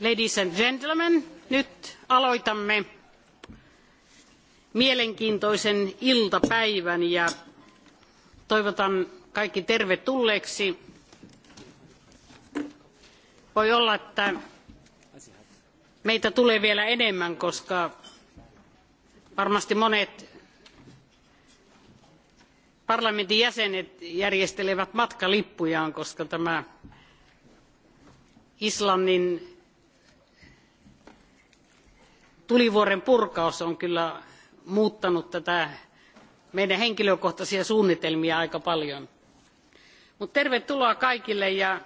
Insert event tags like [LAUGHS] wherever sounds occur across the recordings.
Ladies and gentlemen, nyt aloitamme mielenkiintoisen iltapäivän ja toivotan kaikki tervetulleeksi. Voi olla, että meitä tulee vielä enemmän, koska varmasti monet parlamentin jäsenet järjestelevät matkalippujaan, koska tämä Islannin tulivuoren purkaus on kyllä muuttanut tätä meidän henkilökohtaisia suunnitelmia aika paljon. Mutta tervetuloa kaikille ja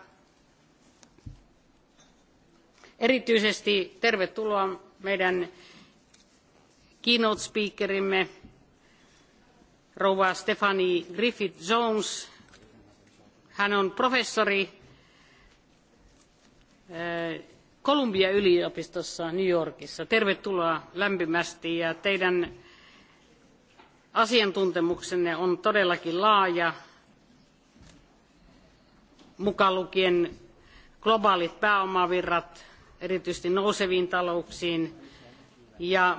erityisesti tervetuloa meidän keynote speakerimme rouva Stephanie Griffith Jones. Hän on professori eh, Columbia yliopistossa New Yorkissa. Tervetuloa lämpimästi ja teidän asiantuntemuksenne on todellakin laaja, mukaan lukien globaalit pääomavirrat, erityisesti nouseviin talouksiin ja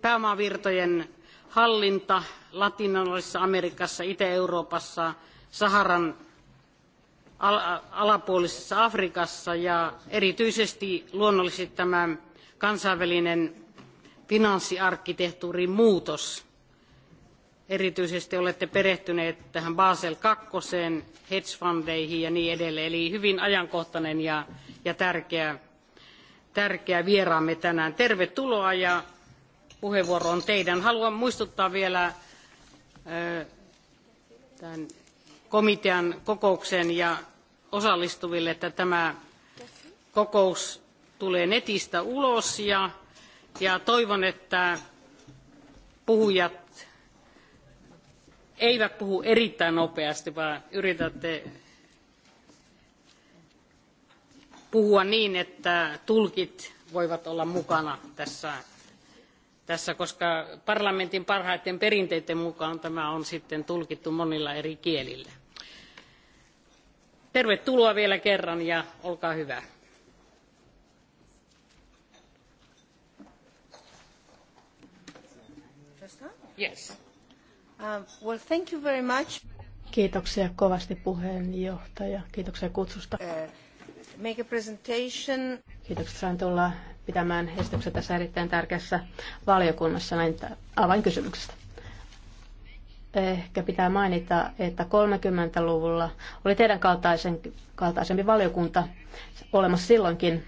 pääomavirtojen hallinta latinalaisessa Amerikassa, Itä-Euroopassa, Saharan alapuolisessa Afrikassa ja erityisesti luonnollisesti tämä kansainvälinen finanssiarkkitehtuurin muutos. Erityisesti olette perehtyneet tähän Basel kakkoseen, fundeihin ja niin edelleen. Eli hyvin ajankohtainen ja, ja tärkeä, tärkeä vieraamme tänään. Tervetuloa ja puheenvuoro on teidän. Haluan muistuttaa vielä tämän komitean kokouksen ja osallistuville, että tämä kokous tulee netistä ulos ja ja toivon, että puhujat eivät puhu erittäin nopeasti, vaan yritätte puhua niin, että tulkit voivat olla mukana tässä, tässä, koska parlamentin parhaiten perinteiden mukaan tämä on sitten tulkittu monilla eri kielillä. Tervetuloa vielä kerran ja olkaa hyvä. Yes. Um, well, thank you very much. Kiitoksia kovasti puheenjohtaja. Kiitoksia kutsusta. Uh, make a presentation. Kiitoksia, sain tulla pitämään esityksen tässä erittäin tärkeässä valiokunnassa näin avainkysymyksestä. Ehkä pitää mainita, että 30-luvulla oli teidän kaltaisen, kaltaisempi valiokunta olemassa silloinkin.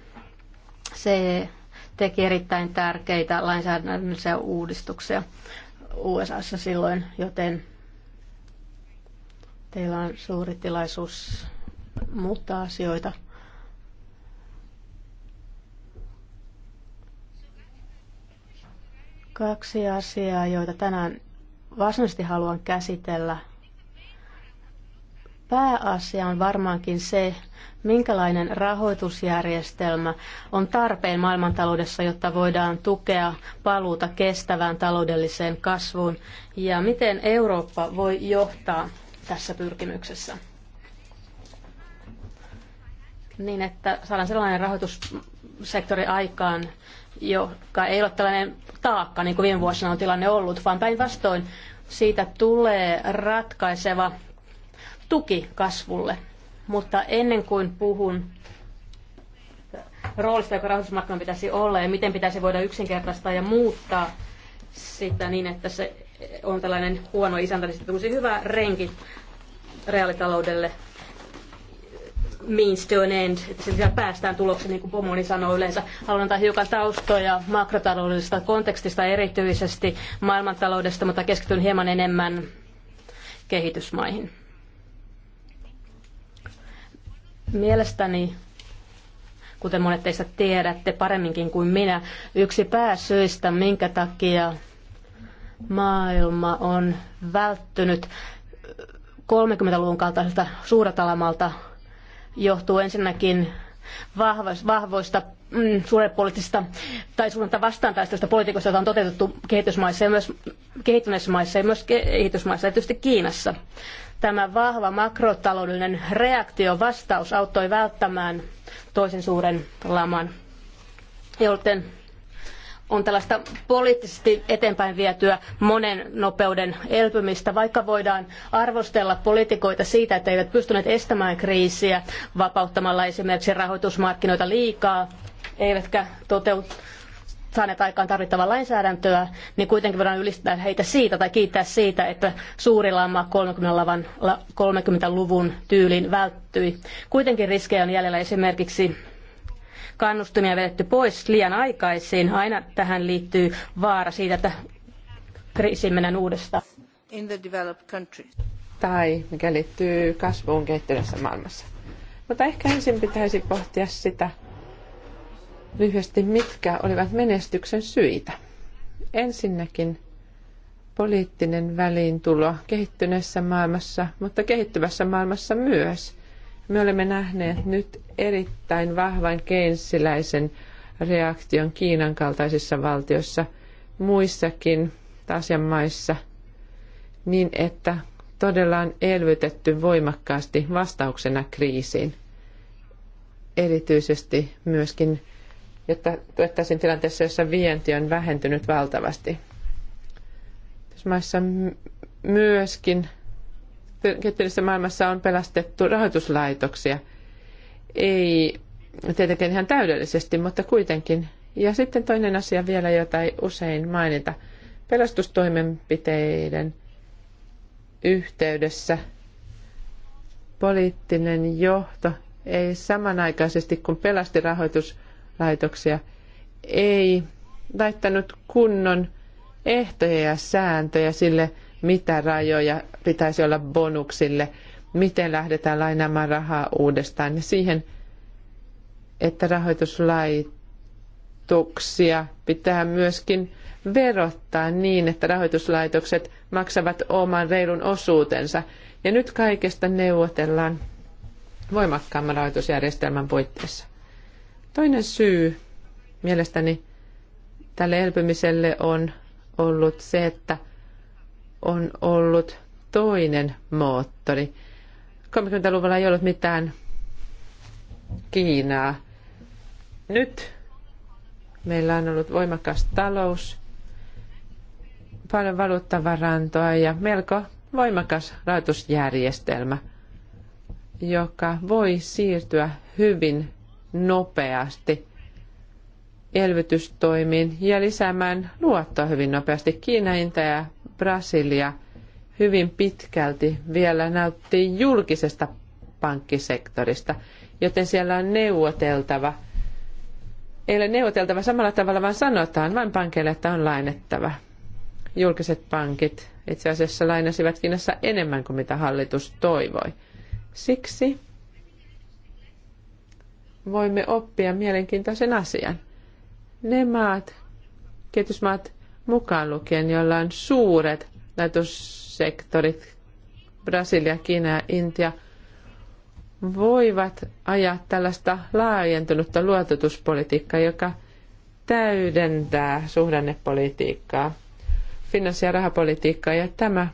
Se teki erittäin tärkeitä lainsäädännöllisiä uudistuksia. USAssa silloin, joten teillä on suuri tilaisuus muuttaa asioita. Kaksi asiaa, joita tänään varsinaisesti haluan käsitellä. Pääasia on varmaankin se, minkälainen rahoitusjärjestelmä on tarpeen maailmantaloudessa, jotta voidaan tukea paluuta kestävään taloudelliseen kasvuun ja miten Eurooppa voi johtaa tässä pyrkimyksessä? Niin, että saadaan sellainen rahoitussektori aikaan, joka ei ole tällainen taakka, niin kuin viime vuosina on tilanne ollut, vaan päinvastoin siitä tulee ratkaiseva tuki kasvulle mutta ennen kuin puhun roolista, joka rahoitusmarkkinoilla pitäisi olla ja miten pitäisi voida yksinkertaistaa ja muuttaa sitä niin, että se on tällainen huono isäntä, niin tulisi hyvä renki reaalitaloudelle means to an end, että sillä päästään tulokseen, niin kuin Pomoni sanoo yleensä. Haluan antaa hiukan taustoja makrotaloudellisesta kontekstista, erityisesti maailmantaloudesta, mutta keskityn hieman enemmän kehitysmaihin. Mielestäni, kuten monet teistä tiedätte paremminkin kuin minä, yksi pääsyistä, minkä takia maailma on välttynyt 30-luvun kaltaiselta suuretalamalta, johtuu ensinnäkin vahvoista mm, suurepoliittisista tai suunnata vastaantaistoista poliitikoista, joita on toteutettu kehitysmaissa ja myös kehittyneissä maissa ja myös kehitysmaissa tietysti Kiinassa. Tämä vahva makrotaloudellinen reaktiovastaus auttoi välttämään toisen suuren laman, joten on tällaista poliittisesti eteenpäin vietyä monen nopeuden elpymistä, vaikka voidaan arvostella poliitikoita siitä, että eivät pystyneet estämään kriisiä vapauttamalla esimerkiksi rahoitusmarkkinoita liikaa, eivätkä toteut- saaneet aikaan tarvittavaa lainsäädäntöä, niin kuitenkin voidaan ylistää heitä siitä tai kiittää siitä, että suuri lama 30-luvun tyylin välttyi. Kuitenkin riskejä on jäljellä esimerkiksi kannustimia vedetty pois liian aikaisin. Aina tähän liittyy vaara siitä, että kriisiin mennään uudestaan. Tai mikä liittyy kasvuun kehittyneessä maailmassa. Mutta ehkä ensin pitäisi pohtia sitä, lyhyesti, mitkä olivat menestyksen syitä. Ensinnäkin poliittinen väliintulo kehittyneessä maailmassa, mutta kehittyvässä maailmassa myös. Me olemme nähneet nyt erittäin vahvan keinsiläisen reaktion Kiinan kaltaisissa valtioissa, muissakin Aasian maissa, niin että todella on elvytetty voimakkaasti vastauksena kriisiin. Erityisesti myöskin jotta tuettaisiin tilanteessa, jossa vienti on vähentynyt valtavasti. Tässä maissa myöskin kettelisessä maailmassa on pelastettu rahoituslaitoksia. Ei tietenkin ihan täydellisesti, mutta kuitenkin. Ja sitten toinen asia vielä, jota ei usein mainita. Pelastustoimenpiteiden yhteydessä poliittinen johto ei samanaikaisesti, kun pelasti rahoitus laitoksia, ei laittanut kunnon ehtoja ja sääntöjä sille, mitä rajoja pitäisi olla bonuksille, miten lähdetään lainaamaan rahaa uudestaan ja siihen, että rahoituslaitoksia pitää myöskin verottaa niin, että rahoituslaitokset maksavat oman reilun osuutensa. Ja nyt kaikesta neuvotellaan voimakkaamman rahoitusjärjestelmän puitteissa. Toinen syy mielestäni tälle elpymiselle on ollut se, että on ollut toinen moottori. 30-luvulla ei ollut mitään Kiinaa. Nyt meillä on ollut voimakas talous, paljon valuuttavarantoa ja melko voimakas rahoitusjärjestelmä, joka voi siirtyä hyvin nopeasti elvytystoimiin ja lisäämään luottoa hyvin nopeasti. Kiina, Intia ja Brasilia hyvin pitkälti vielä näytti julkisesta pankkisektorista, joten siellä on neuvoteltava. Ei ole neuvoteltava samalla tavalla, vaan sanotaan vain pankeille, että on lainettava. Julkiset pankit itse asiassa lainasivat Kiinassa enemmän kuin mitä hallitus toivoi. Siksi voimme oppia mielenkiintoisen asian. Ne maat, kehitysmaat mukaan lukien, joilla on suuret laitussektorit, Brasilia, Kiina ja Intia, voivat ajaa tällaista laajentunutta luototuspolitiikkaa, joka täydentää suhdannepolitiikkaa, finanssi- ja rahapolitiikkaa, ja tämä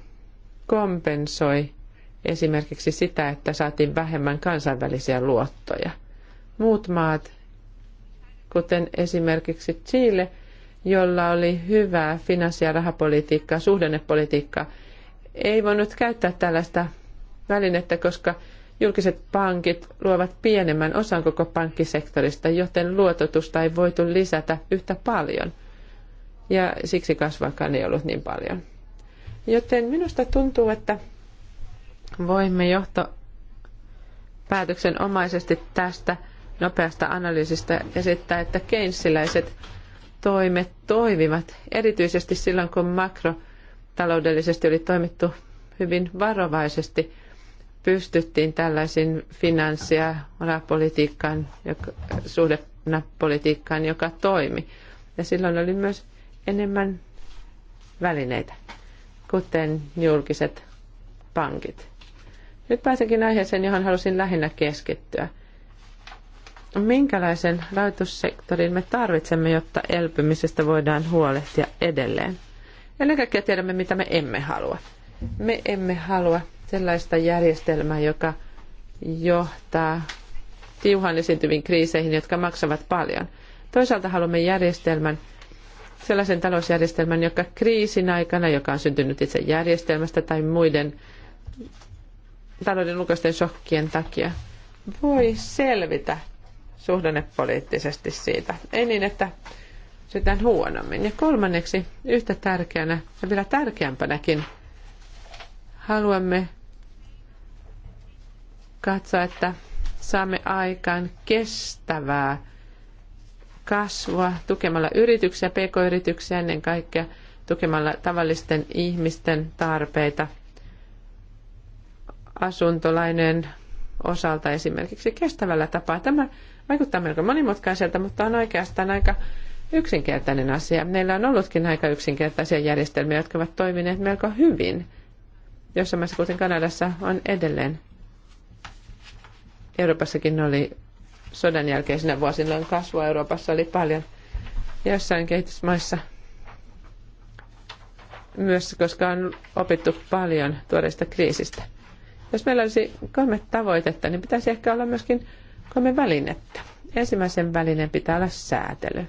kompensoi esimerkiksi sitä, että saatiin vähemmän kansainvälisiä luottoja – muut maat, kuten esimerkiksi Chile, jolla oli hyvää finanssi- ja rahapolitiikkaa, suhdannepolitiikkaa, ei voinut käyttää tällaista välinettä, koska julkiset pankit luovat pienemmän osan koko pankkisektorista, joten luototusta ei voitu lisätä yhtä paljon. Ja siksi kasvaakaan ei ollut niin paljon. Joten minusta tuntuu, että voimme johto päätöksen omaisesti tästä nopeasta analyysistä esittää, että keinsiläiset toimet toimivat, erityisesti silloin kun makrotaloudellisesti oli toimittu hyvin varovaisesti, pystyttiin tällaisiin finanssi- ja rahapolitiikkaan, suhdepolitiikkaan, joka toimi. Ja silloin oli myös enemmän välineitä, kuten julkiset pankit. Nyt pääsenkin aiheeseen, johon halusin lähinnä keskittyä minkälaisen rahoitussektorin me tarvitsemme, jotta elpymisestä voidaan huolehtia edelleen. Ennen kaikkea tiedämme, mitä me emme halua. Me emme halua sellaista järjestelmää, joka johtaa tiuhan esiintyviin kriiseihin, jotka maksavat paljon. Toisaalta haluamme järjestelmän, sellaisen talousjärjestelmän, joka kriisin aikana, joka on syntynyt itse järjestelmästä tai muiden talouden ulkoisten shokkien takia, voi selvitä suhdannepoliittisesti siitä. Ei niin, että sitä huonommin. Ja kolmanneksi, yhtä tärkeänä ja vielä tärkeämpänäkin, haluamme katsoa, että saamme aikaan kestävää kasvua tukemalla yrityksiä, pk-yrityksiä ennen kaikkea, tukemalla tavallisten ihmisten tarpeita asuntolainen osalta esimerkiksi kestävällä tapaa. Tämä Vaikuttaa melko monimutkaiselta, mutta on oikeastaan aika yksinkertainen asia. Meillä on ollutkin aika yksinkertaisia järjestelmiä, jotka ovat toimineet melko hyvin. Jossain maassa, kuten Kanadassa, on edelleen. Euroopassakin oli sodan jälkeisinä vuosina kasvua Euroopassa oli paljon. Jossain kehitysmaissa myös, koska on opittu paljon tuoreista kriisistä. Jos meillä olisi kolme tavoitetta, niin pitäisi ehkä olla myöskin kolme välinettä. Ensimmäisen välineen pitää olla säätely,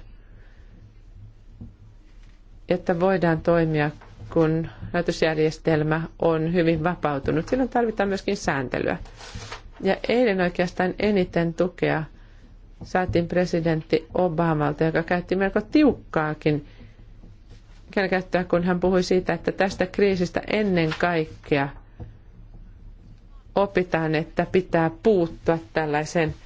jotta voidaan toimia, kun näytösjärjestelmä on hyvin vapautunut. Silloin tarvitaan myöskin sääntelyä. Ja eilen oikeastaan eniten tukea saatiin presidentti Obamalta, joka käytti melko tiukkaakin käyttää, kun hän puhui siitä, että tästä kriisistä ennen kaikkea opitaan, että pitää puuttua tällaiseen –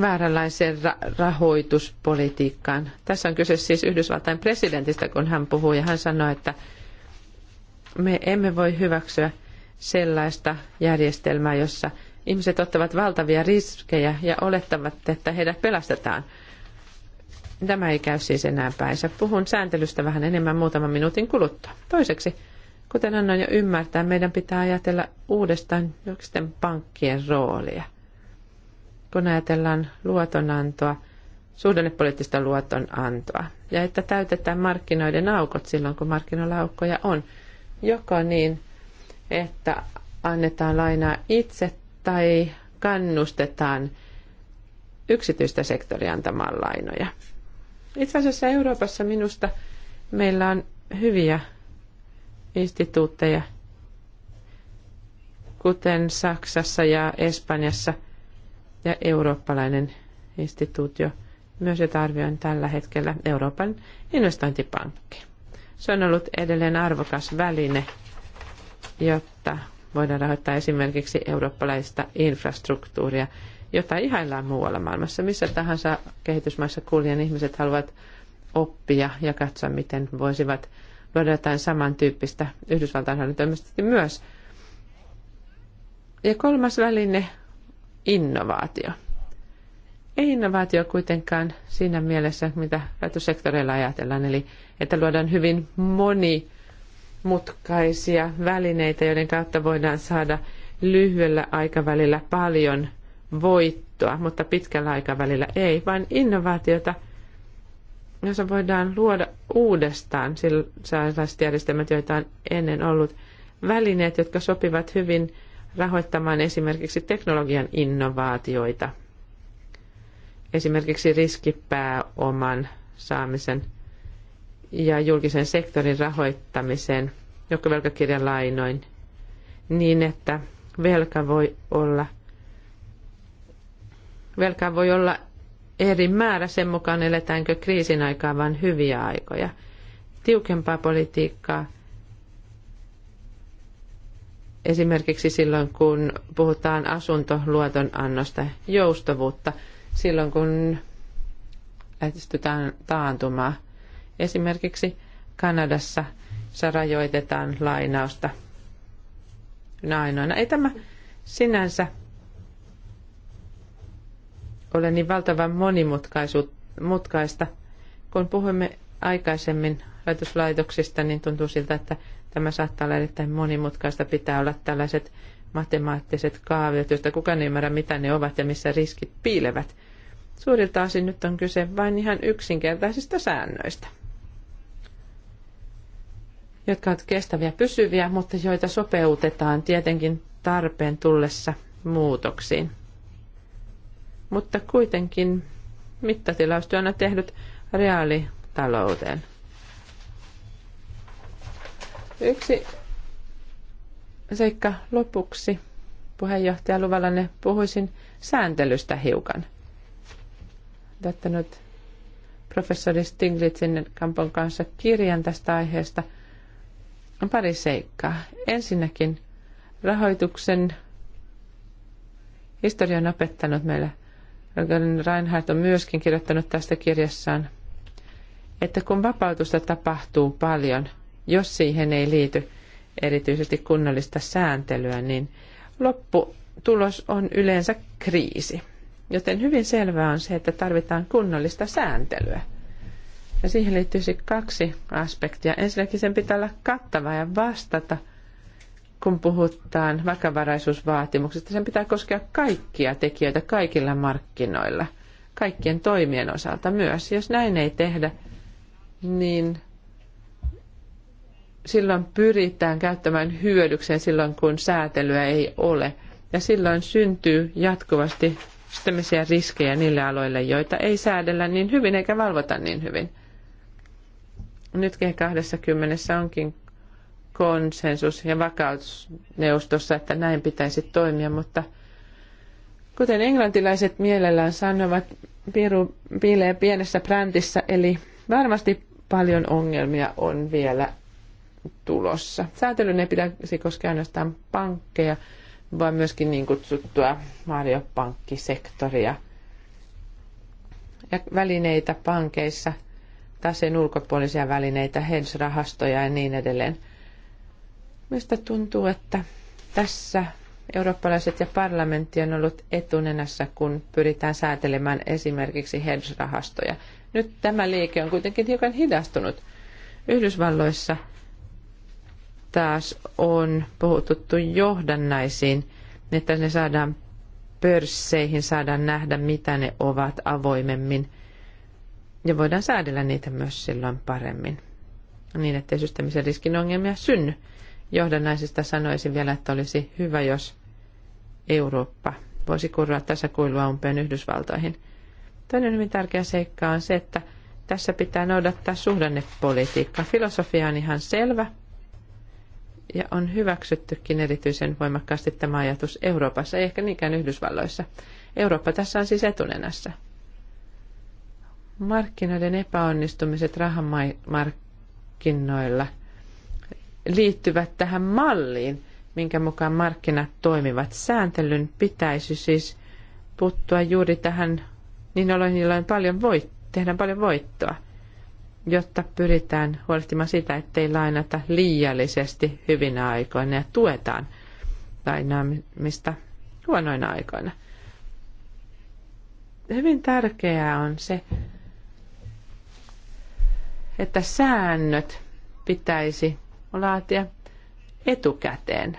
vääränlaiseen ra- rahoituspolitiikkaan. Tässä on kyse siis Yhdysvaltain presidentistä, kun hän puhuu ja hän sanoi, että me emme voi hyväksyä sellaista järjestelmää, jossa ihmiset ottavat valtavia riskejä ja olettavat, että heidät pelastetaan. Tämä ei käy siis enää päinsä. Puhun sääntelystä vähän enemmän muutaman minuutin kuluttua. Toiseksi, kuten annoin jo ymmärtää, meidän pitää ajatella uudestaan julkisten pankkien roolia kun ajatellaan luotonantoa, suhdannepoliittista luotonantoa, ja että täytetään markkinoiden aukot silloin, kun markkinoilla aukkoja on. Joko niin, että annetaan lainaa itse tai kannustetaan yksityistä sektoria antamaan lainoja. Itse asiassa Euroopassa minusta meillä on hyviä instituutteja, kuten Saksassa ja Espanjassa, ja eurooppalainen instituutio myös, jota arvioin tällä hetkellä Euroopan investointipankki. Se on ollut edelleen arvokas väline, jotta voidaan rahoittaa esimerkiksi eurooppalaista infrastruktuuria, jota ihaillaan muualla maailmassa. Missä tahansa kehitysmaissa kuljen ihmiset haluavat oppia ja katsoa, miten voisivat luoda jotain samantyyppistä Yhdysvaltain hallintoimista myös. Ja kolmas väline innovaatio. Ei innovaatio kuitenkaan siinä mielessä, mitä rahoitussektoreilla ajatellaan, eli että luodaan hyvin monimutkaisia välineitä, joiden kautta voidaan saada lyhyellä aikavälillä paljon voittoa, mutta pitkällä aikavälillä ei, vaan innovaatiota, jossa voidaan luoda uudestaan sellaiset järjestelmät, joita on ennen ollut, välineet, jotka sopivat hyvin rahoittamaan esimerkiksi teknologian innovaatioita, esimerkiksi riskipääoman saamisen ja julkisen sektorin rahoittamiseen velkakirjan lainoin niin, että velka voi olla, velka voi olla eri määrä sen mukaan, eletäänkö kriisin aikaa vain hyviä aikoja. Tiukempaa politiikkaa – Esimerkiksi silloin, kun puhutaan asuntoluoton annosta joustavuutta, silloin kun lähestytään taantumaa. Esimerkiksi Kanadassa se rajoitetaan lainausta ainoana. Ei tämä sinänsä ole niin valtavan monimutkaista. Kun puhuimme aikaisemmin rajoituslaitoksista, niin tuntuu siltä, että Tämä saattaa olla erittäin monimutkaista. Pitää olla tällaiset matemaattiset kaaviot, joista kukaan ei ymmärrä, mitä ne ovat ja missä riskit piilevät. Suurilta osin nyt on kyse vain ihan yksinkertaisista säännöistä, jotka ovat kestäviä pysyviä, mutta joita sopeutetaan tietenkin tarpeen tullessa muutoksiin. Mutta kuitenkin mittatilaustyönä tehdyt reaalitalouteen. Yksi seikka lopuksi puheenjohtaja luvallanne puhuisin sääntelystä hiukan. Tättänyt professori Stiglitzin kampon kanssa kirjan tästä aiheesta. On pari seikkaa. Ensinnäkin rahoituksen historia on opettanut meille. Reinhardt on myöskin kirjoittanut tästä kirjassaan, että kun vapautusta tapahtuu paljon – jos siihen ei liity erityisesti kunnollista sääntelyä, niin lopputulos on yleensä kriisi. Joten hyvin selvää on se, että tarvitaan kunnollista sääntelyä. Ja siihen liittyy kaksi aspektia. Ensinnäkin sen pitää olla kattava ja vastata, kun puhutaan vakavaraisuusvaatimuksista. Sen pitää koskea kaikkia tekijöitä kaikilla markkinoilla, kaikkien toimien osalta myös. Jos näin ei tehdä, niin silloin pyritään käyttämään hyödykseen silloin, kun säätelyä ei ole. Ja silloin syntyy jatkuvasti tämmöisiä riskejä niille aloille, joita ei säädellä niin hyvin eikä valvota niin hyvin. Nyt G20 onkin konsensus ja vakausneuvostossa, että näin pitäisi toimia, mutta kuten englantilaiset mielellään sanovat, piru piilee pienessä brändissä, eli varmasti paljon ongelmia on vielä tulossa. Säätelyn ei pitäisi koskea ainoastaan pankkeja, vaan myöskin niin kutsuttua varjopankkisektoria ja välineitä pankeissa, taseen ulkopuolisia välineitä, hedge-rahastoja ja niin edelleen. Mistä tuntuu, että tässä eurooppalaiset ja parlamentti on ollut etunenässä, kun pyritään säätelemään esimerkiksi hedge-rahastoja. Nyt tämä liike on kuitenkin hiukan hidastunut. Yhdysvalloissa – taas on puhututtu johdannaisiin, että ne saadaan pörsseihin, saadaan nähdä mitä ne ovat avoimemmin ja voidaan säädellä niitä myös silloin paremmin. Niin, ettei systeemisen riskin ongelmia synny. Johdannaisista sanoisin vielä, että olisi hyvä, jos Eurooppa voisi kuroa tässä kuilua umpeen Yhdysvaltoihin. Toinen hyvin tärkeä seikka on se, että tässä pitää noudattaa suhdannepolitiikkaa. Filosofia on ihan selvä – ja on hyväksyttykin erityisen voimakkaasti tämä ajatus Euroopassa, ei ehkä niinkään Yhdysvalloissa. Eurooppa tässä on siis etunenässä. Markkinoiden epäonnistumiset rahamarkkinoilla liittyvät tähän malliin, minkä mukaan markkinat toimivat. Sääntelyn pitäisi siis puuttua juuri tähän niin oloihin, jolloin paljon voit, tehdään paljon voittoa – jotta pyritään huolehtimaan sitä, ettei lainata liiallisesti hyvinä aikoina ja tuetaan lainaamista huonoina aikoina. Hyvin tärkeää on se, että säännöt pitäisi laatia etukäteen.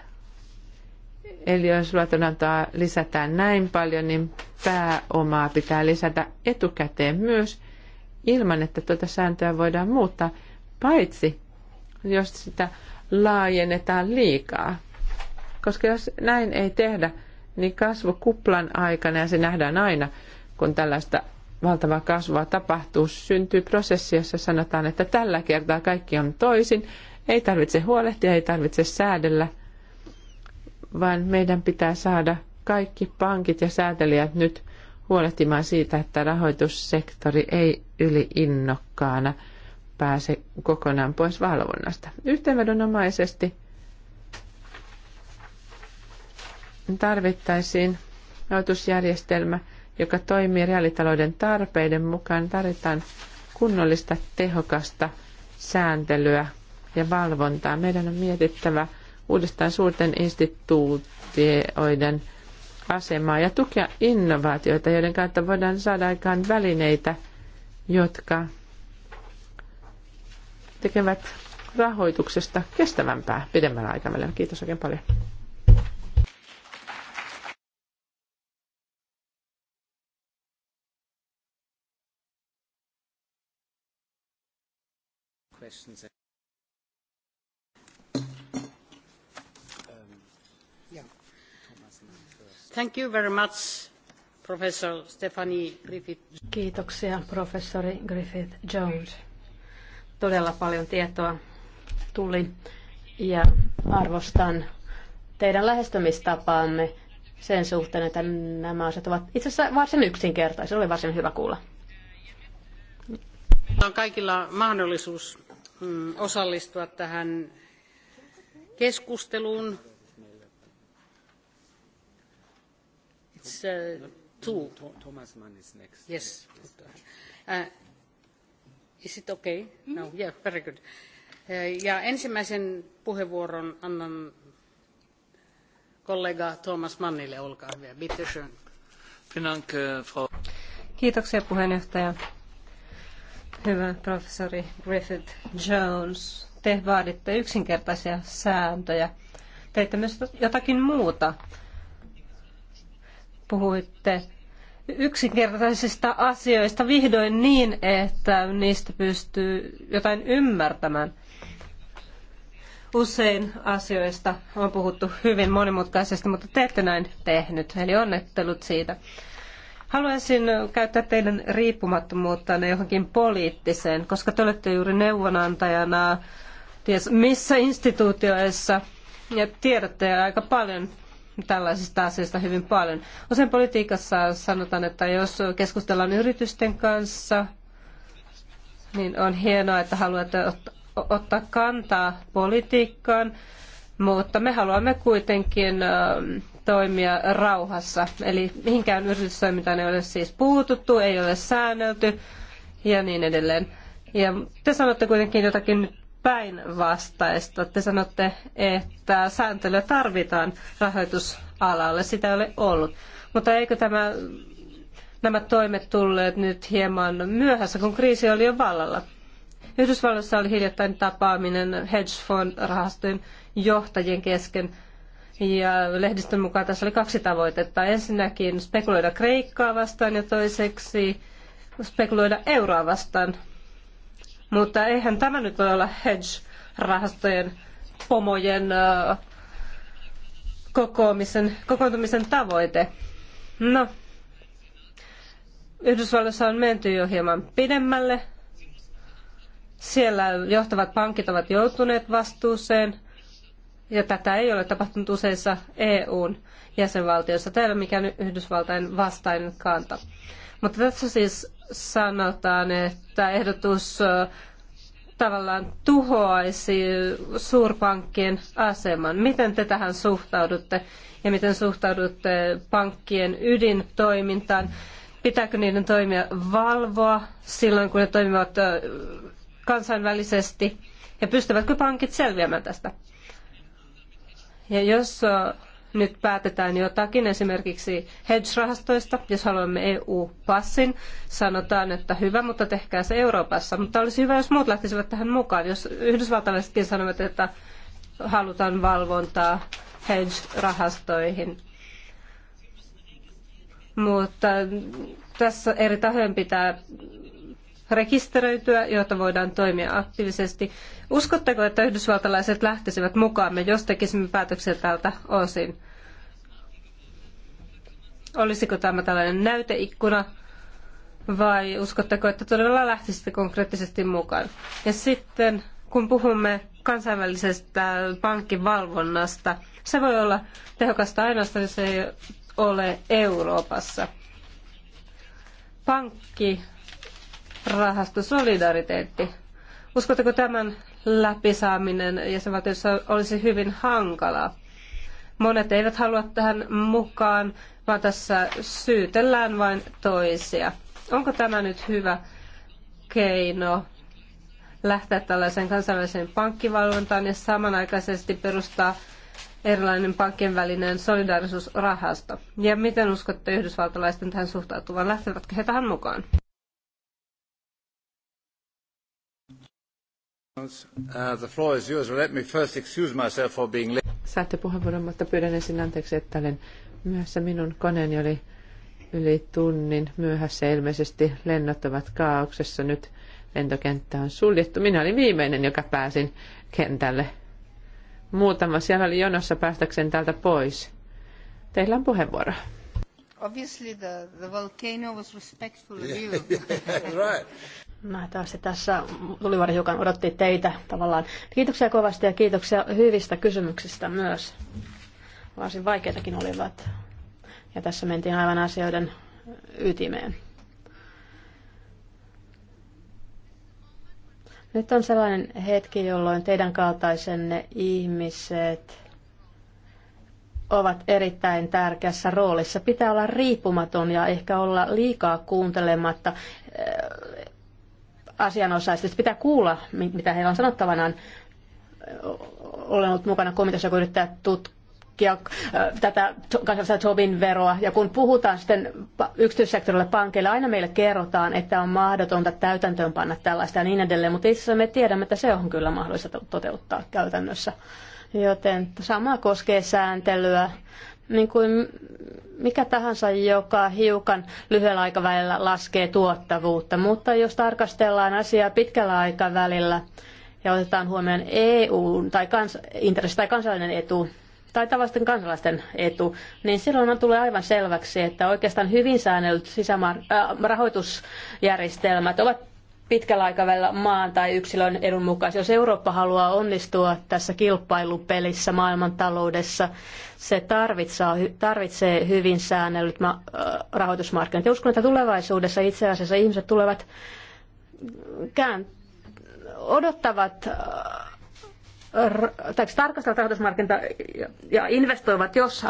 Eli jos luotonantoa lisätään näin paljon, niin pääomaa pitää lisätä etukäteen myös ilman, että tuota sääntöä voidaan muuttaa, paitsi jos sitä laajennetaan liikaa. Koska jos näin ei tehdä, niin kuplan aikana, ja se nähdään aina, kun tällaista valtavaa kasvua tapahtuu, syntyy prosessi, jossa sanotaan, että tällä kertaa kaikki on toisin, ei tarvitse huolehtia, ei tarvitse säädellä, vaan meidän pitää saada kaikki pankit ja säätelijät nyt – huolehtimaan siitä, että rahoitussektori ei yli innokkaana pääse kokonaan pois valvonnasta. Yhteenvedonomaisesti tarvittaisiin rahoitusjärjestelmä, joka toimii reaalitalouden tarpeiden mukaan. Tarvitaan kunnollista, tehokasta sääntelyä ja valvontaa. Meidän on mietittävä uudestaan suurten instituutioiden – asemaa ja tukea innovaatioita, joiden kautta voidaan saada aikaan välineitä, jotka tekevät rahoituksesta kestävämpää pidemmällä aikavälillä. Kiitos oikein paljon. questions. Kiitoksia, professori Griffith Jones. Todella paljon tietoa tuli ja arvostan teidän lähestymistapaamme sen suhteen, että nämä asiat ovat itse asiassa varsin yksinkertaisia. Oli varsin hyvä kuulla. On kaikilla mahdollisuus mm, osallistua tähän keskusteluun it's uh, Thomas Mann is next. Yes. Uh, is it okay? No, mm-hmm. yeah, very good. Uh, ja ensimmäisen puheenvuoron annan kollega Thomas Mannille, olkaa hyvä. Bitte schön. Äh, Kiitoksia puheenjohtaja. Hyvä professori Griffith Jones. Te vaaditte yksinkertaisia sääntöjä. Teitte myös jotakin muuta puhuitte yksinkertaisista asioista vihdoin niin, että niistä pystyy jotain ymmärtämään. Usein asioista on puhuttu hyvin monimutkaisesti, mutta te ette näin tehnyt, eli onnettelut siitä. Haluaisin käyttää teidän riippumattomuuttanne johonkin poliittiseen, koska te olette juuri neuvonantajana ties missä instituutioissa ja tiedätte aika paljon tällaisista asioista hyvin paljon. Usein politiikassa sanotaan, että jos keskustellaan yritysten kanssa, niin on hienoa, että haluatte ottaa kantaa politiikkaan, mutta me haluamme kuitenkin toimia rauhassa. Eli mihinkään yritystoimintaan ei ole siis puututtu, ei ole säännelty ja niin edelleen. Ja te sanotte kuitenkin jotakin päinvastaista. Te sanotte, että sääntelyä tarvitaan rahoitusalalle, sitä ei ole ollut. Mutta eikö tämä, nämä toimet tulleet nyt hieman myöhässä, kun kriisi oli jo vallalla? Yhdysvalloissa oli hiljattain tapaaminen hedge fund rahastojen johtajien kesken. Ja lehdistön mukaan tässä oli kaksi tavoitetta. Ensinnäkin spekuloida Kreikkaa vastaan ja toiseksi spekuloida euroa vastaan. Mutta eihän tämä nyt voi olla hedge-rahastojen pomojen kokoomisen, kokoontumisen tavoite. No, Yhdysvalloissa on menty jo hieman pidemmälle. Siellä johtavat pankit ovat joutuneet vastuuseen, ja tätä ei ole tapahtunut useissa EUn jäsenvaltioissa. Tämä ei ole mikään Yhdysvaltain vastainen kanta. Mutta tässä siis sanotaan, että ehdotus tavallaan tuhoaisi suurpankkien aseman. Miten te tähän suhtaudutte ja miten suhtaudutte pankkien ydintoimintaan? Pitääkö niiden toimia valvoa silloin, kun ne toimivat kansainvälisesti? Ja pystyvätkö pankit selviämään tästä? Ja jos nyt päätetään jotakin esimerkiksi hedge-rahastoista, jos haluamme EU-passin, sanotaan, että hyvä, mutta tehkää se Euroopassa. Mutta olisi hyvä, jos muut lähtisivät tähän mukaan. Jos yhdysvaltalaisetkin sanovat, että halutaan valvontaa hedge-rahastoihin. Mutta tässä eri tahojen pitää rekisteröityä, jotta voidaan toimia aktiivisesti. Uskotteko, että yhdysvaltalaiset lähtisivät mukaamme, jos tekisimme päätöksiä tältä osin? Olisiko tämä tällainen näyteikkuna vai uskotteko, että todella lähtisitte konkreettisesti mukaan? Ja sitten kun puhumme kansainvälisestä pankkivalvonnasta, se voi olla tehokasta ainoastaan, jos ei ole Euroopassa. Pankki rahasto Solidariteetti. Uskotteko tämän läpisaaminen jäsenvaltiossa olisi hyvin hankalaa? Monet eivät halua tähän mukaan, vaan tässä syytellään vain toisia. Onko tämä nyt hyvä keino lähteä tällaiseen kansainväliseen pankkivalvontaan ja samanaikaisesti perustaa erilainen pankkien välinen solidaarisuusrahasto? Ja miten uskotte yhdysvaltalaisten tähän suhtautuvan? Lähtevätkö he tähän mukaan? Saatte puheenvuoron, mutta pyydän ensin anteeksi, että olen myöhässä. Minun koneeni oli yli tunnin myöhässä. Ilmeisesti lennot ovat kaauksessa. Nyt lentokenttä on suljettu. Minä olin viimeinen, joka pääsin kentälle. Muutama siellä oli jonossa päästäkseen täältä pois. Teillä on puheenvuoro. Obviously the, the volcano was respectful of you. [LAUGHS] right. taas tässä tulivuori hiukan odotti teitä tavallaan. Kiitoksia kovasti ja kiitoksia hyvistä kysymyksistä myös. Varsin vaikeitakin olivat. Ja tässä mentiin aivan asioiden ytimeen. Nyt on sellainen hetki, jolloin teidän kaltaisenne ihmiset – ovat erittäin tärkeässä roolissa. Pitää olla riippumaton ja ehkä olla liikaa kuuntelematta äh, asianosaisesti. Pitää kuulla, mitä heillä on sanottavanaan. Olen ollut mukana komiteassa, joka yrittää tutkia äh, tätä kansallista Tobin veroa. Ja kun puhutaan sitten yksityissektorille pankeille, aina meille kerrotaan, että on mahdotonta panna tällaista ja niin edelleen, mutta itse asiassa me tiedämme, että se on kyllä mahdollista toteuttaa käytännössä. Joten sama koskee sääntelyä. Niin kuin mikä tahansa, joka hiukan lyhyellä aikavälillä laskee tuottavuutta. Mutta jos tarkastellaan asiaa pitkällä aikavälillä ja otetaan huomioon EU tai kans, intressi tai kansallinen etu, tai tavallisten kansalaisten etu, niin silloin on tulee aivan selväksi, että oikeastaan hyvin säännellyt äh, rahoitusjärjestelmät ovat pitkällä aikavälillä maan tai yksilön edun mukaisesti. Jos Eurooppa haluaa onnistua tässä kilpailupelissä maailmantaloudessa, se tarvitsee hyvin säännellyt rahoitusmarkkinat. uskon, että tulevaisuudessa itse asiassa ihmiset tulevat kään, odottavat tai tarkastavat rahoitusmarkkinoita ja investoivat, jos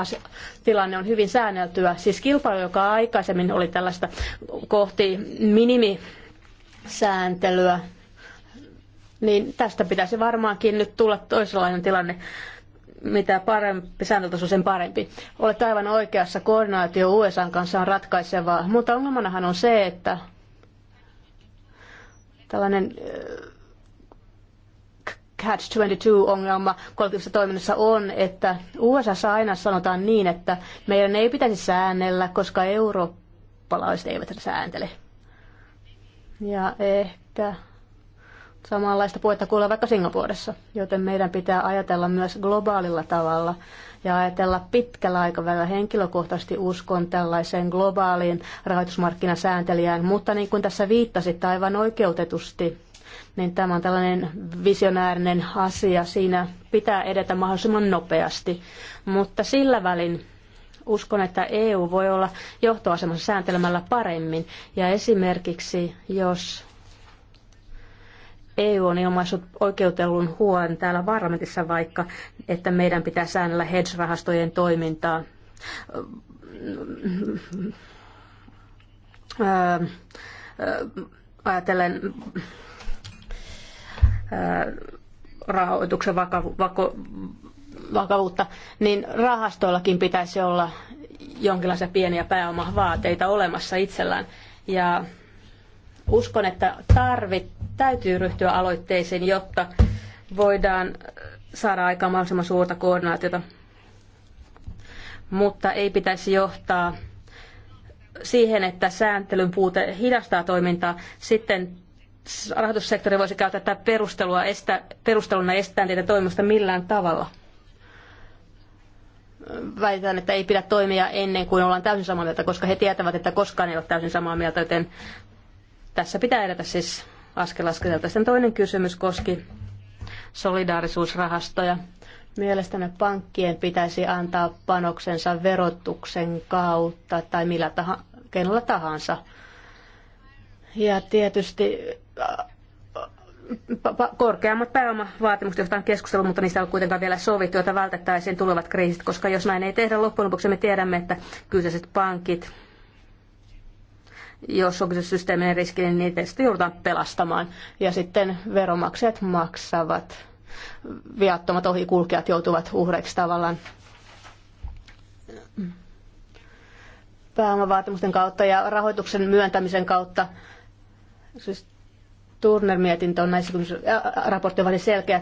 tilanne on hyvin säänneltyä. Siis kilpailu, joka aikaisemmin oli tällaista kohti minimi sääntelyä, niin tästä pitäisi varmaankin nyt tulla toisenlainen tilanne. Mitä parempi sääntötaso, sen parempi. Olet aivan oikeassa, koordinaatio USA kanssa on ratkaisevaa, mutta ongelmanahan on se, että tällainen äh, Catch-22-ongelma kollektiivisessa toiminnassa on, että USA aina sanotaan niin, että meidän ei pitäisi säännellä, koska eurooppalaiset eivät sääntele. Ja ehkä samanlaista puhetta kuulla vaikka Singapuressa, joten meidän pitää ajatella myös globaalilla tavalla ja ajatella pitkällä aikavälillä. Henkilökohtaisesti uskon tällaiseen globaaliin rahoitusmarkkinasääntelijään, mutta niin kuin tässä viittasit aivan oikeutetusti, niin tämä on tällainen visionäärinen asia. Siinä pitää edetä mahdollisimman nopeasti, mutta sillä välin uskon, että EU voi olla johtoasemassa sääntelemällä paremmin. Ja esimerkiksi, jos EU on ilmaissut oikeutelun huolen täällä parlamentissa vaikka, että meidän pitää säännellä hedge-rahastojen toimintaa. Öö, öö, ajatellen öö, rahoituksen vaka- vako- vakavuutta, niin rahastoillakin pitäisi olla jonkinlaisia pieniä pääomavaateita olemassa itsellään. Ja uskon, että tarvit täytyy ryhtyä aloitteisiin, jotta voidaan saada aikaan mahdollisimman suurta koordinaatiota. Mutta ei pitäisi johtaa siihen, että sääntelyn puute hidastaa toimintaa. Sitten rahoitussektori voisi käyttää tätä perustelua estä, perusteluna estää niitä toimusta millään tavalla väitän, että ei pidä toimia ennen kuin ollaan täysin samaa mieltä, koska he tietävät, että koskaan ei ole täysin samaa mieltä, joten tässä pitää edetä siis askel askeleelta. Sitten toinen kysymys koski solidaarisuusrahastoja. Mielestäni pankkien pitäisi antaa panoksensa verotuksen kautta tai millä tahansa, kenellä tahansa. Ja tietysti korkeammat pääomavaatimukset, joista on keskustelu, mutta niistä on kuitenkaan vielä sovittu, joita vältettäisiin tulevat kriisit, koska jos näin ei tehdä loppujen lopuksi, me tiedämme, että kyseiset pankit, jos on kyseessä systeeminen riski, niin niitä sitten joudutaan pelastamaan. Ja sitten veromaksajat maksavat, viattomat ohikulkijat joutuvat uhreiksi tavallaan pääomavaatimusten kautta ja rahoituksen myöntämisen kautta. Siis Turner-mietintö on näissä raportti oli selkeä.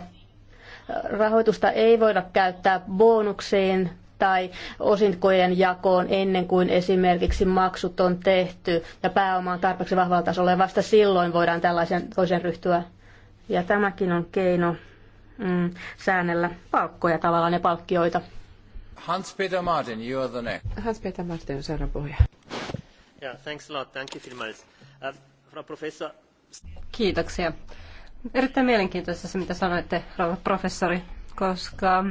Rahoitusta ei voida käyttää bonuksiin tai osinkojen jakoon ennen kuin esimerkiksi maksut on tehty ja pääoma on tarpeeksi vahvalla tasolla ja vasta silloin voidaan tällaisen toisen ryhtyä. Ja tämäkin on keino mm, säännellä palkkoja tavallaan ja palkkioita. Hans-Peter Martin, you are the next. Hans-Peter Martin, seuraava puhuja. Yeah, thanks a lot. Thank you, Uh, Professor, Kiitoksia. Erittäin mielenkiintoista se, mitä sanoitte, rouva professori, koska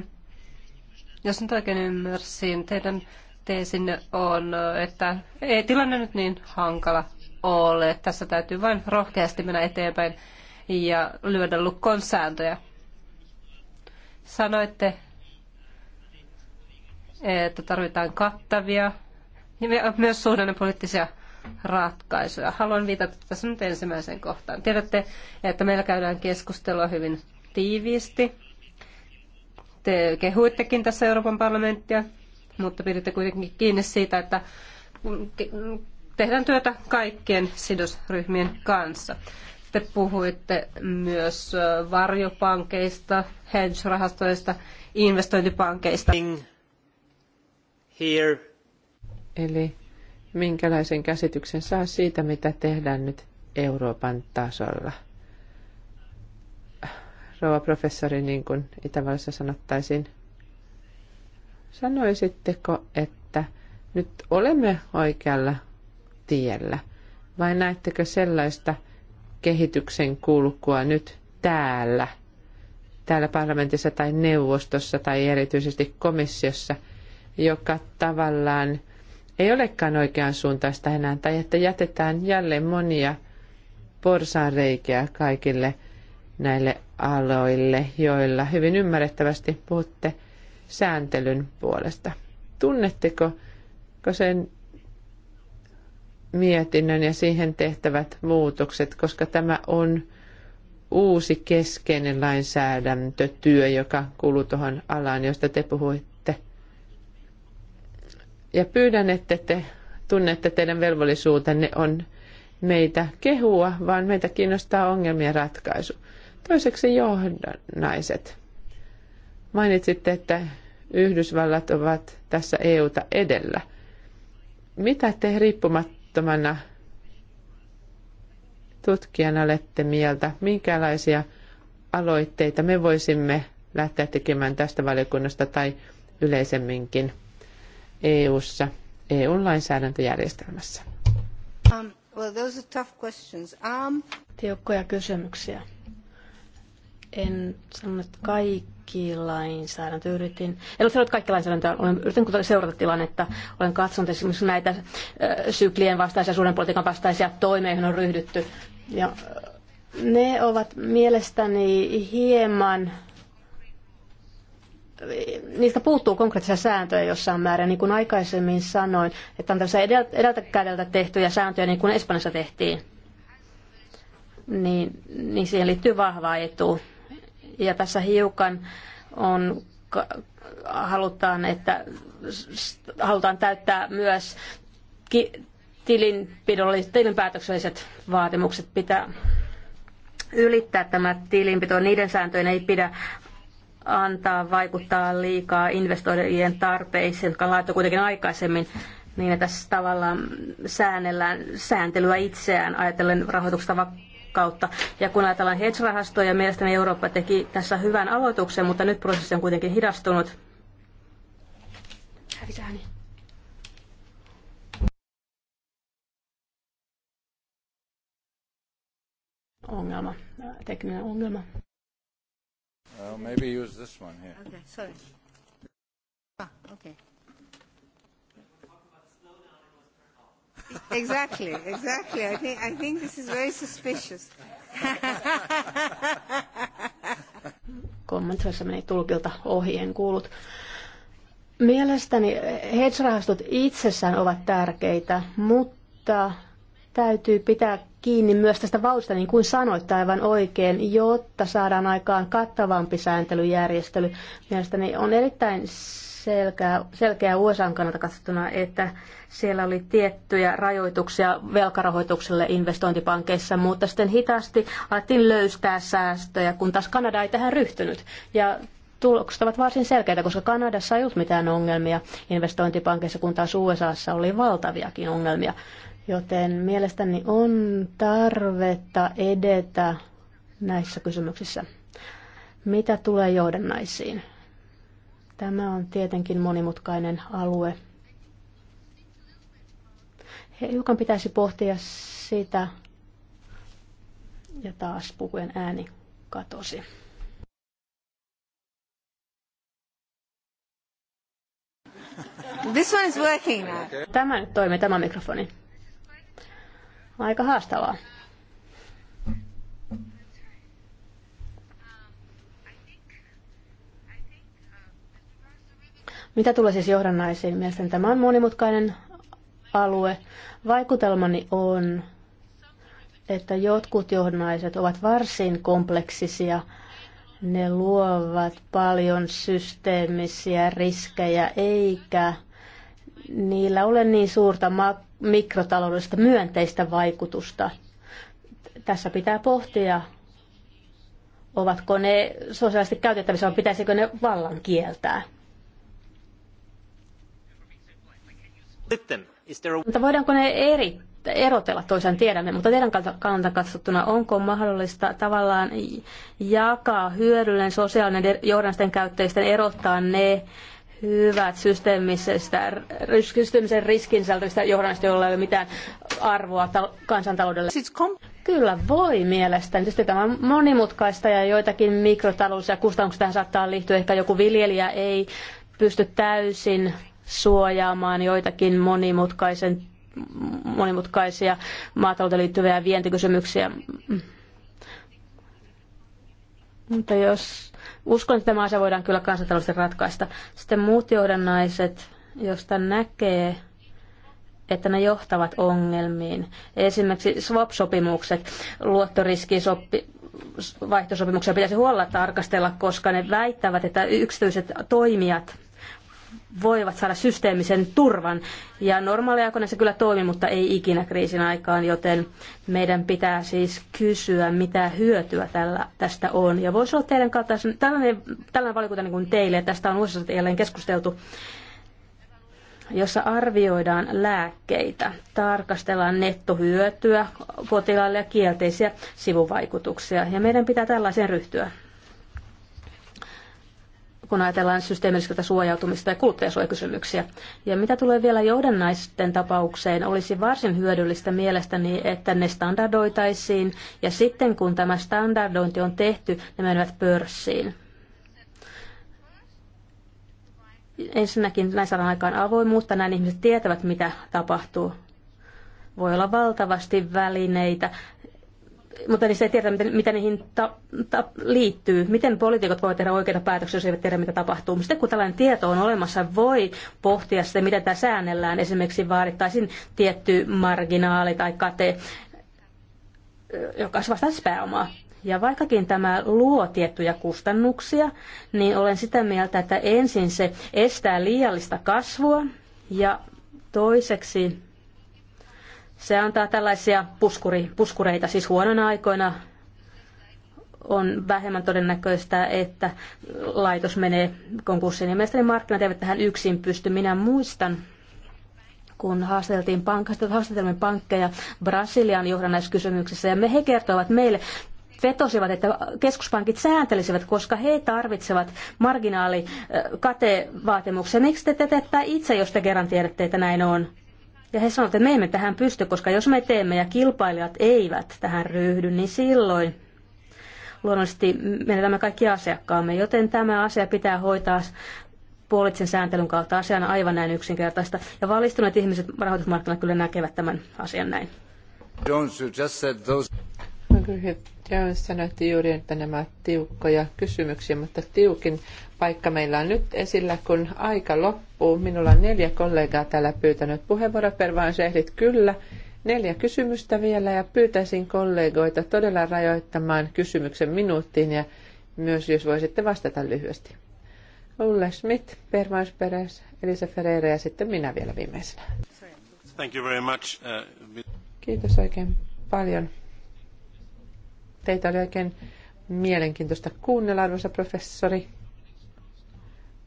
jos nyt oikein ymmärsin, teidän teesinne on, että ei tilanne nyt niin hankala ole. Tässä täytyy vain rohkeasti mennä eteenpäin ja lyödä lukkoon sääntöjä. Sanoitte, että tarvitaan kattavia ja myös suhdannepoliittisia poliittisia ratkaisuja. Haluan viitata tässä nyt ensimmäiseen kohtaan. Tiedätte, että meillä käydään keskustelua hyvin tiiviisti. Te kehuittekin tässä Euroopan parlamenttia, mutta piditte kuitenkin kiinni siitä, että tehdään työtä kaikkien sidosryhmien kanssa. Te puhuitte myös varjopankeista, hedge-rahastoista, investointipankeista. Here. Eli minkälaisen käsityksen saa siitä, mitä tehdään nyt Euroopan tasolla. Rouva professori, niin kuin Itävallassa sanottaisiin, sanoisitteko, että nyt olemme oikealla tiellä? Vai näettekö sellaista kehityksen kulkua nyt täällä, täällä parlamentissa tai neuvostossa tai erityisesti komissiossa, joka tavallaan – ei olekaan oikean suuntaista enää, tai että jätetään jälleen monia porsaanreikiä kaikille näille aloille, joilla hyvin ymmärrettävästi puhutte sääntelyn puolesta. Tunnetteko sen mietinnön ja siihen tehtävät muutokset, koska tämä on uusi keskeinen lainsäädäntötyö, joka kuuluu tuohon alaan, josta te puhuitte? Ja pyydän, että te tunnette teidän velvollisuutenne on meitä kehua, vaan meitä kiinnostaa ongelmien ratkaisu. Toiseksi johdannaiset. Mainitsitte, että Yhdysvallat ovat tässä EUta edellä. Mitä te riippumattomana tutkijana olette mieltä, minkälaisia aloitteita me voisimme lähteä tekemään tästä valiokunnasta tai yleisemminkin EU-ssa, EU-lainsäädäntöjärjestelmässä? Um, well, those are tough questions. Um... Tiukkoja kysymyksiä. En sano, että kaikki lainsäädäntö yritin. En ole sanonut, kaikki lainsäädäntö, olen yrittänyt seurata tilannetta. Olen katsonut esimerkiksi näitä syklien vastaisia, suhdannepolitiikan vastaisia toimia, joihin on ryhdytty. Ja, ne ovat mielestäni hieman niistä puuttuu konkreettisia sääntöjä jossain määrin, niin kuin aikaisemmin sanoin, että on tämmöisiä edeltä kädeltä tehtyjä sääntöjä, niin kuin Espanjassa tehtiin, niin, niin siihen liittyy vahva etu. Ja tässä hiukan on, halutaan, että halutaan täyttää myös ki, tilinpäätökselliset vaatimukset pitää ylittää tämä tilinpito. Niiden sääntöjen ei pidä antaa vaikuttaa liikaa investoijien tarpeisiin, jotka on kuitenkin aikaisemmin, niin että tässä tavallaan säännellään sääntelyä itseään ajatellen rahoituksesta kautta. Ja kun ajatellaan hedge-rahastoja, mielestäni Eurooppa teki tässä hyvän aloituksen, mutta nyt prosessi on kuitenkin hidastunut. Hävisääni. Ongelma, tekninen ongelma. Well, maybe use this one here. Okay, sorry. Ah, okay. exactly, exactly. I think, I think this is very suspicious. [LAUGHS] Kommentoissa meni tulkilta ohi, kuulut. Mielestäni hedge-rahastot itsessään ovat tärkeitä, mutta täytyy pitää kiinni myös tästä vauhdista, niin kuin sanoit aivan oikein, jotta saadaan aikaan kattavampi sääntelyjärjestely. Mielestäni on erittäin selkeä, selkeä USA kannalta katsottuna, että siellä oli tiettyjä rajoituksia velkarahoitukselle investointipankeissa, mutta sitten hitaasti alettiin löystää säästöjä, kun taas Kanada ei tähän ryhtynyt. Ja tulokset ovat varsin selkeitä, koska Kanadassa ei ollut mitään ongelmia investointipankeissa, kun taas USAssa oli valtaviakin ongelmia Joten mielestäni on tarvetta edetä näissä kysymyksissä. Mitä tulee johdannaisiin? Tämä on tietenkin monimutkainen alue. Hiukan pitäisi pohtia sitä, ja taas puhujen ääni katosi. This one is working now. Tämä nyt toimii, tämä mikrofoni aika haastavaa. Mitä tulee siis johdannaisiin? Mielestäni tämä on monimutkainen alue. Vaikutelmani on, että jotkut johdannaiset ovat varsin kompleksisia. Ne luovat paljon systeemisiä riskejä, eikä niillä ole niin suurta mak- mikrotaloudellista myönteistä vaikutusta. Tässä pitää pohtia, ovatko ne sosiaalisesti käytettävissä vai pitäisikö ne vallan kieltää. Mutta voidaanko ne eri, erotella toisen tiedämme, mutta teidän kannalta katsottuna, onko mahdollista tavallaan jakaa hyödyllinen sosiaalinen johdannisten käyttäjisten erottaa ne hyvät systeemisestä, systeemisen riskin sisältöistä johdannosta, jolla ei ole mitään arvoa kansantaloudelle. Siis Kyllä voi mielestäni. Tietysti tämä on monimutkaista ja joitakin ja kustannuksia tähän saattaa liittyä. Ehkä joku viljelijä ei pysty täysin suojaamaan joitakin monimutkaisen, monimutkaisia maatalouteen liittyviä vientikysymyksiä. Mutta jos Uskon, että tämä asia voidaan kyllä kansantaloudellisesti ratkaista. Sitten muut johdannaiset, josta näkee, että ne johtavat ongelmiin. Esimerkiksi swap-sopimukset, sopi, vaihtosopimuksia pitäisi huolella tarkastella, koska ne väittävät, että yksityiset toimijat – voivat saada systeemisen turvan. Ja normaaliaikoina se kyllä toimii, mutta ei ikinä kriisin aikaan, joten meidän pitää siis kysyä, mitä hyötyä tällä, tästä on. Ja voisi olla teidän kaltaisen, tällainen, tällainen valikuta niin kuin teille, ja tästä on useasti jälleen keskusteltu, jossa arvioidaan lääkkeitä, tarkastellaan nettohyötyä potilaille ja kielteisiä sivuvaikutuksia. Ja meidän pitää tällaiseen ryhtyä kun ajatellaan systeemilliseltä suojautumista ja kuluttajasuojakysymyksiä. Ja mitä tulee vielä johdannaisten tapaukseen, olisi varsin hyödyllistä mielestäni, että ne standardoitaisiin ja sitten kun tämä standardointi on tehty, ne menevät pörssiin. Ensinnäkin näin saadaan aikaan avoimuutta, näin ihmiset tietävät, mitä tapahtuu voi olla valtavasti välineitä mutta niistä ei tiedä, mitä, mitä niihin ta, ta, liittyy. Miten poliitikot voivat tehdä oikeita päätöksiä, jos eivät tiedä, mitä tapahtuu. Sitten kun tällainen tieto on olemassa, voi pohtia sitä, mitä tämä säännellään. Esimerkiksi vaadittaisiin tietty marginaali tai kate, joka vastaisi pääomaa. Ja vaikkakin tämä luo tiettyjä kustannuksia, niin olen sitä mieltä, että ensin se estää liiallista kasvua ja toiseksi se antaa tällaisia puskuri, puskureita, siis huonona aikoina on vähemmän todennäköistä, että laitos menee konkurssiin. Ja mielestäni markkinat eivät tähän yksin pysty. Minä muistan, kun haastateltiin pankkeja, haastateltiin pankkeja Brasilian johdannaiskysymyksessä, ja me he kertoivat meille, vetosivat, että keskuspankit sääntelisivät, koska he tarvitsevat marginaalikatevaatimuksia. Miksi te teette itse, jos te kerran tiedätte, että näin on? Ja he sanoivat, että me emme tähän pysty, koska jos me teemme ja kilpailijat eivät tähän ryhdy, niin silloin luonnollisesti menetämme kaikki asiakkaamme. Joten tämä asia pitää hoitaa puolitsen sääntelyn kautta Asia on aivan näin yksinkertaista. Ja valistuneet ihmiset rahoitusmarkkinoilla kyllä näkevät tämän asian näin. Jones, you just said those... Ryhdytään että juuri, että nämä tiukkoja kysymyksiä, mutta tiukin paikka meillä on nyt esillä, kun aika loppuu. Minulla on neljä kollegaa täällä pyytänyt puheenvuoro per vaan sehdit kyllä. Neljä kysymystä vielä ja pyytäisin kollegoita todella rajoittamaan kysymyksen minuuttiin ja myös jos voisitte vastata lyhyesti. Ulle Schmidt, Permans Peres, Elisa Ferreira ja sitten minä vielä viimeisenä. Thank you very much. Uh, Kiitos oikein paljon. Teitä oli oikein mielenkiintoista kuunnella, arvoisa professori.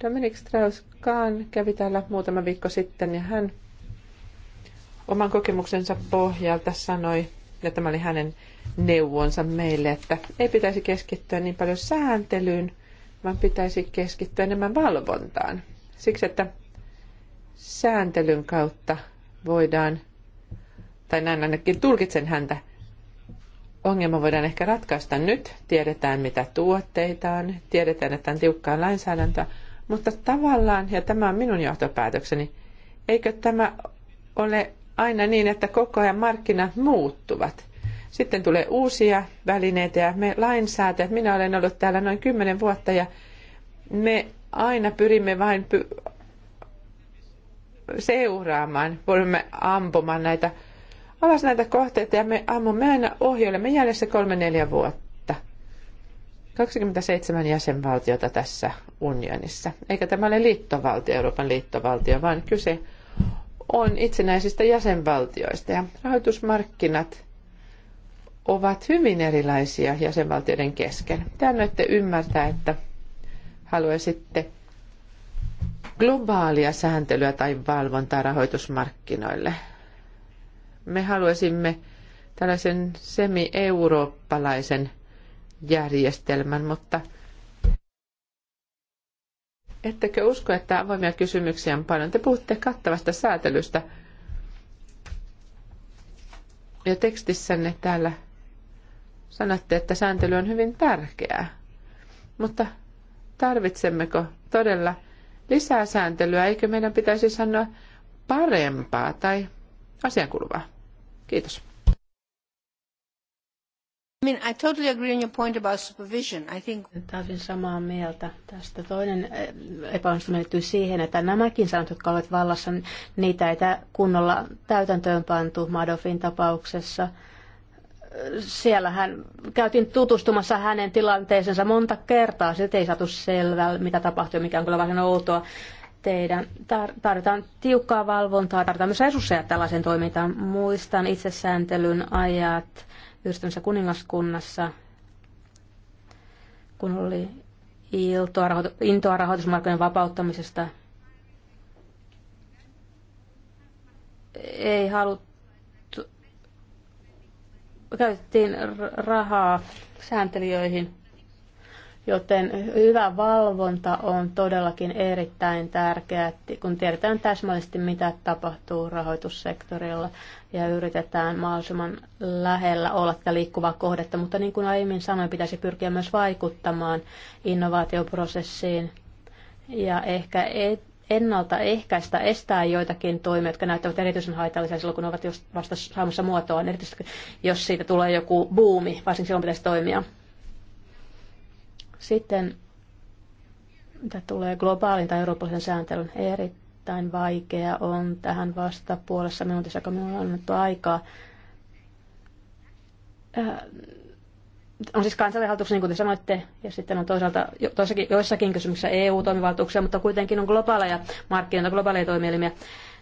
Dominik Strauss-Kahn kävi täällä muutama viikko sitten ja hän oman kokemuksensa pohjalta sanoi, ja tämä oli hänen neuvonsa meille, että ei pitäisi keskittyä niin paljon sääntelyyn, vaan pitäisi keskittyä enemmän valvontaan. Siksi, että sääntelyn kautta voidaan, tai näin ainakin tulkitsen häntä, ongelma voidaan ehkä ratkaista nyt. Tiedetään, mitä tuotteita on, tiedetään, että on tiukkaa lainsäädäntöä, mutta tavallaan, ja tämä on minun johtopäätökseni, eikö tämä ole aina niin, että koko ajan markkinat muuttuvat. Sitten tulee uusia välineitä ja me lainsäätäjät, minä olen ollut täällä noin kymmenen vuotta ja me aina pyrimme vain py- seuraamaan, voimme ampumaan näitä alas näitä kohteita ja me ammumme aina ohjelemme Me jäljessä kolme neljä vuotta. 27 jäsenvaltiota tässä unionissa. Eikä tämä ole liittovaltio, Euroopan liittovaltio, vaan kyse on itsenäisistä jäsenvaltioista. Ja rahoitusmarkkinat ovat hyvin erilaisia jäsenvaltioiden kesken. Te annoitte ymmärtää, että haluaisitte globaalia sääntelyä tai valvontaa rahoitusmarkkinoille. Me haluaisimme tällaisen semi-eurooppalaisen järjestelmän, mutta ettekö usko, että avoimia kysymyksiä on paljon? Te puhutte kattavasta säätelystä. Ja tekstissänne täällä sanotte, että sääntely on hyvin tärkeää. Mutta tarvitsemmeko todella lisää sääntelyä? Eikö meidän pitäisi sanoa parempaa tai asiankuluvaa? Kiitos. I mean, I totally agree on your point about supervision. I think... Täysin samaa mieltä tästä. Toinen eh, epäonnistuminen liittyy siihen, että nämäkin sanat, jotka ovat vallassa, niitä ei kunnolla täytäntöön pantu Madoffin tapauksessa. Siellä hän, käytiin tutustumassa hänen tilanteeseensa monta kertaa. Sitten ei saatu selvää, mitä tapahtui, mikä on kyllä vähän outoa tehdä. tar- tarvitaan tiukkaa valvontaa, tarvitaan myös resursseja tällaiseen toimintaan. Muistan itsesääntelyn ajat yhdistymässä kuningaskunnassa, kun oli iltoa, rahoitu- intoa rahoitusmarkkinoiden vapauttamisesta. Ei haluttu, käytettiin rahaa sääntelijöihin – Joten hyvä valvonta on todellakin erittäin tärkeää, kun tiedetään täsmällisesti, mitä tapahtuu rahoitussektorilla ja yritetään mahdollisimman lähellä olla tätä liikkuvaa kohdetta. Mutta niin kuin aiemmin sanoin, pitäisi pyrkiä myös vaikuttamaan innovaatioprosessiin ja ehkä ennaltaehkäistä, estää joitakin toimia, jotka näyttävät erityisen haitallisia silloin, kun ne ovat vasta saamassa muotoa, erityisesti jos siitä tulee joku buumi, varsinkin silloin pitäisi toimia. Sitten mitä tulee globaalin tai eurooppalaisen sääntelyn, erittäin vaikea on tähän vastapuolessa minuutissa, kun minulla on annettu aikaa. Äh, on siis kansallinen hallitus, niin kuin te sanoitte, ja sitten on toisaalta jo, joissakin kysymyksissä EU-toimivaltuuksia, mutta kuitenkin on globaaleja markkinoita, globaaleja toimielimiä.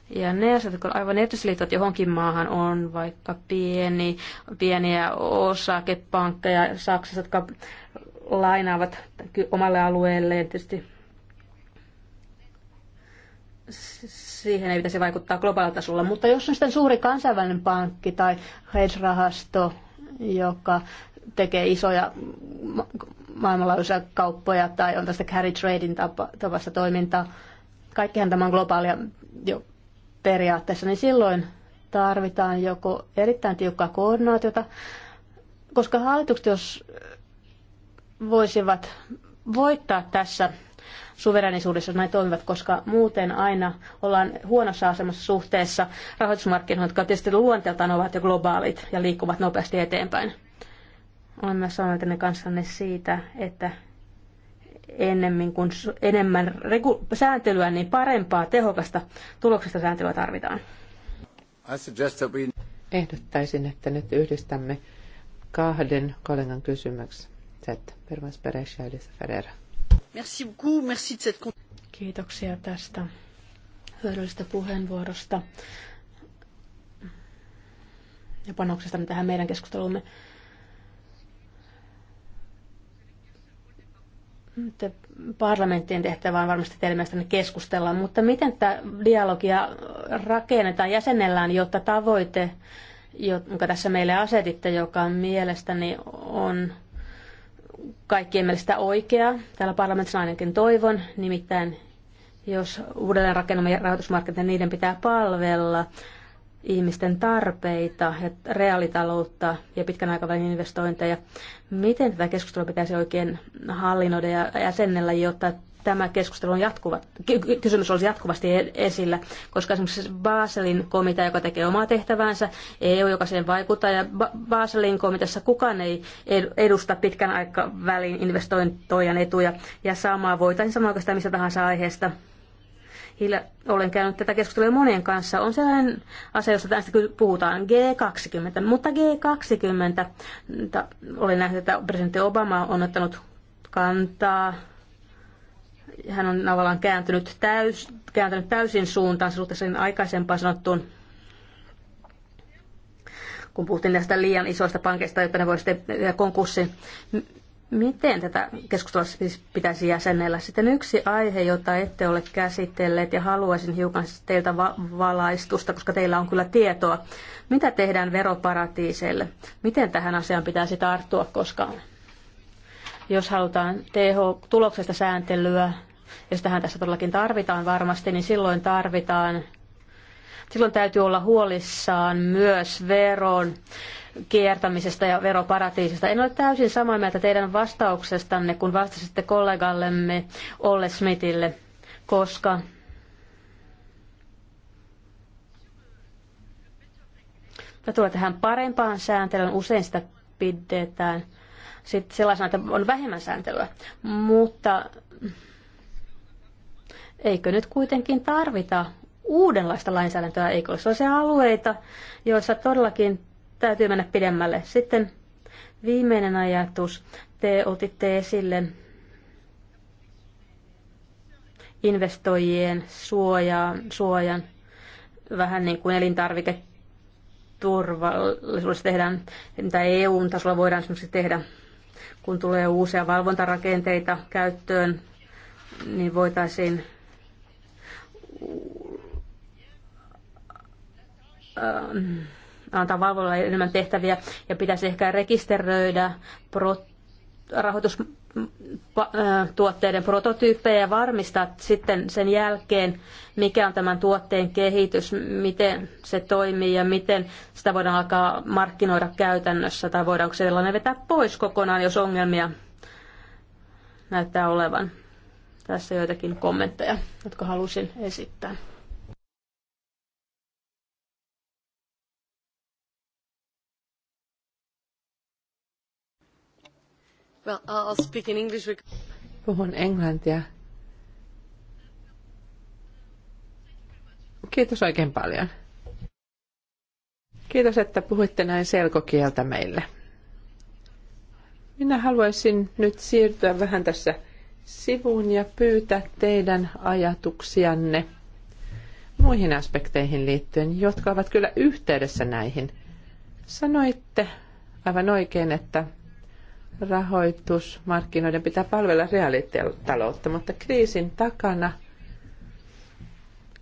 Ja ne asiat, kun aivan erityisliitot johonkin maahan, on vaikka pieni, pieniä osakepankkeja Saksassa, jotka lainaavat omalle alueelleen tietysti siihen ei pitäisi vaikuttaa globaalilla tasolla. Mutta jos on sitten suuri kansainvälinen pankki tai hedge-rahasto, joka tekee isoja ma- maailmanlaajuisia kauppoja tai on tästä carry trading tapa- tapasta toimintaa, kaikkihan tämä on globaalia jo periaatteessa, niin silloin tarvitaan joko erittäin tiukkaa koordinaatiota, koska hallitukset, jos voisivat voittaa tässä suverenisuudessa, jos näin toimivat, koska muuten aina ollaan huonossa asemassa suhteessa rahoitusmarkkinoihin, jotka tietysti luonteeltaan ovat jo globaalit ja liikkuvat nopeasti eteenpäin. Olen myös samaa mieltä kanssanne siitä, että ennemmin kuin enemmän sääntelyä, niin parempaa, tehokasta tuloksesta sääntelyä tarvitaan. Ehdottaisin, että nyt yhdistämme kahden kollegan kysymyksen Set, Pervans Peres ja Elisa Ferreira. Merci Kiitoksia tästä hyödyllisestä puheenvuorosta ja panoksesta tähän meidän keskusteluumme. parlamenttien tehtävä on varmasti teidän mielestänne keskustella, mutta miten tämä dialogia rakennetaan, jäsennellään, jotta tavoite, jonka tässä meille asetitte, joka mielestäni on kaikkien mielestä oikea. Täällä parlamentissa ainakin toivon, nimittäin jos uudelleen rakennamme rahoitusmarkkinoita, niin niiden pitää palvella ihmisten tarpeita ja reaalitaloutta ja pitkän aikavälin investointeja. Miten tätä keskustelua pitäisi oikein hallinnoida ja jäsennellä, jotta tämä keskustelu on jatkuva, kysymys olisi jatkuvasti e-, esillä, koska esimerkiksi Baselin komitea, joka tekee omaa tehtäväänsä, EU, joka siihen vaikuttaa, ja ba- Baselin komiteassa kukaan ei edusta pitkän aikavälin investointojen etuja, ja samaa voitaisiin sanoa oikeastaan missä tahansa aiheesta. Hilja, olen käynyt tätä keskustelua monien kanssa. On sellainen asia, josta tästä kyllä puhutaan, G20. Mutta G20, olen nähnyt, että presidentti Obama on ottanut kantaa hän on tavallaan kääntynyt, täys, kääntynyt täysin suuntaan suhteessa aikaisempaan sanottuun kun puhuttiin näistä liian isoista pankeista, jotta ne voisivat tehdä konkurssin. Miten tätä keskustelua siis pitäisi jäsennellä? Sitten yksi aihe, jota ette ole käsitelleet ja haluaisin hiukan siis teiltä va- valaistusta, koska teillä on kyllä tietoa. Mitä tehdään veroparatiiseille? Miten tähän asiaan pitäisi tarttua, koska jos halutaan TH-tuloksesta sääntelyä, jos tähän tässä todellakin tarvitaan varmasti, niin silloin tarvitaan, silloin täytyy olla huolissaan myös veron kiertämisestä ja veroparatiisista. En ole täysin samaa mieltä teidän vastauksestanne, kun vastasitte kollegallemme Olle Smithille, koska tämä tulee tähän parempaan sääntelyyn, usein sitä pidetään sitten sellaisena, että on vähemmän sääntelyä. Mutta eikö nyt kuitenkin tarvita uudenlaista lainsäädäntöä, eikö ole sellaisia alueita, joissa todellakin täytyy mennä pidemmälle. Sitten viimeinen ajatus. Te otitte esille investoijien suojaa, suojan, vähän niin kuin elintarviketurvallisuudessa tehdään, mitä EU-tasolla voidaan tehdä kun tulee uusia valvontarakenteita käyttöön, niin voitaisiin antaa valvolla enemmän tehtäviä ja pitäisi ehkä rekisteröidä rahoitus tuotteiden prototyyppejä ja varmistaa sitten sen jälkeen, mikä on tämän tuotteen kehitys, miten se toimii ja miten sitä voidaan alkaa markkinoida käytännössä tai voidaanko sellainen vetää pois kokonaan, jos ongelmia näyttää olevan. Tässä joitakin kommentteja, jotka halusin esittää. Well, I'll speak in English. Puhun englantia. Kiitos oikein paljon. Kiitos, että puhuitte näin selkokieltä meille. Minä haluaisin nyt siirtyä vähän tässä sivuun ja pyytää teidän ajatuksianne muihin aspekteihin liittyen, jotka ovat kyllä yhteydessä näihin. Sanoitte aivan oikein, että rahoitusmarkkinoiden pitää palvella reaalitaloutta, mutta kriisin takana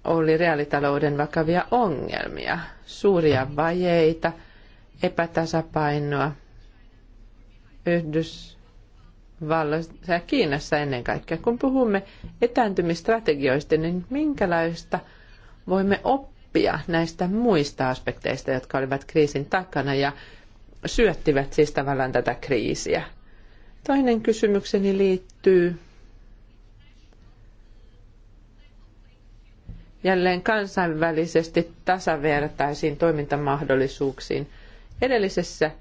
oli reaalitalouden vakavia ongelmia, suuria vajeita, epätasapainoa Yhdysvalloissa ja Kiinassa ennen kaikkea. Kun puhumme etääntymistrategioista, niin minkälaista voimme oppia näistä muista aspekteista, jotka olivat kriisin takana ja syöttivät siis tavallaan tätä kriisiä. Toinen kysymykseni liittyy jälleen kansainvälisesti tasavertaisiin toimintamahdollisuuksiin. Edellisessä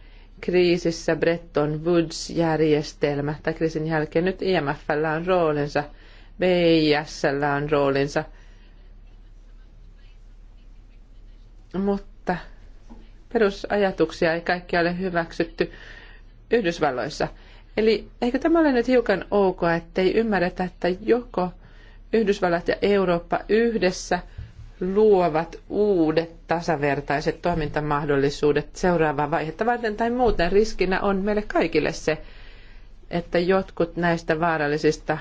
kriisissä Bretton Woods-järjestelmä tai kriisin jälkeen nyt IMFllä on roolinsa, BISllä on roolinsa, mutta perusajatuksia ei kaikki ole hyväksytty Yhdysvalloissa. Eli eikö tämä ole nyt hiukan ok, ettei ymmärretä, että joko Yhdysvallat ja Eurooppa yhdessä luovat uudet tasavertaiset toimintamahdollisuudet seuraavaa vaihetta varten tai muuten riskinä on meille kaikille se, että jotkut näistä vaarallisista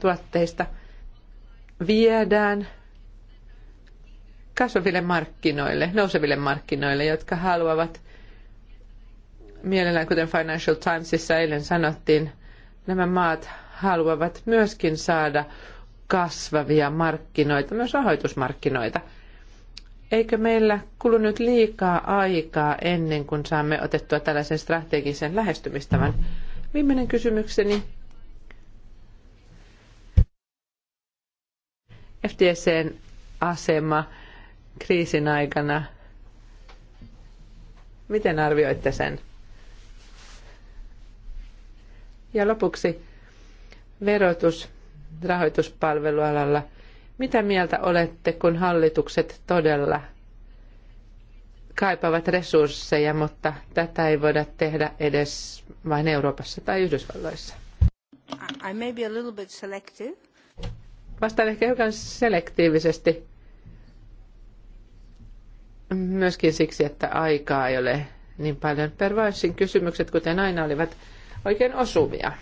tuotteista viedään kasvaville markkinoille, nouseville markkinoille, jotka haluavat mielellään, kuten Financial Timesissa eilen sanottiin, nämä maat haluavat myöskin saada kasvavia markkinoita, myös rahoitusmarkkinoita. Eikö meillä kulunut liikaa aikaa ennen kuin saamme otettua tällaisen strategisen lähestymistavan? Viimeinen kysymykseni. FTCn asema kriisin aikana. Miten arvioitte sen? Ja lopuksi verotus rahoituspalvelualalla. Mitä mieltä olette, kun hallitukset todella kaipaavat resursseja, mutta tätä ei voida tehdä edes vain Euroopassa tai Yhdysvalloissa? I may be a little bit selective. Vastaan ehkä hiukan selektiivisesti myöskin siksi, että aikaa ei ole niin paljon. Pervaisin kysymykset, kuten aina, olivat oikein osuvia.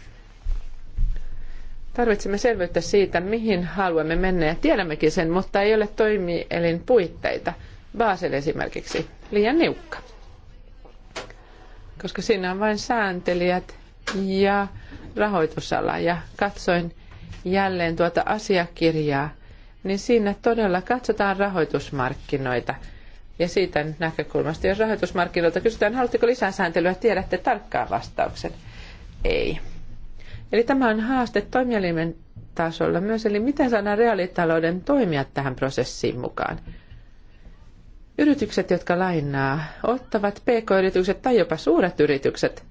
Tarvitsemme selvyyttä siitä, mihin haluamme mennä ja tiedämmekin sen, mutta ei ole toimielin puitteita. Basel esimerkiksi, liian niukka. Koska siinä on vain sääntelijät ja rahoitusala. Ja katsoin jälleen tuota asiakirjaa, niin siinä todella katsotaan rahoitusmarkkinoita – ja siitä näkökulmasta, jos rahoitusmarkkinoilta kysytään, haluatteko lisää sääntelyä, tiedätte tarkkaan vastauksen. Ei. Eli tämä on haaste toimielimen tasolla myös, eli miten saadaan reaalitalouden toimia tähän prosessiin mukaan. Yritykset, jotka lainaa, ottavat pk-yritykset tai jopa suuret yritykset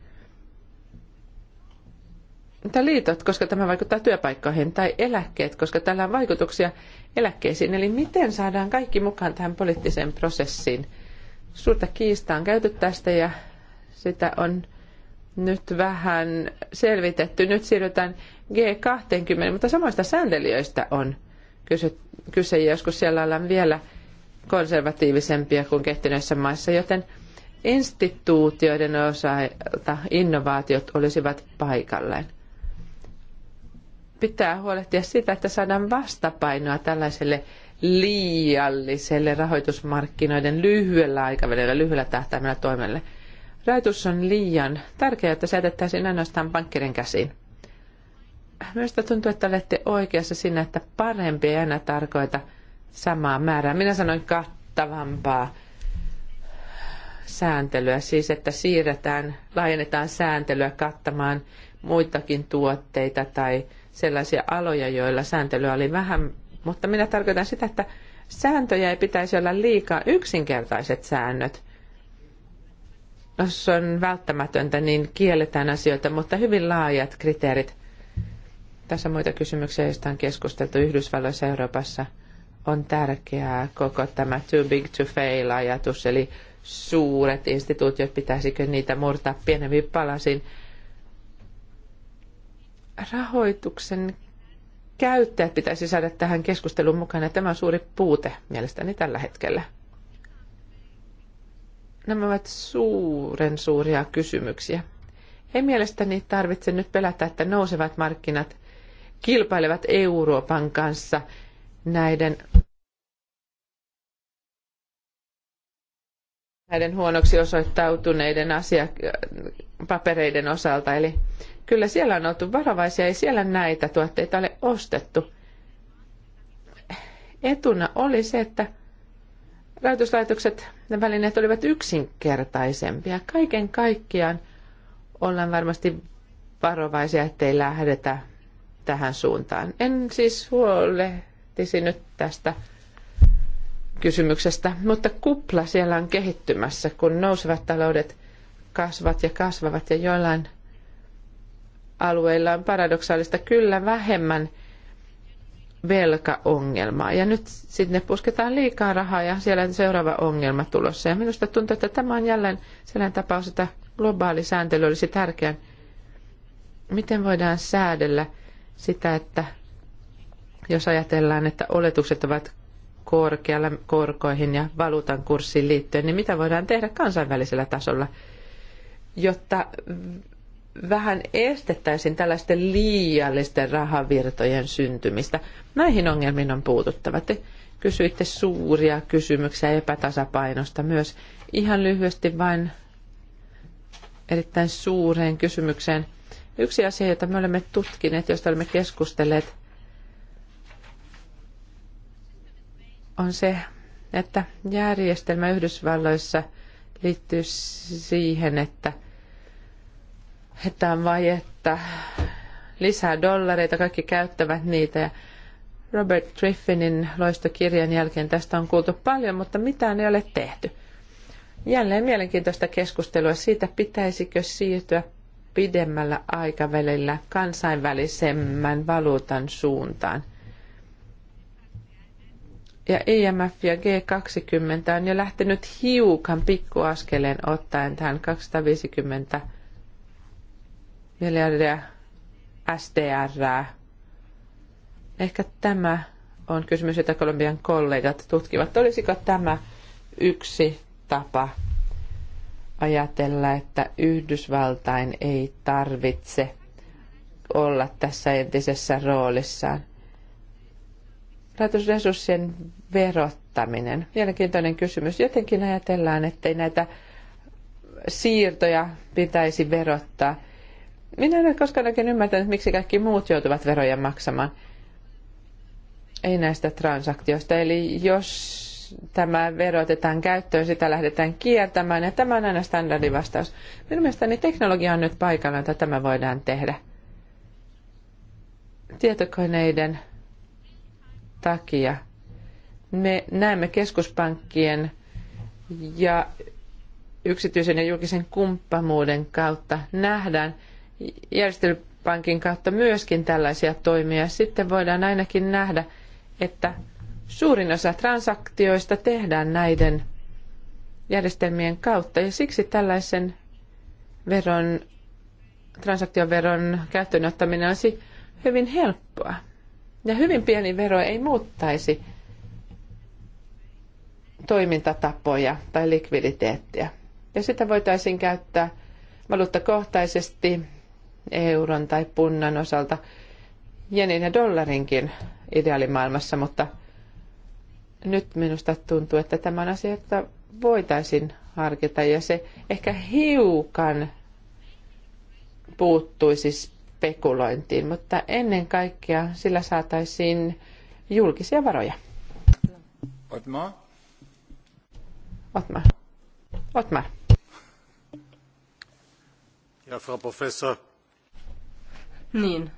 tai liitot, koska tämä vaikuttaa työpaikkoihin, tai eläkkeet, koska tällä on vaikutuksia eläkkeisiin. Eli miten saadaan kaikki mukaan tähän poliittiseen prosessiin? Suurta kiistaa on käyty tästä ja sitä on nyt vähän selvitetty. Nyt siirrytään G20, mutta samoista sääntelijöistä on kyse, kyse joskus siellä ollaan vielä konservatiivisempia kuin kehittyneissä maissa, joten instituutioiden osalta innovaatiot olisivat paikalleen pitää huolehtia siitä, että saadaan vastapainoa tällaiselle liialliselle rahoitusmarkkinoiden lyhyellä aikavälillä, lyhyellä tähtäimellä toimelle. Rahoitus on liian tärkeää, että se jätettäisiin ainoastaan pankkirin käsiin. Minusta tuntuu, että olette oikeassa siinä, että parempi ei aina tarkoita samaa määrää. Minä sanoin kattavampaa sääntelyä, siis että siirretään, laajennetaan sääntelyä kattamaan muitakin tuotteita tai sellaisia aloja, joilla sääntelyä oli vähän, mutta minä tarkoitan sitä, että sääntöjä ei pitäisi olla liikaa yksinkertaiset säännöt. Jos on välttämätöntä, niin kielletään asioita, mutta hyvin laajat kriteerit. Tässä muita kysymyksiä, joista on keskusteltu Yhdysvalloissa Euroopassa, on tärkeää koko tämä too big to fail ajatus, eli suuret instituutiot, pitäisikö niitä murtaa pienemmin palasin rahoituksen käyttäjät pitäisi saada tähän keskusteluun mukaan, ja tämä on suuri puute mielestäni tällä hetkellä. Nämä ovat suuren suuria kysymyksiä. Ei mielestäni tarvitse nyt pelätä, että nousevat markkinat kilpailevat Euroopan kanssa näiden näiden huonoksi osoittautuneiden asia, papereiden osalta. Eli kyllä siellä on oltu varovaisia, ei siellä näitä tuotteita ole ostettu. Etuna oli se, että rahoituslaitokset ja välineet olivat yksinkertaisempia. Kaiken kaikkiaan ollaan varmasti varovaisia, ettei lähdetä tähän suuntaan. En siis huolehtisi nyt tästä kysymyksestä, mutta kupla siellä on kehittymässä, kun nousevat taloudet kasvavat ja kasvavat ja joillain alueilla on paradoksaalista kyllä vähemmän velkaongelmaa. Ja nyt sinne pusketaan liikaa rahaa ja siellä on seuraava ongelma tulossa. Ja minusta tuntuu, että tämä on jälleen sellainen tapaus, että globaali sääntely olisi tärkeä. Miten voidaan säädellä sitä, että jos ajatellaan, että oletukset ovat korkealla korkoihin ja valuutan kurssiin liittyen, niin mitä voidaan tehdä kansainvälisellä tasolla, jotta vähän estettäisiin tällaisten liiallisten rahavirtojen syntymistä. Näihin ongelmiin on puututtava. Te kysyitte suuria kysymyksiä epätasapainosta myös. Ihan lyhyesti vain erittäin suureen kysymykseen. Yksi asia, jota me olemme tutkineet, josta olemme keskustelleet on se, että järjestelmä Yhdysvalloissa liittyy siihen, että, että on vajetta lisää dollareita, kaikki käyttävät niitä ja Robert Triffinin loistokirjan jälkeen tästä on kuultu paljon, mutta mitään ei ole tehty. Jälleen mielenkiintoista keskustelua siitä, pitäisikö siirtyä pidemmällä aikavälillä kansainvälisemmän valuutan suuntaan ja EMF ja G20 on jo lähtenyt hiukan pikkuaskeleen ottaen tähän 250 miljardia SDR. Ehkä tämä on kysymys, jota Kolumbian kollegat tutkivat. Olisiko tämä yksi tapa ajatella, että Yhdysvaltain ei tarvitse olla tässä entisessä roolissaan? rahoitusresurssien verottaminen. Mielenkiintoinen kysymys. Jotenkin ajatellaan, ei näitä siirtoja pitäisi verottaa. Minä en ole koskaan oikein ymmärtänyt, miksi kaikki muut joutuvat veroja maksamaan. Ei näistä transaktioista. Eli jos tämä verotetaan käyttöön, sitä lähdetään kiertämään, ja tämä on aina standardivastaus. Minun mielestäni teknologia on nyt paikalla, että tämä voidaan tehdä. Tietokoneiden takia me näemme keskuspankkien ja yksityisen ja julkisen kumppamuuden kautta nähdään järjestelypankin kautta myöskin tällaisia toimia. Sitten voidaan ainakin nähdä, että suurin osa transaktioista tehdään näiden järjestelmien kautta ja siksi tällaisen veron, transaktioveron käyttöön ottaminen olisi hyvin helppoa. Ja hyvin pieni vero ei muuttaisi toimintatapoja tai likviditeettiä. Ja sitä voitaisiin käyttää valuuttakohtaisesti euron tai punnan osalta, jenin ja dollarinkin ideaalimaailmassa, mutta nyt minusta tuntuu, että tämä on asia, että voitaisiin harkita ja se ehkä hiukan puuttuisi spekulointiin, mutta ennen kaikkea sillä saataisiin julkisia varoja. Otmar? Otmar. Otmar. Ja, Frau Professor. Niin,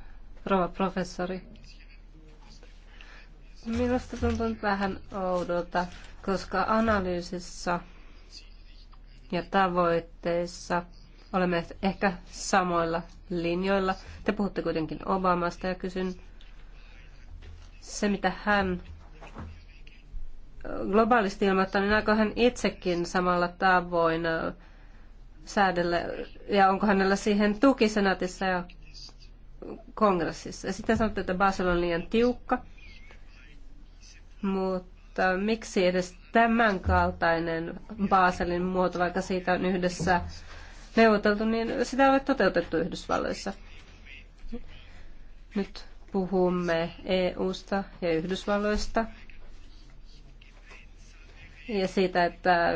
rouva professori. Minusta tuntuu vähän oudolta, koska analyysissä ja tavoitteissa – Olemme ehkä samoilla linjoilla. Te puhutte kuitenkin Obamasta ja kysyn se, mitä hän globaalisti ilmoittaa, niin aiko hän itsekin samalla tavoin säädellä ja onko hänellä siihen tuki senaatissa ja kongressissa. Ja sitten sanotte, että Basel on liian tiukka, mutta miksi edes tämän kaltainen Baselin muoto, vaikka siitä on yhdessä neuvoteltu, niin sitä ei ole toteutettu Yhdysvalloissa. Nyt puhumme EUsta ja Yhdysvalloista ja siitä, että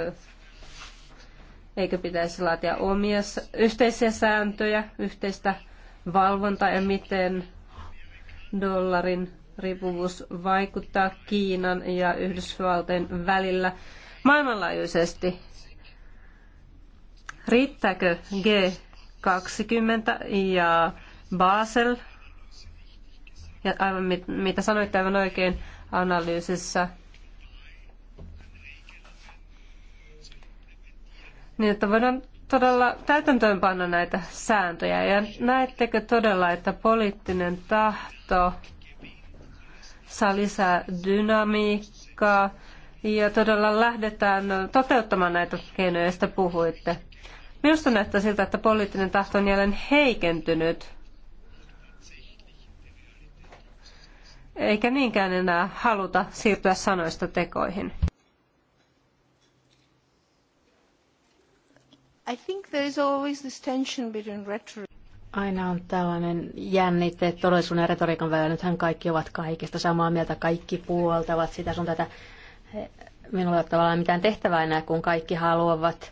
eikö pitäisi laatia omia yhteisiä sääntöjä, yhteistä valvontaa ja miten dollarin riippuvuus vaikuttaa Kiinan ja Yhdysvaltojen välillä maailmanlaajuisesti. Riittääkö G20 ja Basel? Ja aivan mit, mitä sanoitte aivan oikein analyysissä, niin että voidaan todella täytäntöönpanna näitä sääntöjä. Ja näettekö todella, että poliittinen tahto saa lisää dynamiikkaa ja todella lähdetään toteuttamaan näitä keinoja, joista puhuitte? Minusta näyttää siltä, että poliittinen tahto on jälleen heikentynyt. Eikä niinkään enää haluta siirtyä sanoista tekoihin. I think always this tension between rhetoric. Aina on tällainen jännite todellisuuden ja retoriikan välillä. Nythän kaikki ovat kaikista samaa mieltä, kaikki puoltavat sitä sun tätä. Minulla ei ole tavallaan mitään tehtävää enää, kun kaikki haluavat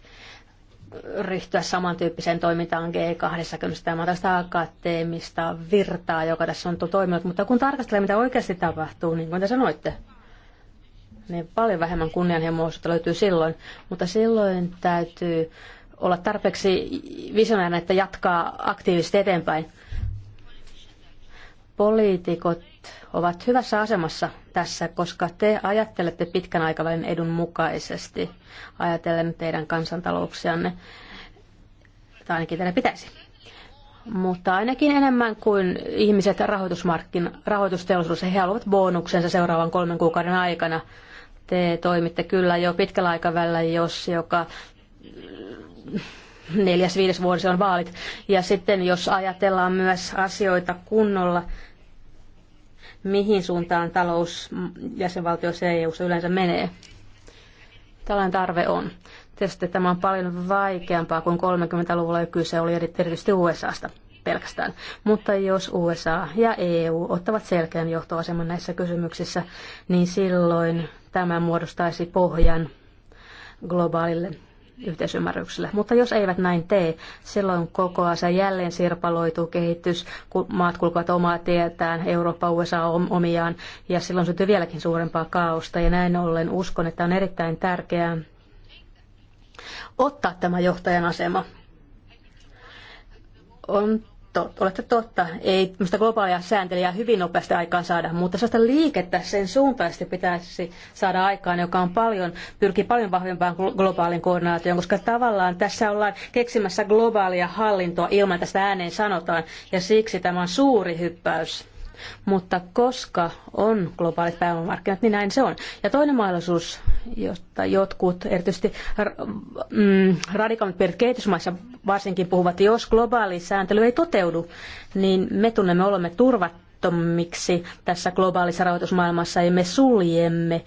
ryhtyä samantyyppiseen toimintaan G20. Tämä on akateemista virtaa, joka tässä on toiminut. Mutta kun tarkastelee, mitä oikeasti tapahtuu, niin kuin te sanoitte, niin paljon vähemmän kunnianhimoisuutta löytyy silloin. Mutta silloin täytyy olla tarpeeksi visionäärinen, että jatkaa aktiivisesti eteenpäin. Poliitikot ovat hyvässä asemassa tässä, koska te ajattelette pitkän aikavälin edun mukaisesti ajatellen teidän kansantalouksianne, tai ainakin teidän pitäisi. Mutta ainakin enemmän kuin ihmiset rahoitusmarkkin, rahoitusteollisuus, he haluavat bonuksensa seuraavan kolmen kuukauden aikana. Te toimitte kyllä jo pitkällä aikavälillä, jos joka neljäs, viides vuosi on vaalit. Ja sitten jos ajatellaan myös asioita kunnolla, mihin suuntaan talous jäsenvaltioissa ja EU yleensä menee. Tällainen tarve on. Tietysti tämä on paljon vaikeampaa kuin 30-luvulla, jo kyse oli erityisesti USAsta pelkästään. Mutta jos USA ja EU ottavat selkeän johtoaseman näissä kysymyksissä, niin silloin tämä muodostaisi pohjan globaalille yhteisymmärryksellä. Mutta jos eivät näin tee, silloin koko asia jälleen sirpaloituu kehitys, kun maat kulkevat omaa tietään, Eurooppa, USA omiaan, ja silloin syntyy vieläkin suurempaa kaosta. Ja näin ollen uskon, että on erittäin tärkeää ottaa tämä johtajan asema. On to, olette totta, ei tämmöistä globaalia sääntelijää hyvin nopeasti aikaan saada, mutta sellaista liikettä sen suuntaisesti pitäisi saada aikaan, joka on paljon, pyrkii paljon vahvempaan globaalin koordinaatioon, koska tavallaan tässä ollaan keksimässä globaalia hallintoa ilman tästä ääneen sanotaan, ja siksi tämä on suuri hyppäys mutta koska on globaalit pääomamarkkinat, niin näin se on. Ja toinen mahdollisuus, jotta jotkut, erityisesti mm, radikaalit piirit kehitysmaissa varsinkin puhuvat, jos globaali sääntely ei toteudu, niin me tunnemme olemme turvattomiksi tässä globaalissa rahoitusmaailmassa ja me suljemme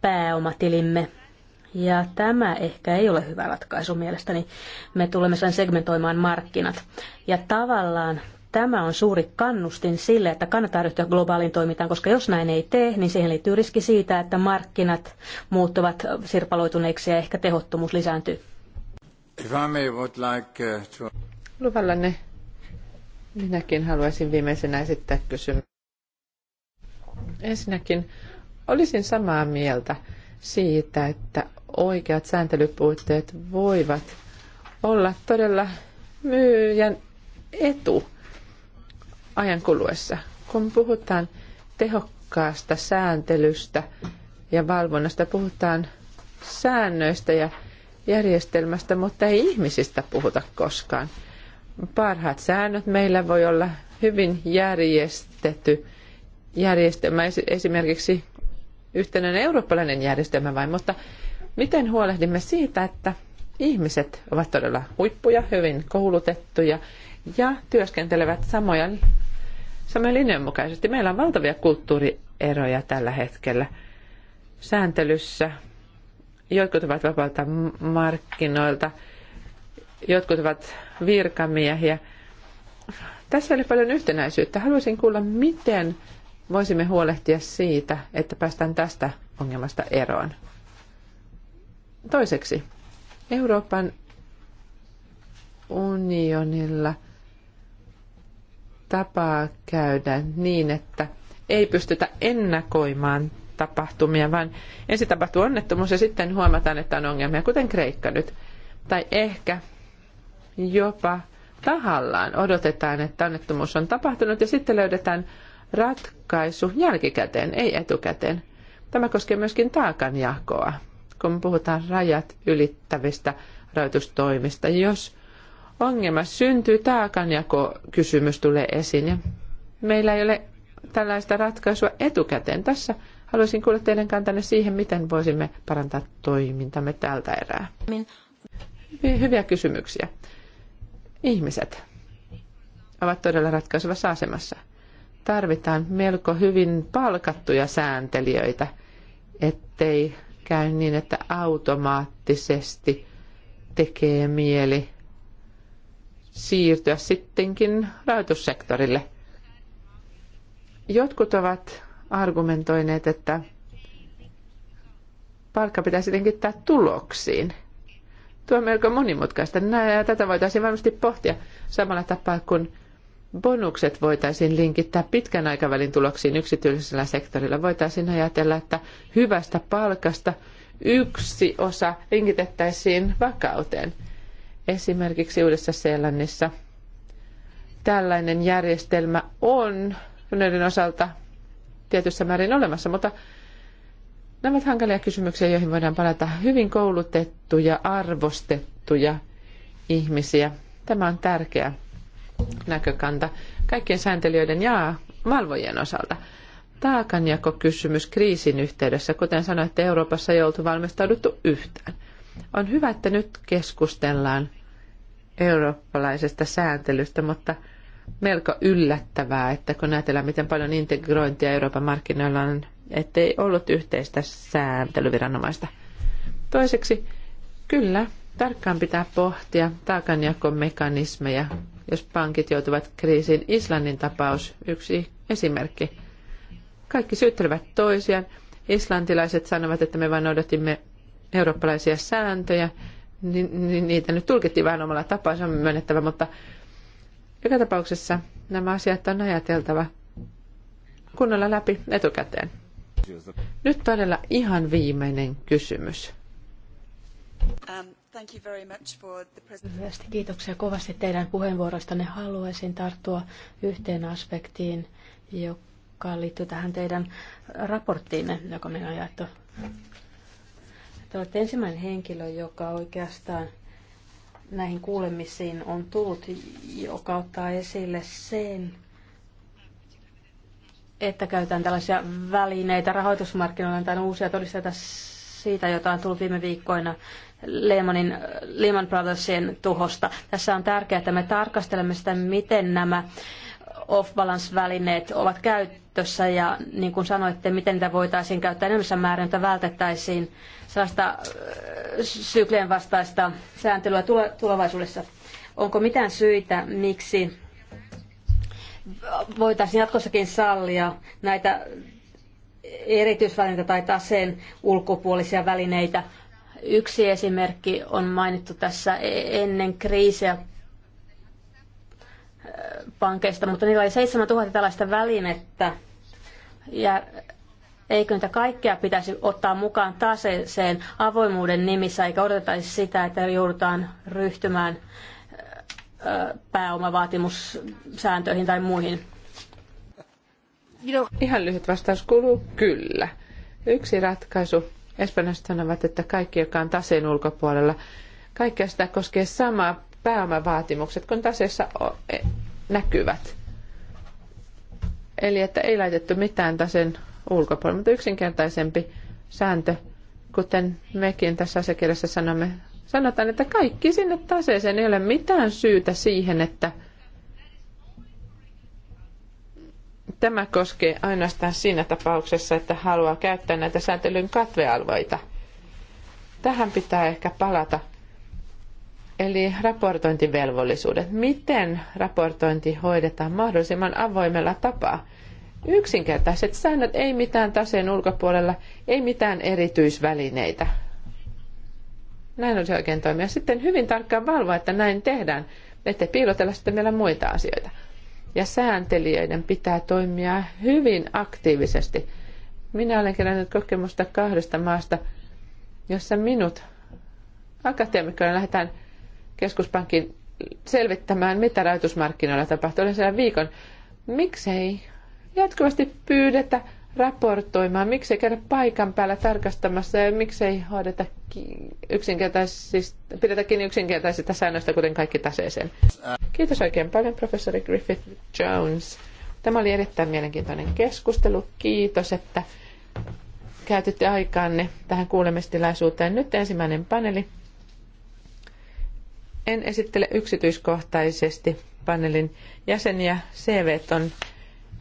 pääomatilimme ja tämä ehkä ei ole hyvä ratkaisu mielestäni. Me tulemme sen segmentoimaan markkinat. Ja tavallaan Tämä on suuri kannustin sille, että kannattaa ryhtyä globaaliin toimintaan, koska jos näin ei tee, niin siihen liittyy riski siitä, että markkinat muuttuvat sirpaloituneiksi ja ehkä tehottomuus lisääntyy. Uh, Luvallanne, minäkin haluaisin viimeisenä esittää kysymyksen. Ensinnäkin olisin samaa mieltä siitä, että oikeat sääntelypuitteet voivat olla todella myyjän etu ajan kuluessa. Kun puhutaan tehokkaasta sääntelystä ja valvonnasta, puhutaan säännöistä ja järjestelmästä, mutta ei ihmisistä puhuta koskaan. Parhaat säännöt meillä voi olla hyvin järjestetty järjestelmä, esimerkiksi yhtenäinen eurooppalainen järjestelmä vain, mutta miten huolehdimme siitä, että ihmiset ovat todella huippuja, hyvin koulutettuja ja työskentelevät samojen samoin linjan mukaisesti. Meillä on valtavia kulttuurieroja tällä hetkellä sääntelyssä. Jotkut ovat vapaalta markkinoilta, jotkut ovat virkamiehiä. Tässä oli paljon yhtenäisyyttä. Haluaisin kuulla, miten voisimme huolehtia siitä, että päästään tästä ongelmasta eroon. Toiseksi, Euroopan unionilla tapaa käydä niin, että ei pystytä ennakoimaan tapahtumia, vaan ensin tapahtuu onnettomuus ja sitten huomataan, että on ongelmia, kuten Kreikka nyt. Tai ehkä jopa tahallaan odotetaan, että onnettomuus on tapahtunut ja sitten löydetään ratkaisu jälkikäteen, ei etukäteen. Tämä koskee myöskin taakanjakoa, kun puhutaan rajat ylittävistä rajoitustoimista. Jos ongelma syntyy, taakanjakokysymys tulee esiin ja meillä ei ole tällaista ratkaisua etukäteen. Tässä haluaisin kuulla teidän kantanne siihen, miten voisimme parantaa toimintamme tältä erää. Hyviä kysymyksiä. Ihmiset ovat todella ratkaisevassa asemassa. Tarvitaan melko hyvin palkattuja sääntelijöitä, ettei käy niin, että automaattisesti tekee mieli siirtyä sittenkin rahoitussektorille. Jotkut ovat argumentoineet, että palkka pitäisi linkittää tuloksiin. Tuo on melko monimutkaista. Nää, tätä voitaisiin varmasti pohtia samalla tapaa kuin bonukset voitaisiin linkittää pitkän aikavälin tuloksiin yksityisellä sektorilla. Voitaisiin ajatella, että hyvästä palkasta yksi osa linkitettäisiin vakauteen – Esimerkiksi Uudessa-Seelannissa tällainen järjestelmä on noiden osalta tietyssä määrin olemassa, mutta nämä ovat hankalia kysymyksiä, joihin voidaan palata. Hyvin koulutettuja, arvostettuja ihmisiä. Tämä on tärkeä näkökanta kaikkien sääntelijöiden ja valvojien osalta. kysymys kriisin yhteydessä, kuten sanoitte, Euroopassa ei oltu valmistauduttu yhtään. On hyvä, että nyt keskustellaan eurooppalaisesta sääntelystä, mutta melko yllättävää, että kun ajatellaan, miten paljon integrointia Euroopan markkinoilla on, ettei ollut yhteistä sääntelyviranomaista. Toiseksi, kyllä, tarkkaan pitää pohtia taakanjakomekanismeja, jos pankit joutuvat kriisiin. Islannin tapaus, yksi esimerkki. Kaikki syyttelevät toisiaan. Islantilaiset sanovat, että me vain odotimme eurooppalaisia sääntöjä, niin, niin niitä nyt tulkittiin vähän omalla tapaa, se on myönnettävä, mutta joka tapauksessa nämä asiat on ajateltava kunnolla läpi etukäteen. Nyt todella ihan viimeinen kysymys. Um, kiitoksia kovasti teidän puheenvuorostanne. Haluaisin tarttua yhteen aspektiin, joka liittyy tähän teidän raporttiinne, joka meillä on jaettu. Te olette ensimmäinen henkilö, joka oikeastaan näihin kuulemisiin on tullut, joka ottaa esille sen, että käytetään tällaisia välineitä rahoitusmarkkinoilla tai uusia todisteita siitä, jota on tullut viime viikkoina Lehmanin, Lehman Brothersin tuhosta. Tässä on tärkeää, että me tarkastelemme sitä, miten nämä off-balance-välineet ovat käytössä ja niin kuin sanoitte, miten niitä voitaisiin käyttää enemmän määrin, että vältettäisiin sellaista äh, sykleen vastaista sääntelyä tulevaisuudessa. Onko mitään syitä, miksi voitaisiin jatkossakin sallia näitä erityisvälineitä tai taseen ulkopuolisia välineitä. Yksi esimerkki on mainittu tässä e-, ennen kriisiä äh, pankeista, mutta niillä oli 7000 tällaista välinettä ja Eikö niitä kaikkea pitäisi ottaa mukaan taseeseen avoimuuden nimissä, eikä odotaisi sitä, että joudutaan ryhtymään pääomavaatimussääntöihin tai muihin? Ihan lyhyt vastaus kuuluu kyllä. Yksi ratkaisu. Espanjasta sanovat, että kaikki, joka on taseen ulkopuolella, kaikkea sitä koskee samaa pääomavaatimukset, kun taseessa e, näkyvät. Eli että ei laitettu mitään taseen ulkopuolella. Mutta yksinkertaisempi sääntö, kuten mekin tässä asiakirjassa sanomme, sanotaan, että kaikki sinne taseeseen ei ole mitään syytä siihen, että tämä koskee ainoastaan siinä tapauksessa, että haluaa käyttää näitä sääntelyn katvealueita. Tähän pitää ehkä palata. Eli raportointivelvollisuudet. Miten raportointi hoidetaan mahdollisimman avoimella tapaa? Yksinkertaiset säännöt, ei mitään taseen ulkopuolella, ei mitään erityisvälineitä. Näin olisi oikein toimia. Sitten hyvin tarkkaan valvoa, että näin tehdään, ettei piilotella sitten vielä muita asioita. Ja sääntelijöiden pitää toimia hyvin aktiivisesti. Minä olen kerännyt kokemusta kahdesta maasta, jossa minut akateemikkoina lähdetään keskuspankin selvittämään, mitä rahoitusmarkkinoilla tapahtuu. Olen siellä viikon. Miksei jatkuvasti pyydetä raportoimaan, miksei käydä paikan päällä tarkastamassa ja miksei hoideta yksinkertaisista, pidetä kiinni yksinkertaisista säännöistä, kuten kaikki taseeseen. Kiitos oikein paljon, professori Griffith Jones. Tämä oli erittäin mielenkiintoinen keskustelu. Kiitos, että käytitte aikaanne tähän kuulemistilaisuuteen. Nyt ensimmäinen paneeli. En esittele yksityiskohtaisesti paneelin jäseniä. CV on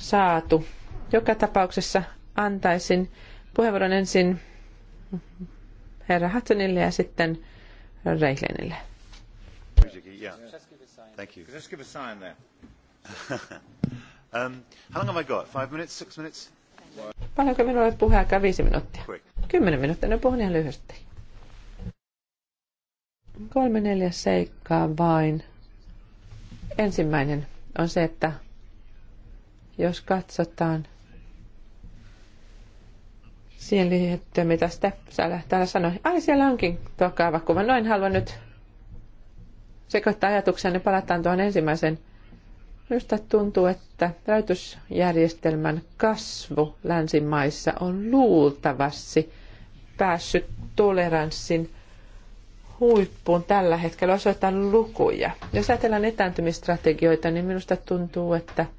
saatu. Joka tapauksessa antaisin puheenvuoron ensin herra Hattonille ja sitten Reihlenille. [LAUGHS] Um, Paljonko minulla on puheaikaa? Viisi minuuttia. Kymmenen minuuttia. No puhun ihan lyhyesti. Kolme neljä seikkaa vain. Ensimmäinen on se, että jos katsotaan siellä, että mitä Stepsälä täällä sanoi. Ai, siellä onkin tuo kaavakuva. Noin haluan nyt sekoittaa niin Palataan tuohon ensimmäisen. Minusta tuntuu, että rajoitusjärjestelmän kasvu länsimaissa on luultavasti päässyt toleranssin huippuun tällä hetkellä. Osoitan lukuja. Jos ajatellaan etääntymistrategioita, niin minusta tuntuu, että –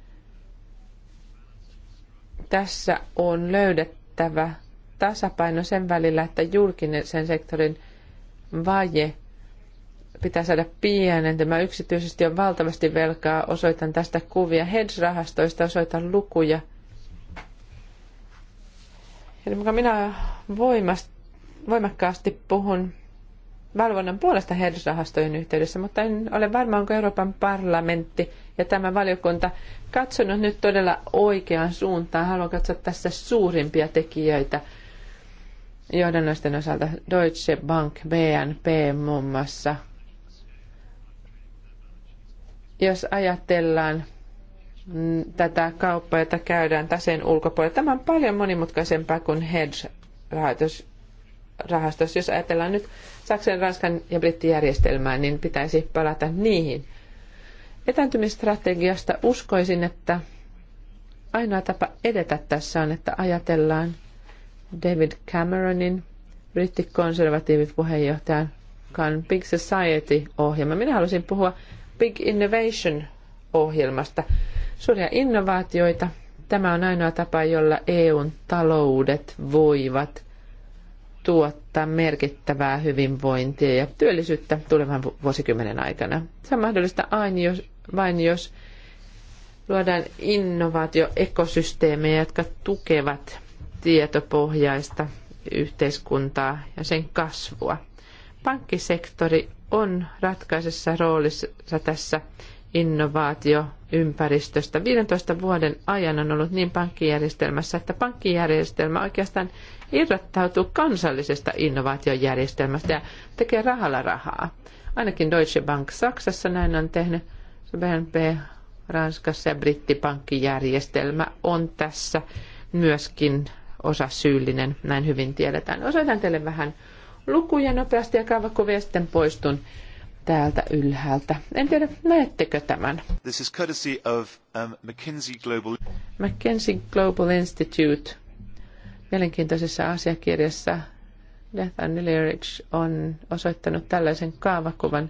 tässä on löydettävä tasapaino sen välillä, että julkisen sektorin vaje pitää saada Tämä Yksityisesti on valtavasti velkaa. Osoitan tästä kuvia hedge-rahastoista, osoitan lukuja. Eli mukaan minä voimakkaasti puhun valvonnan puolesta hedge-rahastojen yhteydessä, mutta en ole varma, onko Euroopan parlamentti – ja tämä valiokunta katsonut nyt todella oikeaan suuntaan. Haluan katsoa tässä suurimpia tekijöitä johdannoisten osalta. Deutsche Bank, BNP muun muassa. Jos ajatellaan tätä kauppaa, jota käydään taseen ulkopuolella, tämä on paljon monimutkaisempaa kuin hedge-rahoitus rahastossa. Jos ajatellaan nyt Saksan, Ranskan ja järjestelmää, niin pitäisi palata niihin – Etääntymistrategiasta uskoisin, että ainoa tapa edetä tässä on, että ajatellaan David Cameronin, brittikonservatiivit puheenjohtajan Can Big Society-ohjelma. Minä halusin puhua Big Innovation-ohjelmasta. Suuria innovaatioita. Tämä on ainoa tapa, jolla EUn taloudet voivat tuottaa merkittävää hyvinvointia ja työllisyyttä tulevan vuosikymmenen aikana. Se on mahdollista aina, jos, vain jos luodaan innovaatioekosysteemejä, jotka tukevat tietopohjaista yhteiskuntaa ja sen kasvua. Pankkisektori on ratkaisessa roolissa tässä innovaatioympäristöstä. 15 vuoden ajan on ollut niin pankkijärjestelmässä, että pankkijärjestelmä oikeastaan irrottautuu kansallisesta innovaatiojärjestelmästä ja tekee rahalla rahaa. Ainakin Deutsche Bank Saksassa näin on tehnyt. BNP Ranskassa ja brittipankkijärjestelmä on tässä myöskin osa syyllinen, näin hyvin tiedetään. Osoitan teille vähän lukuja nopeasti ja kaavakuvia sitten poistun täältä ylhäältä. En tiedä, näettekö tämän? This is courtesy of um, McKinsey Global... McKinsey Global Institute. Mielenkiintoisessa asiakirjassa Death and Lyrics on osoittanut tällaisen kaavakuvan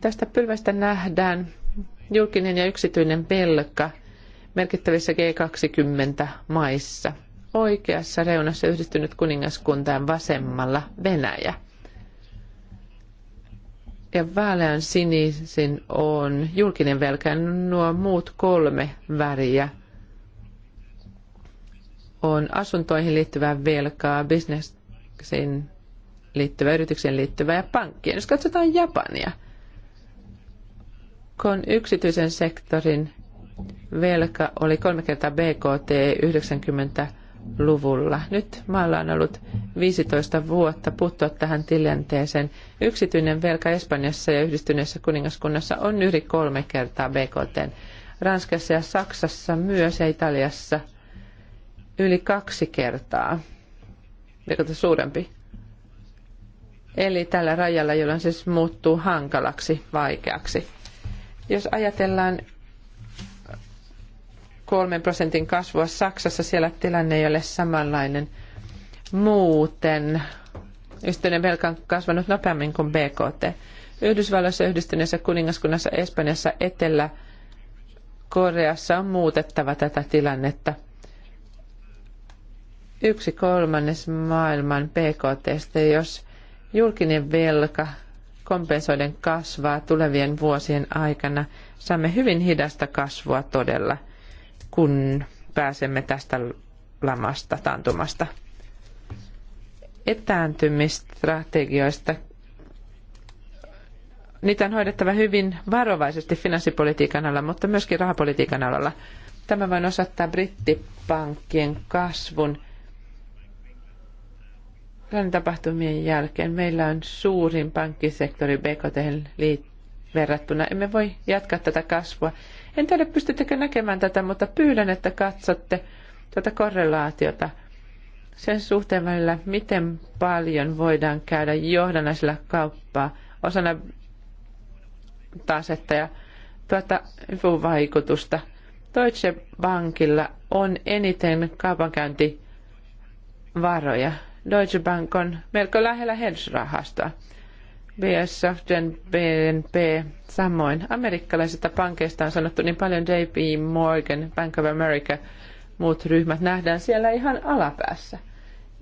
Tästä pylvästä nähdään julkinen ja yksityinen velka merkittävissä G20-maissa. Oikeassa reunassa yhdistynyt kuningaskuntaan vasemmalla Venäjä. Ja vaalean sinisin on julkinen velka. Nuo muut kolme väriä on asuntoihin liittyvää velkaa, bisneksiin liittyvää, yritykseen liittyvää ja pankkien. Jos katsotaan Japania – kun yksityisen sektorin velka oli kolme kertaa BKT 90-luvulla. Nyt maalla on ollut 15 vuotta puuttua tähän tilanteeseen. Yksityinen velka Espanjassa ja yhdistyneessä kuningaskunnassa on yli kolme kertaa BKT. Ranskassa ja Saksassa myös ja Italiassa yli kaksi kertaa. on suurempi. Eli tällä rajalla, jolloin siis muuttuu hankalaksi, vaikeaksi jos ajatellaan kolmen prosentin kasvua Saksassa, siellä tilanne ei ole samanlainen. Muuten yhteinen velka on kasvanut nopeammin kuin BKT. Yhdysvalloissa, Yhdistyneessä kuningaskunnassa, Espanjassa, Etelä-Koreassa on muutettava tätä tilannetta. Yksi kolmannes maailman BKTstä, jos julkinen velka kompensoiden kasvaa tulevien vuosien aikana, saamme hyvin hidasta kasvua todella, kun pääsemme tästä lamasta, tantumasta. Etääntymistrategioista niitä on hoidettava hyvin varovaisesti finanssipolitiikan alalla, mutta myöskin rahapolitiikan alalla. Tämä vain osoittaa brittipankkien kasvun Ukrainan tapahtumien jälkeen meillä on suurin pankkisektori BKT verrattuna. Emme voi jatkaa tätä kasvua. En tiedä, pystyttekö näkemään tätä, mutta pyydän, että katsotte tuota korrelaatiota sen suhteen välillä, miten paljon voidaan käydä johdannaisilla kauppaa osana tasetta ja tuota vaikutusta. Deutsche Bankilla on eniten kaupankäyntivaroja Deutsche Bank on melko lähellä hedge rahasta BS BNP, samoin. Amerikkalaisista pankeista on sanottu niin paljon JP Morgan, Bank of America, muut ryhmät nähdään siellä ihan alapäässä.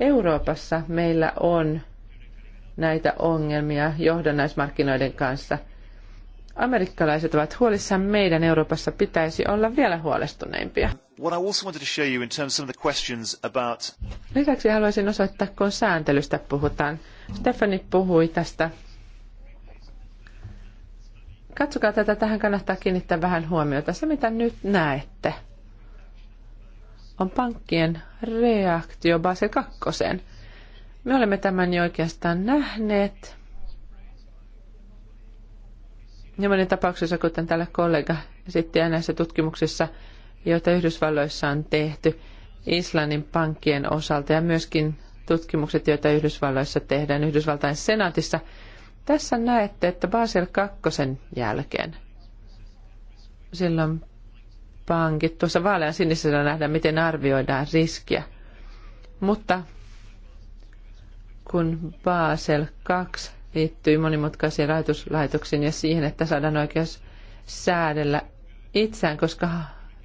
Euroopassa meillä on näitä ongelmia johdannaismarkkinoiden kanssa. Amerikkalaiset ovat huolissaan, meidän Euroopassa pitäisi olla vielä huolestuneimpia. What I also wanted to show you in terms of some of the questions about... Lisäksi haluaisin osoittaa, kun sääntelystä puhutaan. Stefani puhui tästä. Katsokaa tätä, tähän kannattaa kiinnittää vähän huomiota. Se, mitä nyt näette, on pankkien reaktio Basel 2. Me olemme tämän jo oikeastaan nähneet. Ja monen tapauksessa, kuten täällä kollega esitti näissä tutkimuksissa, joita Yhdysvalloissa on tehty Islannin pankkien osalta ja myöskin tutkimukset, joita Yhdysvalloissa tehdään Yhdysvaltain senaatissa. Tässä näette, että Basel 2 jälkeen silloin pankit, tuossa vaalean sinisellä nähdään, miten arvioidaan riskiä. Mutta kun Basel II liittyy monimutkaisiin rahoituslaitoksiin ja siihen, että saadaan oikeus säädellä itseään, koska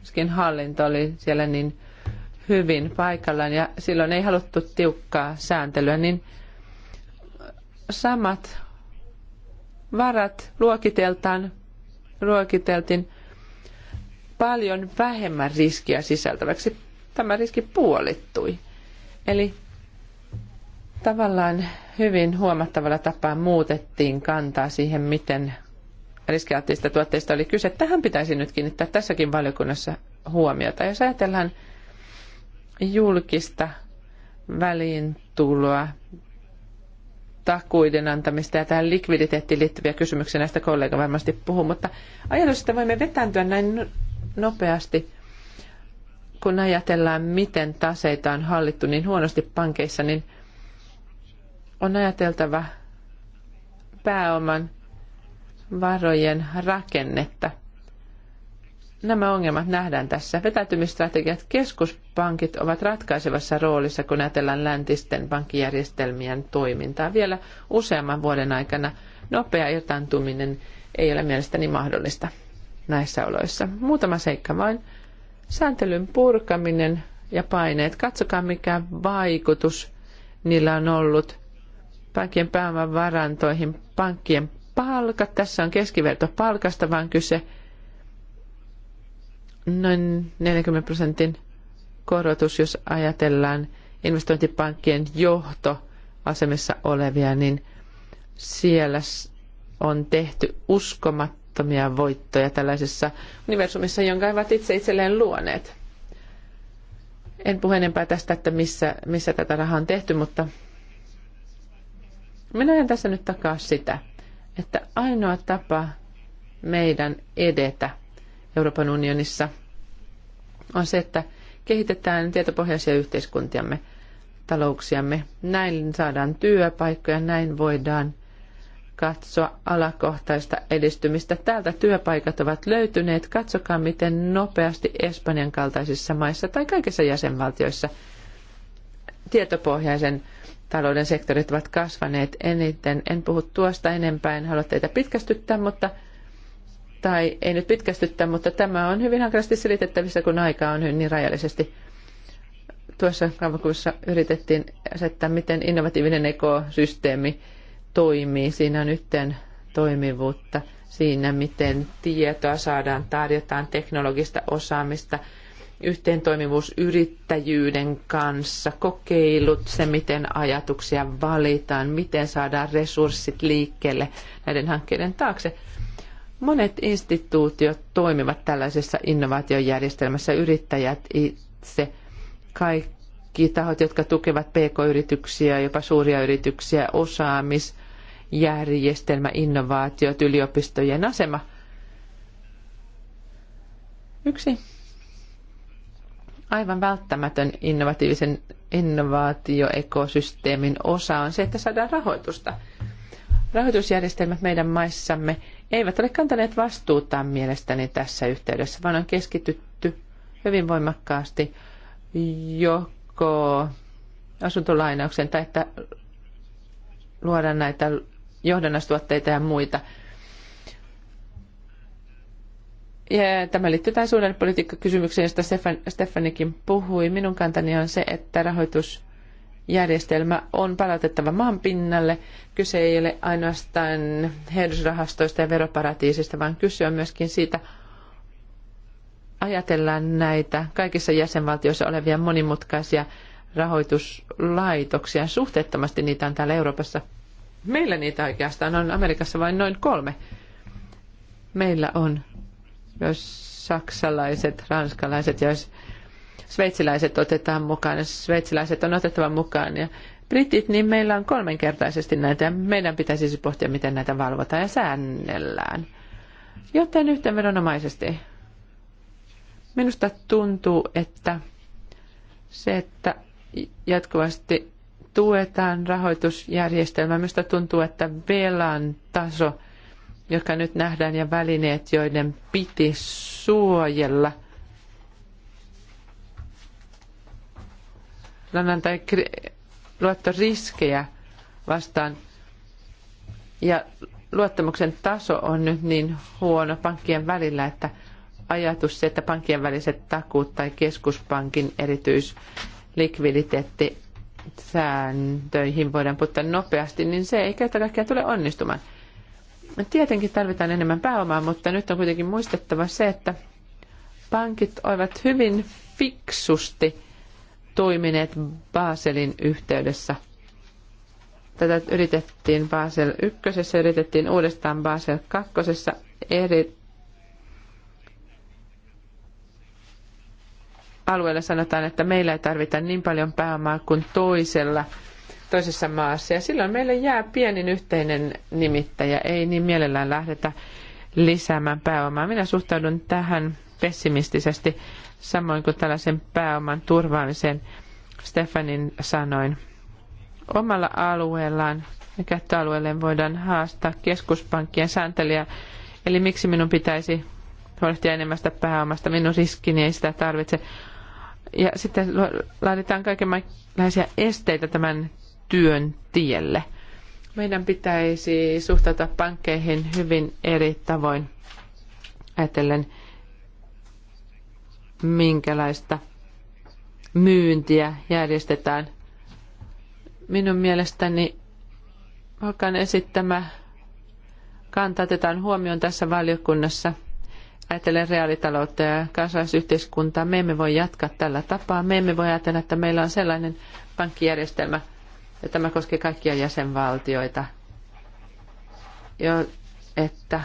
myöskin hallinto oli siellä niin hyvin paikallaan ja silloin ei haluttu tiukkaa sääntelyä, niin samat varat luokiteltaan, luokiteltiin paljon vähemmän riskiä sisältäväksi. Tämä riski puolittui. Eli tavallaan hyvin huomattavalla tapaa muutettiin kantaa siihen, miten riskialttiista tuotteista oli kyse. Tähän pitäisi nyt kiinnittää tässäkin valiokunnassa huomiota. Jos ajatellaan julkista väliintuloa, takuiden antamista ja tähän likviditeettiin liittyviä kysymyksiä näistä kollega varmasti puhuu, mutta ajatus, että voimme vetääntyä näin no- nopeasti, kun ajatellaan, miten taseita on hallittu niin huonosti pankeissa, niin on ajateltava pääoman varojen rakennetta. Nämä ongelmat nähdään tässä. Vetäytymistrategiat keskuspankit ovat ratkaisevassa roolissa, kun ajatellaan läntisten pankkijärjestelmien toimintaa. Vielä useamman vuoden aikana nopea irtaantuminen ei ole mielestäni mahdollista näissä oloissa. Muutama seikka vain. Sääntelyn purkaminen ja paineet. Katsokaa, mikä vaikutus niillä on ollut pankkien pääoman varantoihin, pankkien palkat, tässä on keskiverto palkasta, vaan kyse noin 40 prosentin korotus, jos ajatellaan investointipankkien johtoasemissa olevia, niin siellä on tehty uskomattomia voittoja tällaisessa universumissa, jonka ovat itse itselleen luoneet. En puhu enempää tästä, että missä, missä tätä rahaa on tehty, mutta minä ajan tässä nyt takaa sitä – että ainoa tapa meidän edetä Euroopan unionissa on se, että kehitetään tietopohjaisia yhteiskuntiamme, talouksiamme. Näin saadaan työpaikkoja, näin voidaan katsoa alakohtaista edistymistä. Täältä työpaikat ovat löytyneet. Katsokaa, miten nopeasti Espanjan kaltaisissa maissa tai kaikissa jäsenvaltioissa tietopohjaisen talouden sektorit ovat kasvaneet eniten. En puhu tuosta enempää, en halua teitä pitkästyttää, mutta tai ei nyt pitkästyttää, mutta tämä on hyvin hankalasti selitettävissä, kun aika on niin rajallisesti. Tuossa kaavakuussa yritettiin asettaa, miten innovatiivinen ekosysteemi toimii. Siinä on yhteen toimivuutta siinä, miten tietoa saadaan, tarjotaan teknologista osaamista – yhteentoimivuus yrittäjyyden kanssa, kokeilut, se miten ajatuksia valitaan, miten saadaan resurssit liikkeelle näiden hankkeiden taakse. Monet instituutiot toimivat tällaisessa innovaatiojärjestelmässä, yrittäjät itse, kaikki tahot, jotka tukevat pk-yrityksiä, jopa suuria yrityksiä, osaamisjärjestelmä, innovaatiot, yliopistojen asema. Yksi aivan välttämätön innovatiivisen innovaatioekosysteemin osa on se, että saadaan rahoitusta. Rahoitusjärjestelmät meidän maissamme eivät ole kantaneet vastuutaan mielestäni tässä yhteydessä, vaan on keskitytty hyvin voimakkaasti joko asuntolainauksen tai että luodaan näitä johdannastuotteita ja muita – Ja tämä liittyy tähän suhdannepolitiikkakysymykseen, josta Stefan, Stefanikin puhui. Minun kantani on se, että rahoitusjärjestelmä on palautettava maan pinnalle. Kyse ei ole ainoastaan heidusrahastoista ja veroparatiisista, vaan kyse on myöskin siitä, ajatellaan näitä kaikissa jäsenvaltioissa olevia monimutkaisia rahoituslaitoksia. Suhteettomasti niitä on täällä Euroopassa. Meillä niitä oikeastaan on Amerikassa vain noin kolme. Meillä on jos saksalaiset, ranskalaiset ja jos sveitsiläiset otetaan mukaan, ja niin sveitsiläiset on otettava mukaan ja britit, niin meillä on kolmenkertaisesti näitä ja meidän pitäisi siis pohtia, miten näitä valvotaan ja säännellään. Joten yhteenvedonomaisesti minusta tuntuu, että se, että jatkuvasti tuetaan rahoitusjärjestelmää, minusta tuntuu, että velan taso – joka nyt nähdään, ja välineet, joiden piti suojella lannan tai luottoriskejä vastaan. Ja luottamuksen taso on nyt niin huono pankkien välillä, että ajatus se, että pankkien väliset takuut tai keskuspankin erityislikviditeettisääntöihin voidaan puuttaa nopeasti, niin se ei kerta kaikkiaan tule onnistumaan. Tietenkin tarvitaan enemmän pääomaa, mutta nyt on kuitenkin muistettava se, että pankit ovat hyvin fiksusti toimineet Baselin yhteydessä. Tätä yritettiin Basel 1, yritettiin uudestaan Basel 2, eri alueella sanotaan, että meillä ei tarvita niin paljon pääomaa kuin toisella – toisessa maassa. Ja silloin meille jää pienin yhteinen nimittäjä. Ei niin mielellään lähdetä lisäämään pääomaa. Minä suhtaudun tähän pessimistisesti, samoin kuin tällaisen pääoman turvaamiseen Stefanin sanoin. Omalla alueellaan ja käyttöalueelleen voidaan haastaa keskuspankkien sääntelijä. Eli miksi minun pitäisi huolehtia enemmästä pääomasta? Minun riskini ei sitä tarvitse. Ja sitten laaditaan kaikenlaisia esteitä tämän työn tielle. Meidän pitäisi suhtata pankkeihin hyvin eri tavoin ajatellen, minkälaista myyntiä järjestetään. Minun mielestäni Hakan esittämä kanta otetaan huomioon tässä valiokunnassa. Ajatellen reaalitaloutta ja kansalaisyhteiskuntaa, me emme voi jatkaa tällä tapaa. Me emme voi ajatella, että meillä on sellainen pankkijärjestelmä – ja tämä koskee kaikkia jäsenvaltioita, jo, että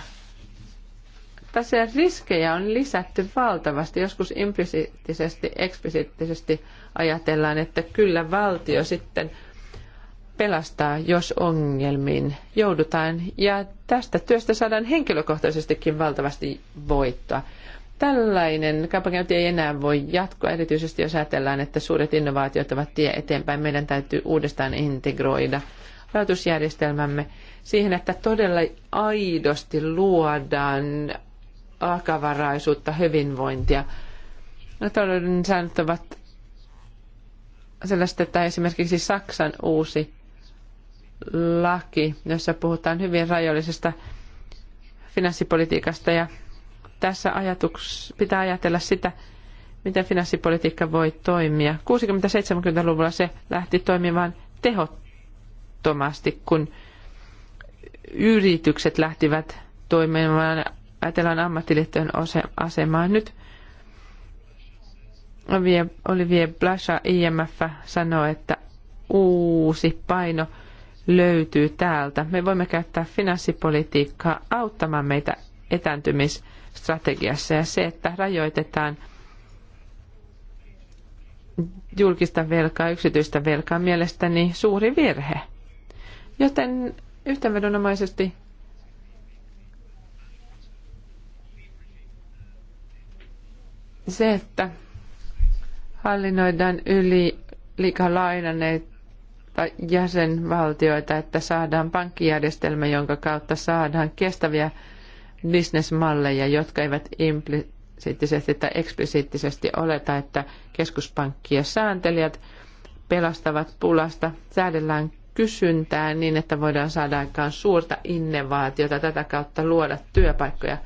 tässä riskejä on lisätty valtavasti. Joskus implisiittisesti, eksplisiittisesti ajatellaan, että kyllä valtio sitten pelastaa, jos ongelmiin joudutaan. Ja tästä työstä saadaan henkilökohtaisestikin valtavasti voittoa. Tällainen kaupankäynti ei enää voi jatkua, erityisesti jos ajatellaan, että suuret innovaatiot ovat tie eteenpäin. Meidän täytyy uudestaan integroida rahoitusjärjestelmämme siihen, että todella aidosti luodaan akavaraisuutta, hyvinvointia. No, talouden säännöt ovat sellaista, että esimerkiksi Saksan uusi laki, jossa puhutaan hyvin rajallisesta finanssipolitiikasta ja tässä ajatuks, pitää ajatella sitä, miten finanssipolitiikka voi toimia. 60-70-luvulla se lähti toimimaan tehottomasti, kun yritykset lähtivät toimimaan, ajatellaan ammattiliittojen asemaa. Nyt Olivier Blasha IMF sanoi, että uusi paino löytyy täältä. Me voimme käyttää finanssipolitiikkaa auttamaan meitä etääntymis- strategiassa ja se, että rajoitetaan julkista velkaa, yksityistä velkaa mielestäni suuri virhe. Joten yhteenvedonomaisesti se, että hallinnoidaan yli liikalainaneita jäsenvaltioita, että saadaan pankkijärjestelmä, jonka kautta saadaan kestäviä bisnesmalleja, jotka eivät implisiittisesti tai eksplisiittisesti oleta, että keskuspankki ja sääntelijät pelastavat pulasta, säädellään kysyntää niin, että voidaan saada aikaan suurta innovaatiota, tätä kautta luoda työpaikkoja.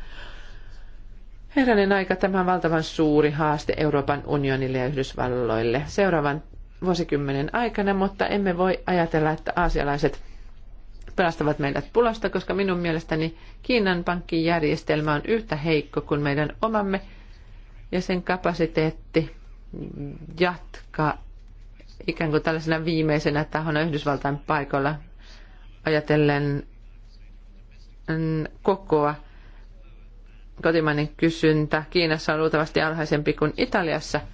Herranen aika, tämä on valtavan suuri haaste Euroopan unionille ja Yhdysvalloille seuraavan vuosikymmenen aikana, mutta emme voi ajatella, että aasialaiset pelastavat meidät pulasta, koska minun mielestäni Kiinan pankkijärjestelmä on yhtä heikko kuin meidän omamme ja sen kapasiteetti jatkaa ikään kuin tällaisena viimeisenä tahona Yhdysvaltain paikalla ajatellen mm, kokoa. Kotimainen kysyntä Kiinassa on luultavasti alhaisempi kuin Italiassa –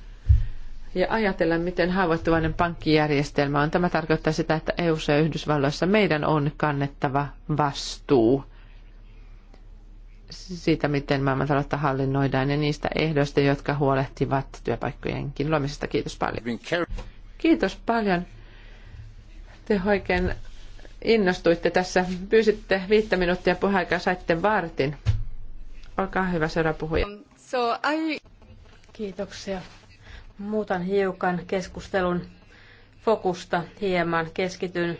ja ajatella, miten haavoittuvainen pankkijärjestelmä on. Tämä tarkoittaa sitä, että EU ja Yhdysvalloissa meidän on kannettava vastuu siitä, miten maailmantaloutta hallinnoidaan ja niistä ehdoista, jotka huolehtivat työpaikkojenkin luomisesta. Kiitos paljon. Kiitos paljon. Te oikein innostuitte tässä. Pyysitte viittä minuuttia puheaikaa, saitte vartin. Olkaa hyvä, seuraava puhuja. Um, Kiitoksia. Muutan hiukan keskustelun fokusta hieman. Keskityn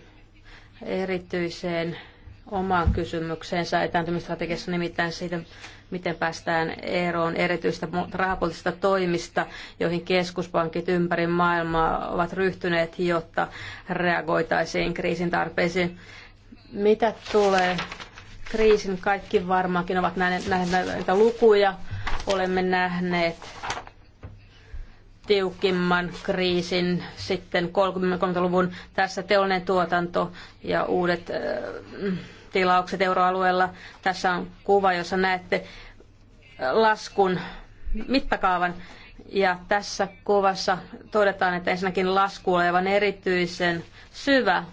erityiseen omaan kysymykseensä etääntymistrategiassa, nimittäin siitä, miten päästään eroon erityistä rahapoliittisista toimista, joihin keskuspankit ympäri maailmaa ovat ryhtyneet, jotta reagoitaisiin kriisin tarpeisiin. Mitä tulee kriisin, kaikki varmaankin ovat nähneet näitä lukuja, olemme nähneet tiukimman kriisin sitten 30-luvun tässä teollinen tuotanto ja uudet tilaukset euroalueella. Tässä on kuva, jossa näette laskun mittakaavan. Ja tässä kuvassa todetaan, että ensinnäkin lasku on aivan erityisen syvä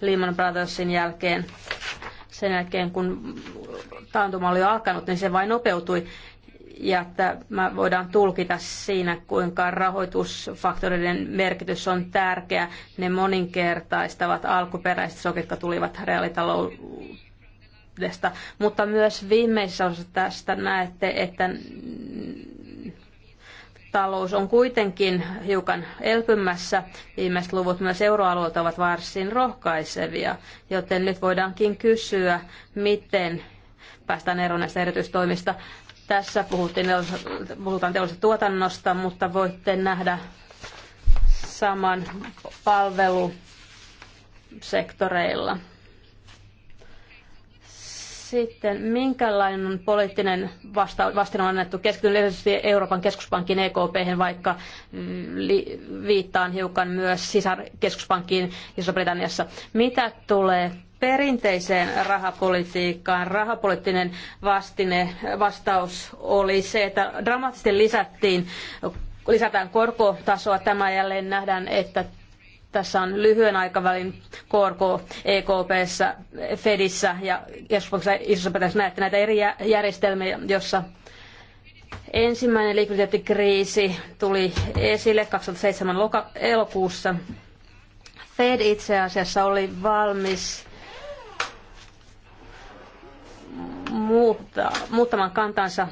Lehman Brothersin jälkeen. Sen jälkeen, kun taantuma oli alkanut, niin se vain nopeutui ja mä voidaan tulkita siinä, kuinka rahoitusfaktoreiden merkitys on tärkeä. Ne moninkertaistavat alkuperäiset sokit, jotka tulivat reaalitaloudesta. Mutta myös viimeisessä osassa tästä näette, että talous on kuitenkin hiukan elpymässä. Viimeiset luvut myös euroalueelta ovat varsin rohkaisevia, joten nyt voidaankin kysyä, miten päästään eroon näistä erityistoimista. Tässä puhuttiin, puhutaan teollisesta tuotannosta, mutta voitte nähdä saman palvelusektoreilla. Sitten, minkälainen poliittinen vasta- vastin on annettu? Keskityn Euroopan keskuspankin EKP, vaikka viittaan hiukan myös sisarkeskuspankkiin Iso-Britanniassa. Mitä tulee perinteiseen rahapolitiikkaan rahapoliittinen vastine, vastaus oli se, että dramaattisesti lisättiin, lisätään korkotasoa. Tämä jälleen nähdään, että tässä on lyhyen aikavälin korko EKPssä, Fedissä ja keskuksessa isossa pitäisi näette näitä eri järjestelmiä, jossa ensimmäinen likviditeettikriisi tuli esille 2007 elokuussa. Fed itse asiassa oli valmis muuttaa, muuttamaan kantansa.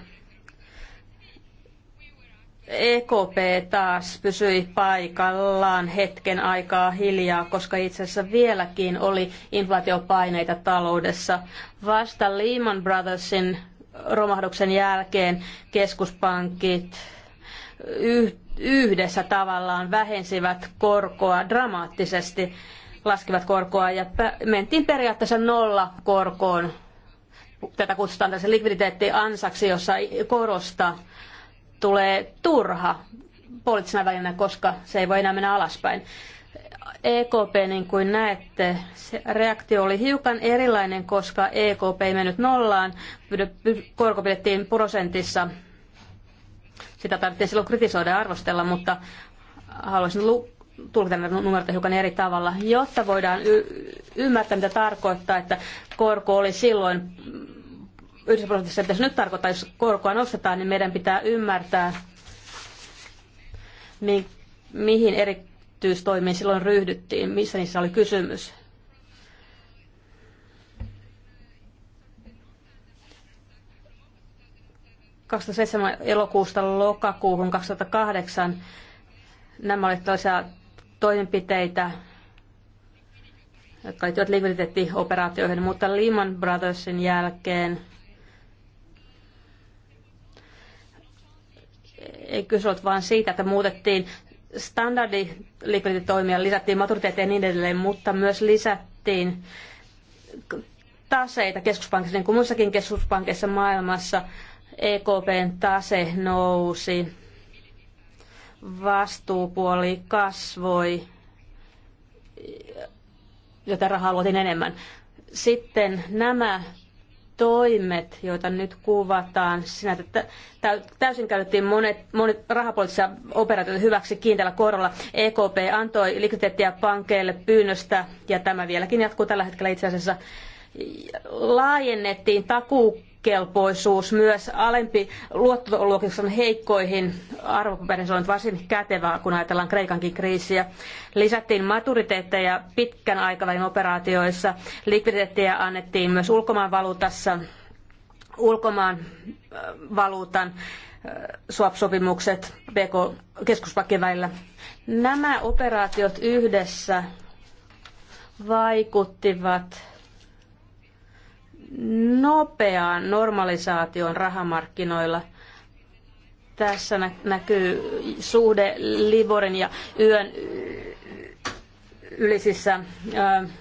EKP taas pysyi paikallaan hetken aikaa hiljaa, koska itse asiassa vieläkin oli inflaatiopaineita taloudessa. Vasta Lehman Brothersin romahduksen jälkeen keskuspankit yhdessä tavallaan vähensivät korkoa dramaattisesti, laskivat korkoa ja mentiin periaatteessa nolla korkoon tätä kutsutaan tässä likviditeettiansaksi, jossa korosta tulee turha poliittisena välinä, koska se ei voi enää mennä alaspäin. EKP, niin kuin näette, se reaktio oli hiukan erilainen, koska EKP ei mennyt nollaan. Korko pidettiin prosentissa. Sitä tarvittiin silloin kritisoida ja arvostella, mutta haluaisin tulkita näitä numeroita hiukan eri tavalla, jotta voidaan ymmärtää, mitä tarkoittaa, että korko oli silloin 9 prosentissa, että se nyt tarkoittaa, jos korkoa nostetaan, niin meidän pitää ymmärtää, mi- mihin erityistoimiin silloin ryhdyttiin, missä niissä oli kysymys. elokuusta lokakuuhun 2008 nämä olivat tällaisia toimenpiteitä, jotka liittyvät liikviditeettioperaatioihin, mutta Lehman Brothersin jälkeen – ei kyse ollut vain siitä, että muutettiin standardiliikennetoimia, lisättiin maturiteetteja ja niin edelleen, mutta myös lisättiin taseita keskuspankissa, niin kuin muissakin keskuspankissa maailmassa EKPn tase nousi, vastuupuoli kasvoi, joten rahaa luotiin enemmän. Sitten nämä toimet, joita nyt kuvataan, sinä, siis että täysin käytettiin monet, monet rahapoliittisia operaatioita hyväksi kiinteällä korolla. EKP antoi likviditeettiä pankeille pyynnöstä, ja tämä vieläkin jatkuu tällä hetkellä itse asiassa. Laajennettiin takuu kelpoisuus myös alempi luottoluokitus on heikkoihin arvopaperin. Se on varsin kätevää, kun ajatellaan Kreikankin kriisiä. Lisättiin maturiteetteja pitkän aikavälin operaatioissa. Likviditeettiä annettiin myös ulkomaan valuutassa, ulkomaan äh, valuutan äh, swap-sopimukset keskuspankkien välillä. Nämä operaatiot yhdessä vaikuttivat nopeaan normalisaation rahamarkkinoilla. Tässä näkyy suhde Livorin ja yön ylisissä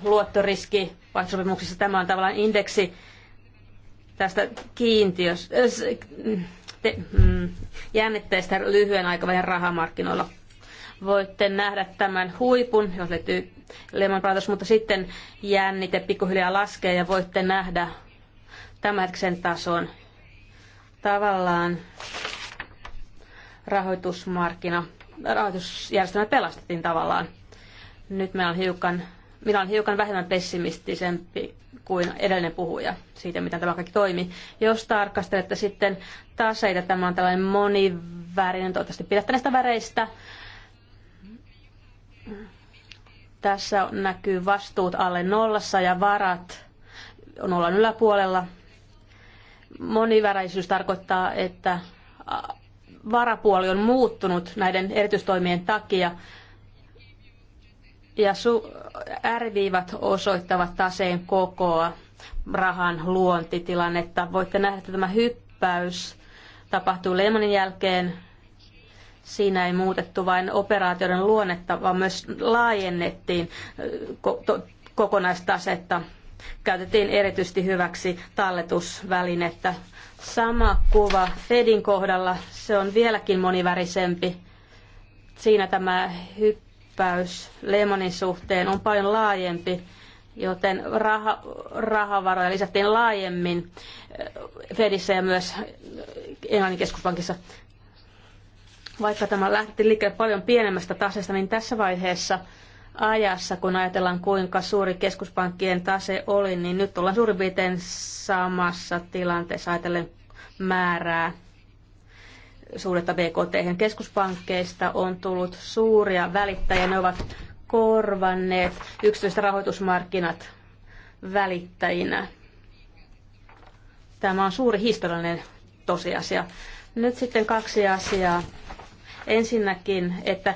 luottoriski vaihtosopimuksissa. Tämä on tavallaan indeksi tästä kiintiös, te, mm, jännitteistä lyhyen aikavälin rahamarkkinoilla. Voitte nähdä tämän huipun, jos löytyy Lehman Brothers, mutta sitten jännite pikkuhiljaa laskee ja voitte nähdä tämän tason. Tavallaan rahoitusmarkkina, rahoitusjärjestelmä pelastettiin tavallaan. Nyt meillä on hiukan, minä olen hiukan vähemmän pessimistisempi kuin edellinen puhuja siitä, miten tämä kaikki toimii. Jos tarkastelette sitten taseita, tämä on tällainen monivärinen, toivottavasti pidätte näistä väreistä. Tässä näkyy vastuut alle nollassa ja varat nollan yläpuolella. Moniväräisyys tarkoittaa, että varapuoli on muuttunut näiden erityistoimien takia ja su- R-viivat osoittavat taseen kokoa, rahan luontitilannetta. Voitte nähdä, että tämä hyppäys tapahtuu Lehmanin jälkeen Siinä ei muutettu vain operaatioiden luonnetta, vaan myös laajennettiin kokonaistasetta. Käytettiin erityisesti hyväksi talletusvälinettä. Sama kuva Fedin kohdalla, se on vieläkin monivärisempi. Siinä tämä hyppäys Lemonin suhteen on paljon laajempi joten rah- rahavaroja lisättiin laajemmin Fedissä ja myös Englannin keskuspankissa. Vaikka tämä lähti liikkeelle paljon pienemmästä tasesta, niin tässä vaiheessa ajassa, kun ajatellaan kuinka suuri keskuspankkien tase oli, niin nyt ollaan suurin piirtein samassa tilanteessa ajatellen määrää suuretta BKT. Keskuspankkeista on tullut suuria välittäjiä. Ne ovat korvanneet yksityiset rahoitusmarkkinat välittäjinä. Tämä on suuri historiallinen tosiasia. Nyt sitten kaksi asiaa, Ensinnäkin, että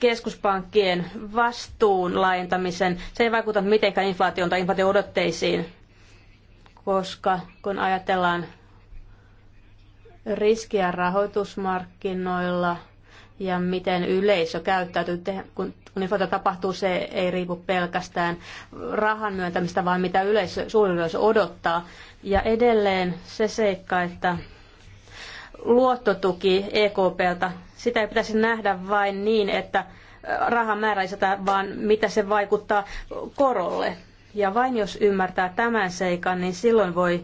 keskuspankkien vastuun laajentamisen, se ei vaikuta mitenkään inflaation tai inflaation odotteisiin koska kun ajatellaan riskiä rahoitusmarkkinoilla ja miten yleisö käyttäytyy, kun inflaatio tapahtuu, se ei riipu pelkästään rahan myöntämistä, vaan mitä yleisö, suuri yleisö odottaa. Ja edelleen se seikka, että luottotuki EKPltä sitä ei pitäisi nähdä vain niin, että äh, rahan määrä sitä, vaan mitä se vaikuttaa korolle. Ja vain jos ymmärtää tämän seikan, niin silloin voi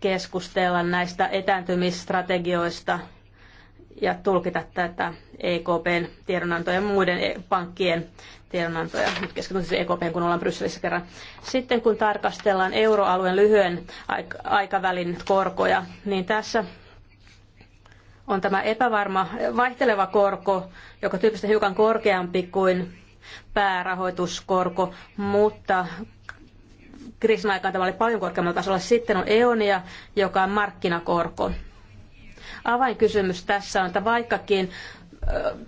keskustella näistä etääntymisstrategioista ja tulkita tätä EKPn tiedonantoja ja muiden e- pankkien tiedonantoja. Nyt keskityn siis EKPn, kun ollaan Brysselissä kerran. Sitten kun tarkastellaan euroalueen lyhyen aikavälin korkoja, niin tässä on tämä epävarma, vaihteleva korko, joka tyypillisesti hiukan korkeampi kuin päärahoituskorko, mutta kriisin aikaan tämä oli paljon korkeammalla tasolla. Sitten on EONia, joka on markkinakorko. Avainkysymys tässä on, että vaikkakin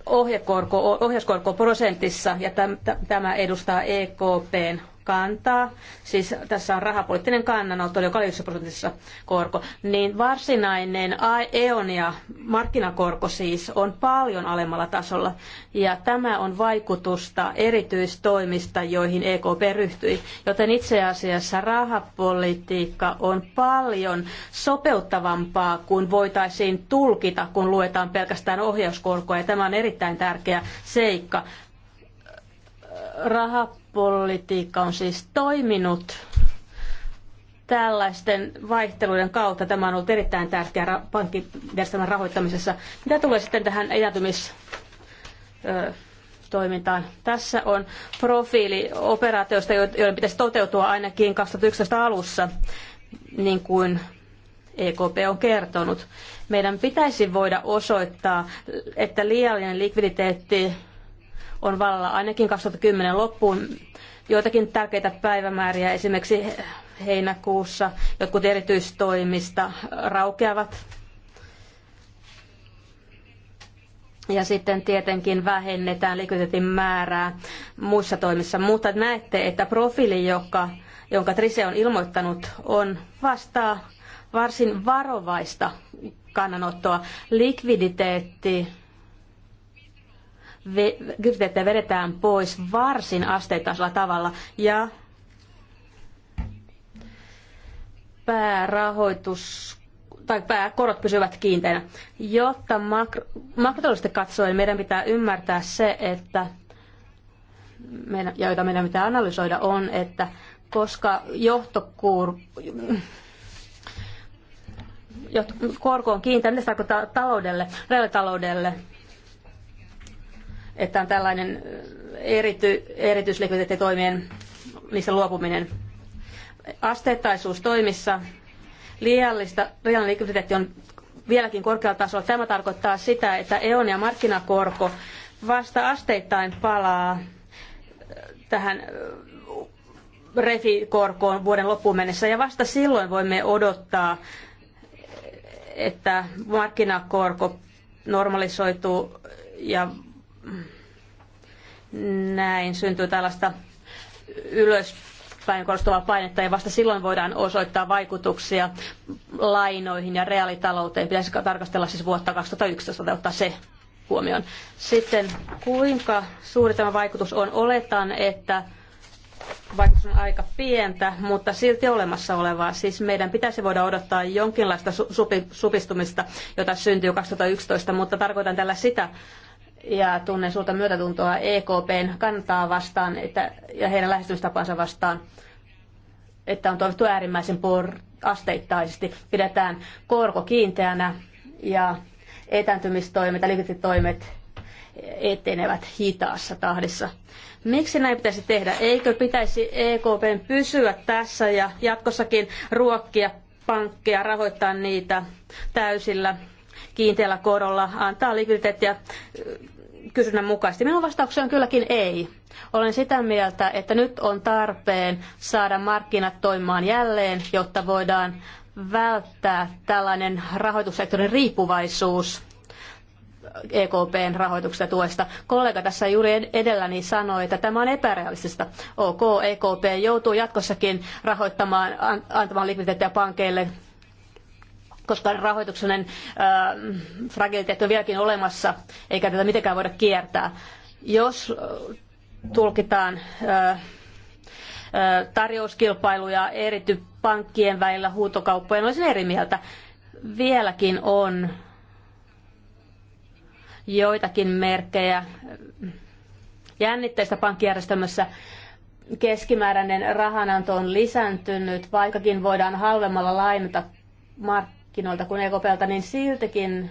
ohjekorko, ohjauskorko prosentissa, ja tämä edustaa EKPn kantaa, siis tässä on rahapoliittinen kannanotto, joka oli 1 prosentissa korko, niin varsinainen EONia e markkinakorko siis on paljon alemmalla tasolla. Ja tämä on vaikutusta erityistoimista, joihin EKP ryhtyi. Joten itse asiassa rahapolitiikka on paljon sopeuttavampaa kuin voitaisiin tulkita, kun luetaan pelkästään ohjauskorkoa. Ja tämä on erittäin tärkeä seikka raha politiikka on siis toiminut tällaisten vaihteluiden kautta. Tämä on ollut erittäin tärkeä pankkijärjestelmän rahoittamisessa. Mitä tulee sitten tähän etätymis toimintaan. Tässä on profiili operaatioista, joiden pitäisi toteutua ainakin 2011 alussa, niin kuin EKP on kertonut. Meidän pitäisi voida osoittaa, että liiallinen likviditeetti on vallalla ainakin 2010 loppuun. Joitakin tärkeitä päivämääriä, esimerkiksi heinäkuussa jotkut erityistoimista raukeavat. Ja sitten tietenkin vähennetään likviditeetin määrää muissa toimissa. Mutta näette, että profiili, joka, jonka Trise on ilmoittanut, on vastaa varsin varovaista kannanottoa. Likviditeetti kytkeitä vedetään pois varsin asteittaisella tavalla ja päärahoitus tai pääkorot pysyvät kiinteinä. Jotta makro, makrotaloudellisesti katsoen meidän pitää ymmärtää se, että meidän, joita meidän pitää analysoida on, että koska johtokuur, johto, korko on kiinteä, mitä niin se tarkoittaa taloudelle, reaalitaloudelle, että on tällainen erity, erityislikviditeettitoimien niistä luopuminen. Asteettaisuus toimissa. Liiallista, liiallinen likviditeetti on vieläkin korkealla tasolla. Tämä tarkoittaa sitä, että EON ja markkinakorko vasta asteittain palaa tähän refikorkoon vuoden loppuun mennessä ja vasta silloin voimme odottaa, että markkinakorko normalisoituu ja näin syntyy tällaista ylöspäin korostuvaa painetta ja vasta silloin voidaan osoittaa vaikutuksia lainoihin ja reaalitalouteen. Pitäisi tarkastella siis vuotta 2011 ottaa se huomioon. Sitten kuinka suuri tämä vaikutus on? Oletan, että vaikutus on aika pientä, mutta silti olemassa olevaa. Siis meidän pitäisi voida odottaa jonkinlaista supistumista, jota syntyy 2011, mutta tarkoitan tällä sitä, ja tunnen suurta myötätuntoa EKPn kantaa vastaan että, ja heidän lähestymistapansa vastaan, että on toivottu äärimmäisen por- asteittaisesti. Pidetään korko kiinteänä ja etääntymistoimet ja liiketoimet etenevät hitaassa tahdissa. Miksi näin pitäisi tehdä? Eikö pitäisi EKPn pysyä tässä ja jatkossakin ruokkia pankkeja, rahoittaa niitä täysillä kiinteällä korolla, antaa likviditeettiä kysynnän mukaisesti? Minun vastaukseni on kylläkin ei. Olen sitä mieltä, että nyt on tarpeen saada markkinat toimimaan jälleen, jotta voidaan välttää tällainen rahoitussektorin riippuvaisuus EKPn rahoituksesta tuesta. Kollega tässä juuri edelläni sanoi, että tämä on epärealistista. OK, EKP joutuu jatkossakin rahoittamaan, antamaan likviditeettiä pankeille koska rahoituksellinen äh, fragiliteetti on vieläkin olemassa, eikä tätä mitenkään voida kiertää. Jos äh, tulkitaan äh, tarjouskilpailuja erity pankkien välillä huutokauppojen olisin eri mieltä. Vieläkin on joitakin merkkejä jännitteistä pankkijärjestelmässä. Keskimääräinen rahananto on lisääntynyt, vaikkakin voidaan halvemmalla lainata mark- markkinoilta kuin EKPltä, niin siltikin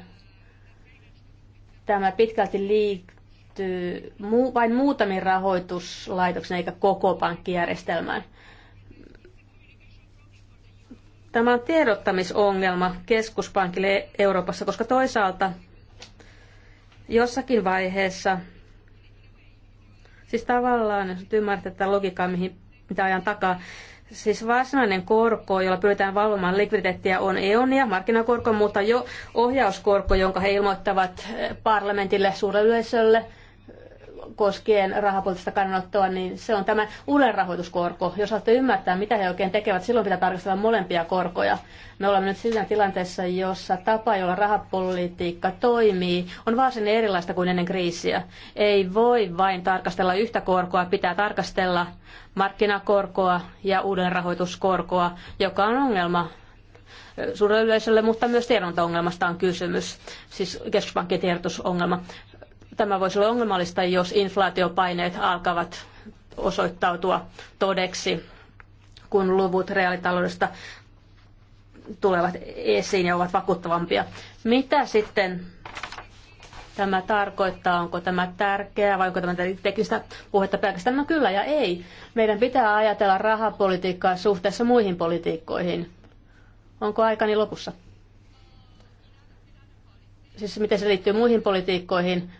tämä pitkälti liittyy vain muutamiin rahoituslaitoksiin eikä koko pankkijärjestelmään. Tämä on tiedottamisongelma keskuspankille Euroopassa, koska toisaalta jossakin vaiheessa, siis tavallaan, jos nyt ymmärrätte tätä logiikkaa, mihin, mitä ajan takaa, Siis varsinainen korko, jolla pyritään valvomaan likviditeettiä, on EONia, markkinakorko, mutta jo ohjauskorko, jonka he ilmoittavat eh, parlamentille, suurelle yleisölle – koskien rahapoliittista kannanottoa, niin se on tämä uuden rahoituskorko. Jos haluatte ymmärtää, mitä he oikein tekevät, silloin pitää tarkastella molempia korkoja. Me olemme nyt siinä tilanteessa, jossa tapa, jolla rahapolitiikka toimii, on varsin erilaista kuin ennen kriisiä. Ei voi vain tarkastella yhtä korkoa, pitää tarkastella markkinakorkoa ja uuden rahoituskorkoa, joka on ongelma suurelle yleisölle, mutta myös tiedonto-ongelmasta on kysymys, siis keskuspankkien tiedotusongelma. Tämä voisi olla ongelmallista, jos inflaatiopaineet alkavat osoittautua todeksi, kun luvut reaalitaloudesta tulevat esiin ja ovat vakuuttavampia. Mitä sitten tämä tarkoittaa, onko tämä tärkeää vai onko tämä teknistä puhetta pelkästään? No kyllä ja ei. Meidän pitää ajatella rahapolitiikkaa suhteessa muihin politiikkoihin. Onko aikani lopussa? Siis miten se liittyy muihin politiikkoihin?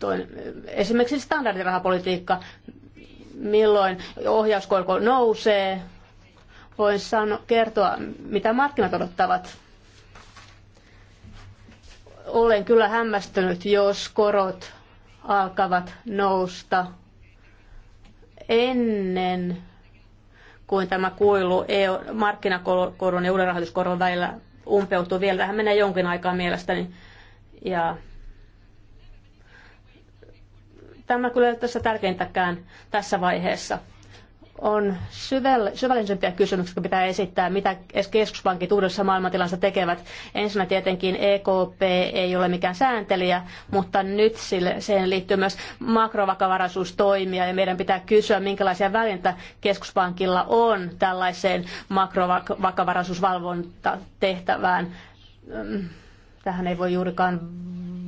toi, esimerkiksi standardirahapolitiikka, milloin ohjauskorko nousee, voin sano, kertoa, mitä markkinat odottavat. Olen kyllä hämmästynyt, jos korot alkavat nousta ennen kuin tämä kuilu EU, markkinakoron ja uuden rahoituskoron välillä umpeutuu vielä. Tähän menee jonkin aikaa mielestäni. Ja tämä kyllä ei tässä tärkeintäkään tässä vaiheessa. On syvällisempiä kysymyksiä, jotka pitää esittää, mitä keskuspankit uudessa maailmantilassa tekevät. Ensinnä tietenkin EKP ei ole mikään sääntelijä, mutta nyt siihen liittyy myös makrovakavaraisuustoimia ja meidän pitää kysyä, minkälaisia välintä keskuspankilla on tällaiseen makrovakavaraisuusvalvontatehtävään. tehtävään mm. Tähän ei voi juurikaan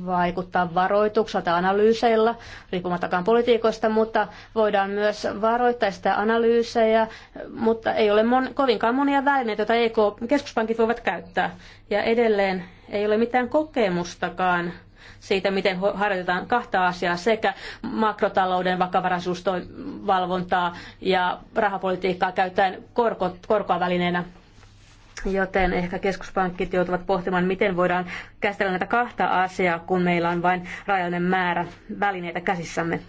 vaikuttaa varoituksella tai analyyseilla, riippumattakaan politiikoista, mutta voidaan myös varoittaa sitä analyysejä, mutta ei ole mon, kovinkaan monia välineitä, joita EK, keskuspankit voivat käyttää. Ja edelleen ei ole mitään kokemustakaan siitä, miten harjoitetaan kahta asiaa, sekä makrotalouden vakavaraisuusvalvontaa ja rahapolitiikkaa käyttäen korko, korkoa välineenä Joten ehkä keskuspankit joutuvat pohtimaan, miten voidaan käsitellä näitä kahta asiaa, kun meillä on vain rajallinen määrä välineitä käsissämme.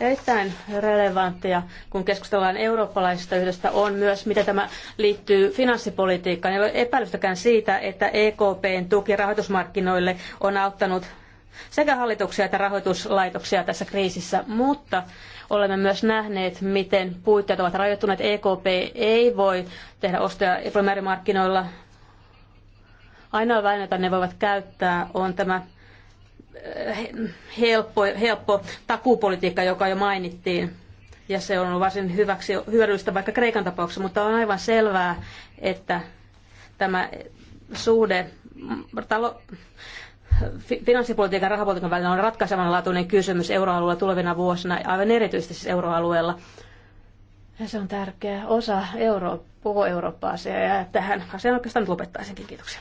Erittäin relevanttia, kun keskustellaan eurooppalaisesta yhdestä, on myös, mitä tämä liittyy finanssipolitiikkaan. Ei ole epäilystäkään siitä, että EKPn tuki rahoitusmarkkinoille on auttanut sekä hallituksia että rahoituslaitoksia tässä kriisissä, mutta Olemme myös nähneet, miten puitteet ovat rajoittuneet. EKP ei voi tehdä ostoja epämäärimarkkinoilla. Ainoa väline, jota ne voivat käyttää, on tämä eh, helppo, helppo takuupolitiikka, joka jo mainittiin. Ja se on ollut varsin hyväksi, hyödyllistä vaikka Kreikan tapauksessa, mutta on aivan selvää, että tämä suhde talo, finanssipolitiikan ja rahapolitiikan välillä on ratkaisevanlaatuinen kysymys euroalueella tulevina vuosina, aivan erityisesti siis euroalueella. Ja se on tärkeä osa Euro, koko Eurooppa-asiaa ja tähän asiaan oikeastaan nyt lopettaisinkin. Kiitoksia.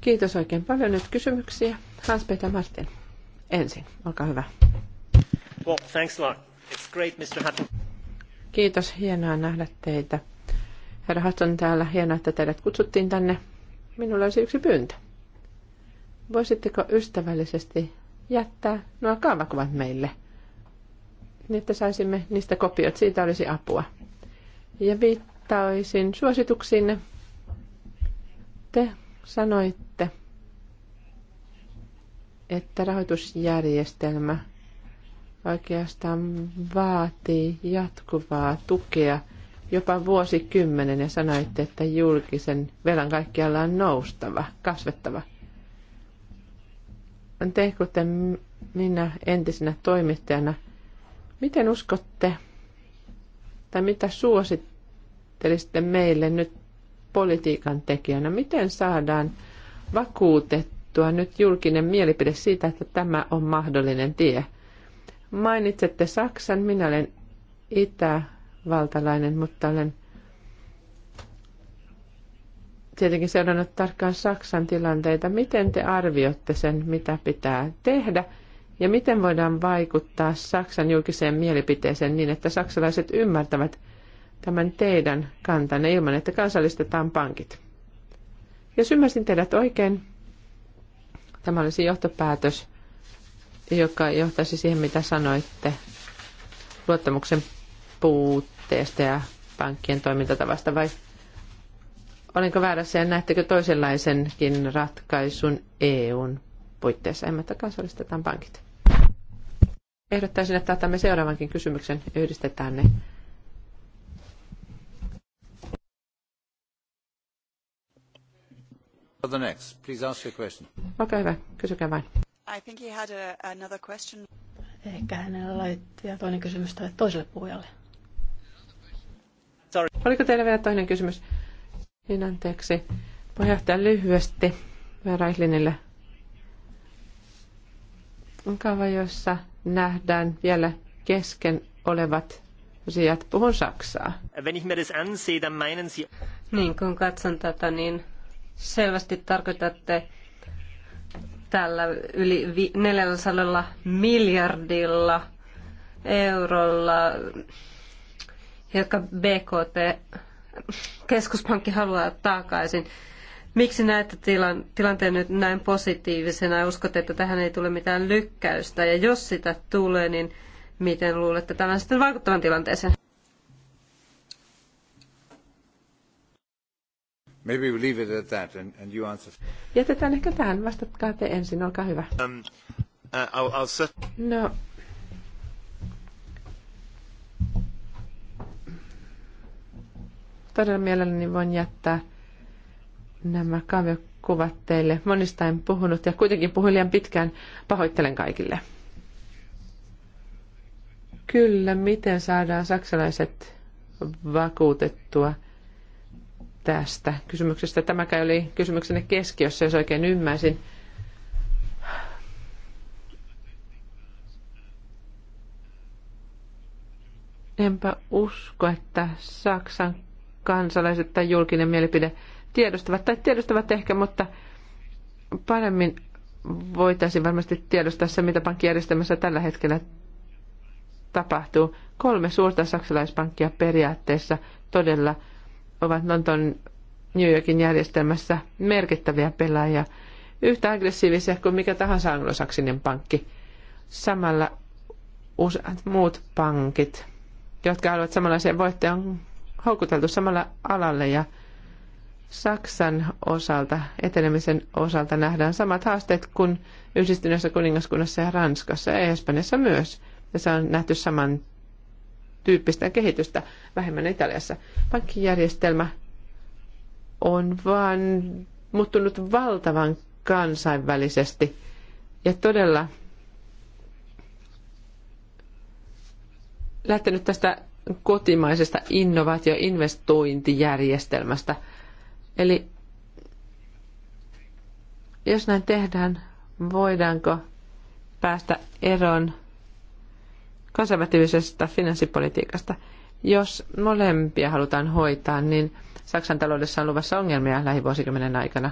Kiitos oikein paljon. Nyt kysymyksiä. Hans-Peter Martin ensin. Olkaa hyvä. Well, thanks a lot. It's great, Mr. Hatton. Kiitos. Hienoa nähdä teitä. Herra Hatton täällä. Hienoa, että teidät kutsuttiin tänne Minulla olisi yksi pyyntö. Voisitteko ystävällisesti jättää nuo kaavakuvat meille, niin että saisimme niistä kopiot, siitä olisi apua. Ja viittaisin suosituksiinne. Te sanoitte, että rahoitusjärjestelmä oikeastaan vaatii jatkuvaa tukea – jopa vuosikymmenen ja sanoitte, että julkisen velan kaikkialla on noustava, kasvettava. Te, kuten minä entisenä toimittajana, miten uskotte, tai mitä suosittelisitte meille nyt politiikan tekijänä? Miten saadaan vakuutettua nyt julkinen mielipide siitä, että tämä on mahdollinen tie? Mainitsette Saksan, minä olen Itä- valtalainen, mutta olen tietenkin seurannut tarkkaan Saksan tilanteita. Miten te arvioitte sen, mitä pitää tehdä ja miten voidaan vaikuttaa Saksan julkiseen mielipiteeseen niin, että saksalaiset ymmärtävät tämän teidän kantanne ilman, että kansallistetaan pankit? Jos ymmärsin teidät oikein, tämä olisi johtopäätös, joka johtaisi siihen, mitä sanoitte luottamuksen puutteesta ja pankkien toimintatavasta vai olenko väärässä ja näettekö toisenlaisenkin ratkaisun EUn puitteissa, emmekä kansallistetaan pankit? Ehdottaisin, että otamme seuraavankin kysymyksen ja yhdistetään ne. The next. Please ask your question. Okay, hyvä, kysykää vain. I think he had a, another question. Ehkä hänellä oli vielä toinen kysymys tälle toiselle puhujalle. Sorry. Oliko teillä vielä toinen kysymys? Niin anteeksi. Puheenjohtaja lyhyesti Verailinille. Kaava, jossa nähdään vielä kesken olevat asiat. Puhun saksaa. Wenn ich mir das ansehe, dann meinen Sie... Niin, kun katson tätä, niin selvästi tarkoitatte tällä yli 400 miljardilla eurolla jotka BKT, keskuspankki haluaa takaisin. Miksi näette tilan, tilanteen nyt näin positiivisena ja uskotte, että tähän ei tule mitään lykkäystä? Ja jos sitä tulee, niin miten luulette tämän sitten vaikuttavan tilanteeseen? Maybe we leave it at that and, and you answer. Jätetään ehkä tähän. Vastatkaa te ensin, olkaa hyvä. Um, uh, I'll, I'll set... No, todella mielelläni voin jättää nämä kaviokuvat teille. Monista en puhunut ja kuitenkin puhuin liian pitkään. Pahoittelen kaikille. Kyllä, miten saadaan saksalaiset vakuutettua tästä kysymyksestä. Tämäkään oli kysymyksenne keskiössä, jos oikein ymmärsin. Enpä usko, että Saksan kansalaiset tai julkinen mielipide tiedostavat tai tiedostavat ehkä, mutta paremmin voitaisiin varmasti tiedostaa se, mitä pankkijärjestelmässä tällä hetkellä tapahtuu. Kolme suurta saksalaispankkia periaatteessa todella ovat Lontoon New Yorkin järjestelmässä merkittäviä pelaajia, yhtä aggressiivisia kuin mikä tahansa anglosaksinen pankki. Samalla useat muut pankit, jotka haluavat samanlaisia voittoja, on houkuteltu samalla alalle ja Saksan osalta, etenemisen osalta nähdään samat haasteet kuin yhdistyneessä kuningaskunnassa ja Ranskassa ja Espanjassa myös. se on nähty saman tyyppistä kehitystä vähemmän Italiassa. Pankkijärjestelmä on vaan muuttunut valtavan kansainvälisesti ja todella lähtenyt tästä kotimaisesta innovaatioinvestointijärjestelmästä. Eli jos näin tehdään, voidaanko päästä eroon konservatiivisesta finanssipolitiikasta? Jos molempia halutaan hoitaa, niin Saksan taloudessa on luvassa ongelmia lähivuosikymmenen aikana.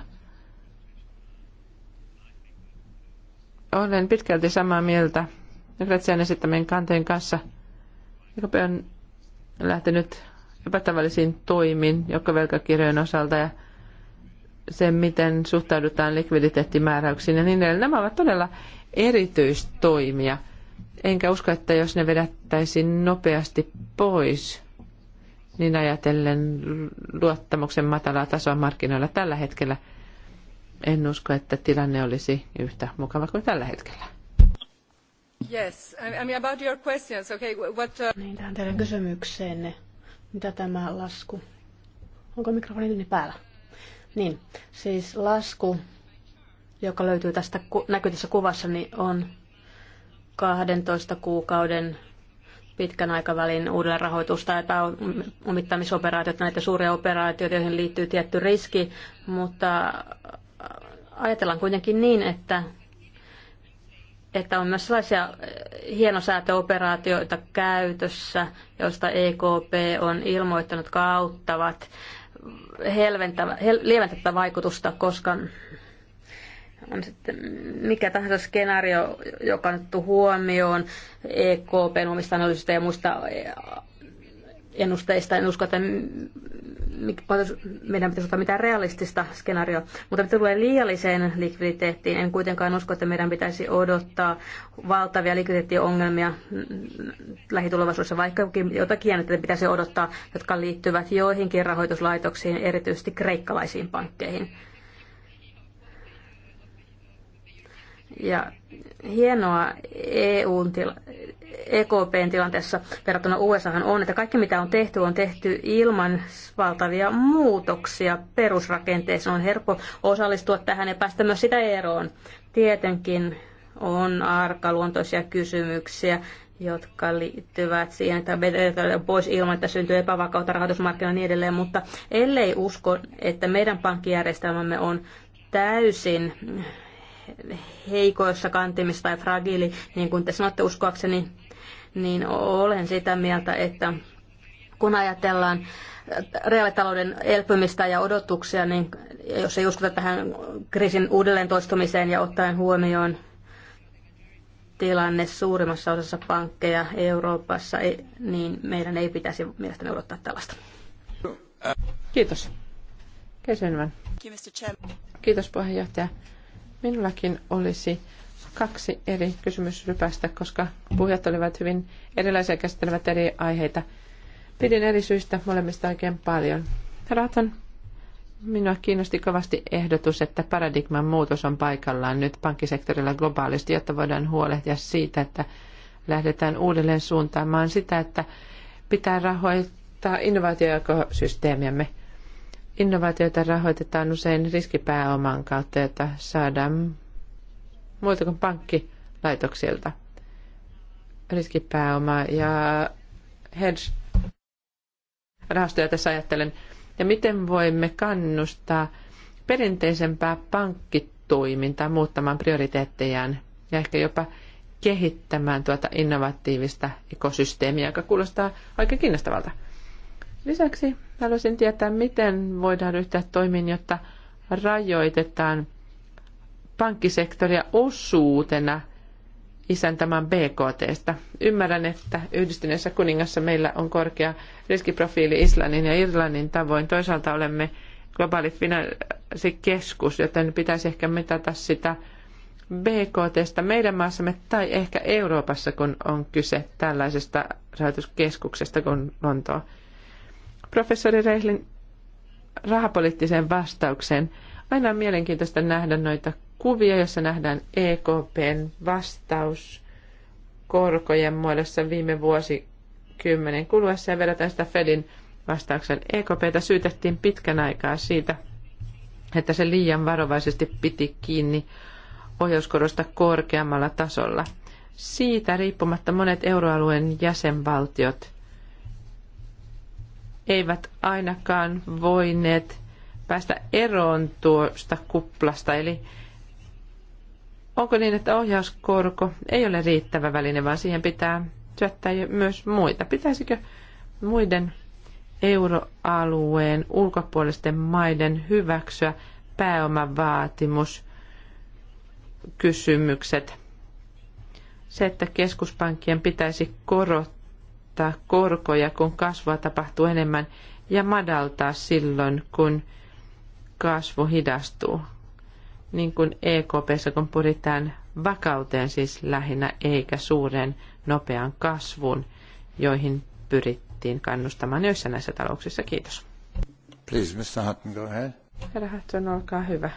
Olen pitkälti samaa mieltä Kretsian esittämien kanteen kanssa. EKP on lähtenyt epätavallisiin toimiin joukkovelkakirjojen osalta ja sen, miten suhtaudutaan likviditeettimääräyksiin ja niin edelleen. Nämä ovat todella erityistoimia. Enkä usko, että jos ne vedättäisiin nopeasti pois, niin ajatellen luottamuksen matalaa tasoa markkinoilla tällä hetkellä, en usko, että tilanne olisi yhtä mukava kuin tällä hetkellä. Yes, I mean about your questions, okay, what... Uh, niin, tähän teidän kysymykseenne. Mitä tämä lasku? Onko mikrofoni päällä? Niin, siis lasku, joka löytyy tästä, näkyy tässä kuvassa, niin on 12 kuukauden pitkän aikavälin uudelleen rahoitusta ja pääomittamisoperaatioita, näitä suuria operaatioita, joihin liittyy tietty riski, mutta äh, ajatellaan kuitenkin niin, että että on myös sellaisia äh, hienosäätöoperaatioita käytössä, joista EKP on ilmoittanut kauttavat lieventävää vaikutusta, koska on sitten mikä tahansa skenaario, joka on otettu huomioon EKPn omista analyysistä ja muista ennusteista. En usko, että meidän pitäisi ottaa mitään realistista skenaarioa. Mutta mitä tulee liialliseen likviditeettiin, en kuitenkaan usko, että meidän pitäisi odottaa valtavia likviditeettiongelmia lähitulevaisuudessa, vaikka jotakin että pitäisi odottaa, jotka liittyvät joihinkin rahoituslaitoksiin, erityisesti kreikkalaisiin pankkeihin. Ja hienoa EUn tila, EKPn tilanteessa verrattuna USA on, että kaikki mitä on tehty, on tehty ilman valtavia muutoksia perusrakenteessa. On helppo osallistua tähän ja päästä myös sitä eroon. Tietenkin on arkaluontoisia kysymyksiä, jotka liittyvät siihen, että vedetään pois ilman, että syntyy epävakautta rahoitusmarkkinoilla ja niin edelleen. Mutta ellei usko, että meidän pankkijärjestelmämme on täysin heikoissa kantimissa tai fragiili, niin kuin te sanotte uskoakseni, niin olen sitä mieltä, että kun ajatellaan reaalitalouden elpymistä ja odotuksia, niin jos ei uskota tähän kriisin uudelleen toistumiseen ja ottaen huomioon tilanne suurimmassa osassa pankkeja Euroopassa, niin meidän ei pitäisi mielestäni odottaa tällaista. Kiitos. Kesenvän. Kiitos puheenjohtaja. Minullakin olisi kaksi eri kysymysrypästä, koska puhujat olivat hyvin erilaisia käsittelevät eri aiheita. Pidin eri syistä molemmista oikein paljon. Raton, Minua kiinnosti kovasti ehdotus, että paradigman muutos on paikallaan nyt pankkisektorilla globaalisti, jotta voidaan huolehtia siitä, että lähdetään uudelleen suuntaamaan sitä, että pitää rahoittaa innovaatioekosysteemiämme. Innovaatioita rahoitetaan usein riskipääoman kautta, jota saadaan muilta kuin pankkilaitoksilta. Riskipääoma ja hedge rahastoja tässä ajattelen. Ja miten voimme kannustaa perinteisempää pankkitoimintaa muuttamaan prioriteettejään ja ehkä jopa kehittämään tuota innovatiivista ekosysteemiä, joka kuulostaa oikein kiinnostavalta. Lisäksi haluaisin tietää, miten voidaan ryhtyä toimiin, jotta rajoitetaan pankkisektoria osuutena isäntämään BKTstä. Ymmärrän, että yhdistyneessä kuningassa meillä on korkea riskiprofiili Islannin ja Irlannin tavoin. Toisaalta olemme globaali finanssikeskus, joten pitäisi ehkä mitata sitä BKTstä meidän maassamme tai ehkä Euroopassa, kun on kyse tällaisesta rahoituskeskuksesta kuin Lontoa professori Rehlin rahapoliittiseen vastaukseen. Aina on mielenkiintoista nähdä noita kuvia, joissa nähdään EKPn vastaus korkojen muodossa viime vuosikymmenen kuluessa ja verrataan sitä Fedin vastauksen. EKPtä syytettiin pitkän aikaa siitä, että se liian varovaisesti piti kiinni ohjauskorosta korkeammalla tasolla. Siitä riippumatta monet euroalueen jäsenvaltiot eivät ainakaan voineet päästä eroon tuosta kuplasta. Eli onko niin, että ohjauskorko ei ole riittävä väline, vaan siihen pitää syöttää myös muita? Pitäisikö muiden euroalueen ulkopuolisten maiden hyväksyä pääomavaatimus kysymykset? Se, että keskuspankkien pitäisi korottaa nostaa korkoja, kun kasvua tapahtuu enemmän, ja madaltaa silloin, kun kasvu hidastuu. Niin kuin EKPssä, kun pyritään vakauteen siis lähinnä, eikä suuren nopean kasvun, joihin pyrittiin kannustamaan joissa näissä talouksissa. Kiitos. Please, Mr. Hutton, go ahead. Herra Hutton, olkaa hyvä.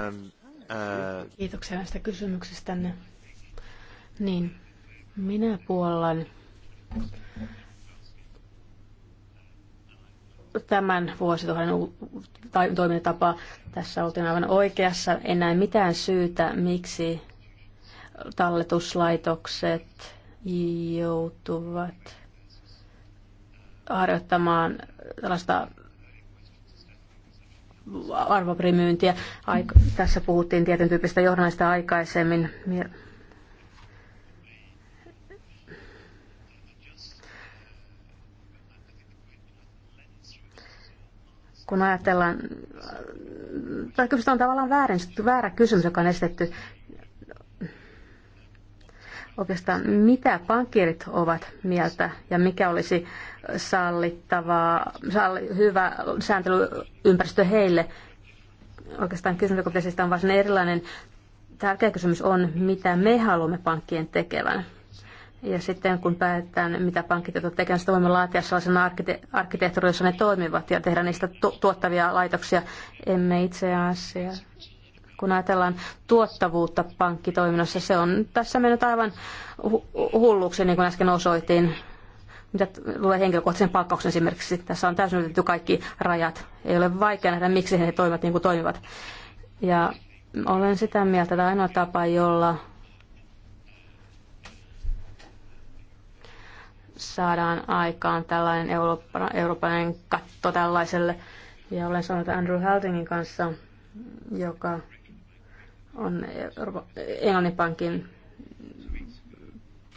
Um, uh... Kiitoksia näistä kysymyksistänne. Niin, minä puollan tämän vuosituhannen toimintatapa tässä oltiin aivan oikeassa. En näe mitään syytä, miksi talletuslaitokset joutuvat harjoittamaan tällaista arvoprimyyntiä. tässä puhuttiin tietyn tyyppistä johdannaista aikaisemmin. kun ajatellaan, tai kyllä on tavallaan väärin, väärä kysymys, joka on esitetty. Oikeastaan mitä pankkirit ovat mieltä ja mikä olisi sallittavaa, salli, hyvä sääntelyympäristö heille? Oikeastaan kysymys, joka on varsin erilainen. Tärkeä kysymys on, mitä me haluamme pankkien tekevän. Ja sitten kun päätetään, mitä pankit ovat tekemään, niin sitä voimme laatia sellaisen arkkite- arkkitehtuurin, jossa ne toimivat ja tehdä niistä tu- tuottavia laitoksia. Emme itse asiassa, kun ajatellaan tuottavuutta pankkitoiminnassa, se on tässä mennyt aivan hu- hulluksi, niin kuin äsken osoitin. Mitä tulee henkilökohtaisen palkkauksen esimerkiksi, tässä on täysin ylitetty kaikki rajat. Ei ole vaikea nähdä, miksi he toimivat niin kuin toimivat. Ja olen sitä mieltä, että ainoa tapa, jolla saadaan aikaan tällainen eurooppa, eurooppalainen katto tällaiselle. Ja olen sanonut Andrew Haltingin kanssa, joka on Euroopan, Englannin pankin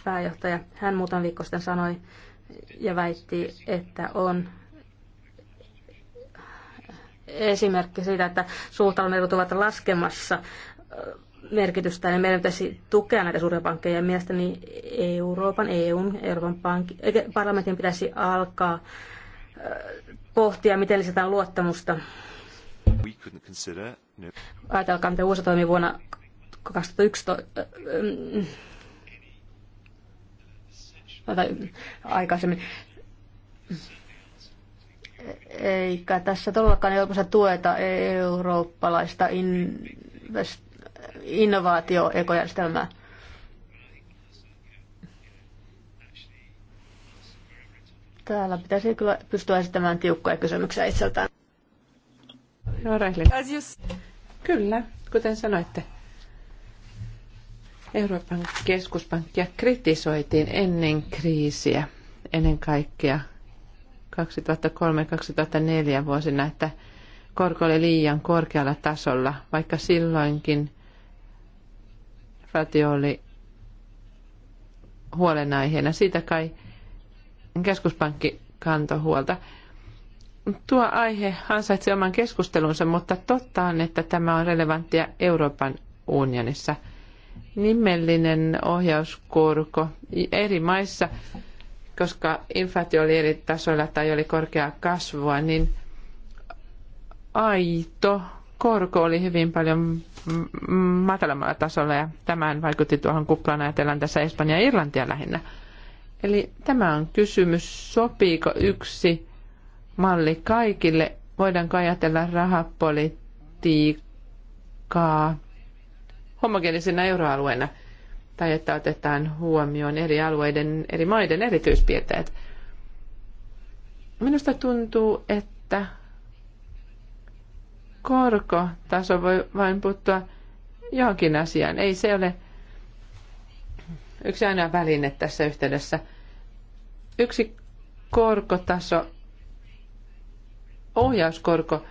pääjohtaja. Hän muutaman viikko sitten sanoi ja väitti, että on esimerkki siitä, että suhtaudun ovat laskemassa merkitystä, niin meidän pitäisi tukea näitä suuria pankkeja. Mielestäni Euroopan, EUn, Euroopan pankki, parlamentin pitäisi alkaa pohtia, miten lisätään luottamusta. No. Ajatelkaa, miten USA toimi vuonna 2011 tai aikaisemmin. Eikä tässä todellakaan helposti tueta eurooppalaista invest innovaatioekojärjestelmää. Täällä pitäisi kyllä pystyä esittämään tiukkoja kysymyksiä itseltään. No, Kyllä, kuten sanoitte. Euroopan keskuspankkia kritisoitiin ennen kriisiä, ennen kaikkea 2003-2004 vuosina, että korko oli liian korkealla tasolla, vaikka silloinkin – Fatio oli huolenaiheena. Siitä kai keskuspankki kantoi huolta. Tuo aihe ansaitsi oman keskustelunsa, mutta totta on, että tämä on relevanttia Euroopan unionissa. Nimellinen ohjauskorko eri maissa, koska inflaatio oli eri tasoilla tai oli korkeaa kasvua, niin aito korko oli hyvin paljon matalammalla tasolla ja tämän vaikutti tuohon kuplaan ajatellaan tässä Espanja ja Irlantia lähinnä. Eli tämä on kysymys, sopiiko yksi malli kaikille? Voidaanko ajatella rahapolitiikkaa homogeenisena euroalueena? Tai että otetaan huomioon eri alueiden, eri maiden erityispiirteet? Minusta tuntuu, että korkotaso voi vain puuttua johonkin asiaan. Ei se ole yksi aina väline tässä yhteydessä. Yksi korkotaso, ohjauskorko,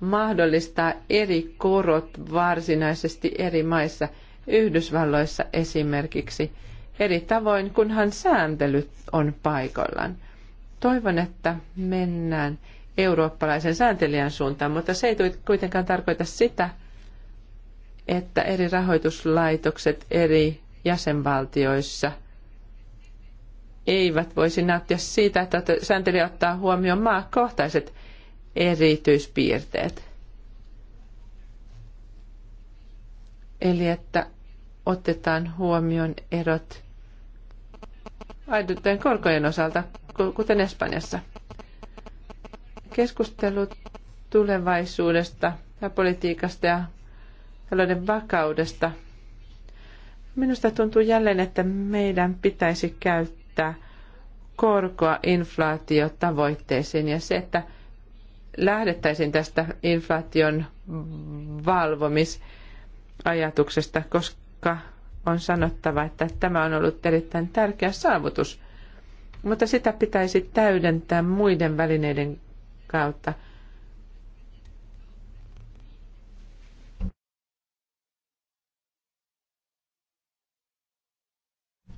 mahdollistaa eri korot varsinaisesti eri maissa, Yhdysvalloissa esimerkiksi, eri tavoin, kunhan sääntely on paikallaan. Toivon, että mennään eurooppalaisen sääntelijän suuntaan, mutta se ei kuitenkaan tarkoita sitä, että eri rahoituslaitokset eri jäsenvaltioissa eivät voisi nauttia siitä, että sääntelijä ottaa huomioon maakohtaiset erityispiirteet. Eli että otetaan huomioon erot aidottujen korkojen osalta, kuten Espanjassa. Keskustelut tulevaisuudesta ja politiikasta ja talouden vakaudesta. Minusta tuntuu jälleen, että meidän pitäisi käyttää korkoa inflaatiotavoitteisiin ja se, että lähdettäisiin tästä inflaation valvomisajatuksesta, koska on sanottava, että tämä on ollut erittäin tärkeä saavutus. Mutta sitä pitäisi täydentää muiden välineiden kautta.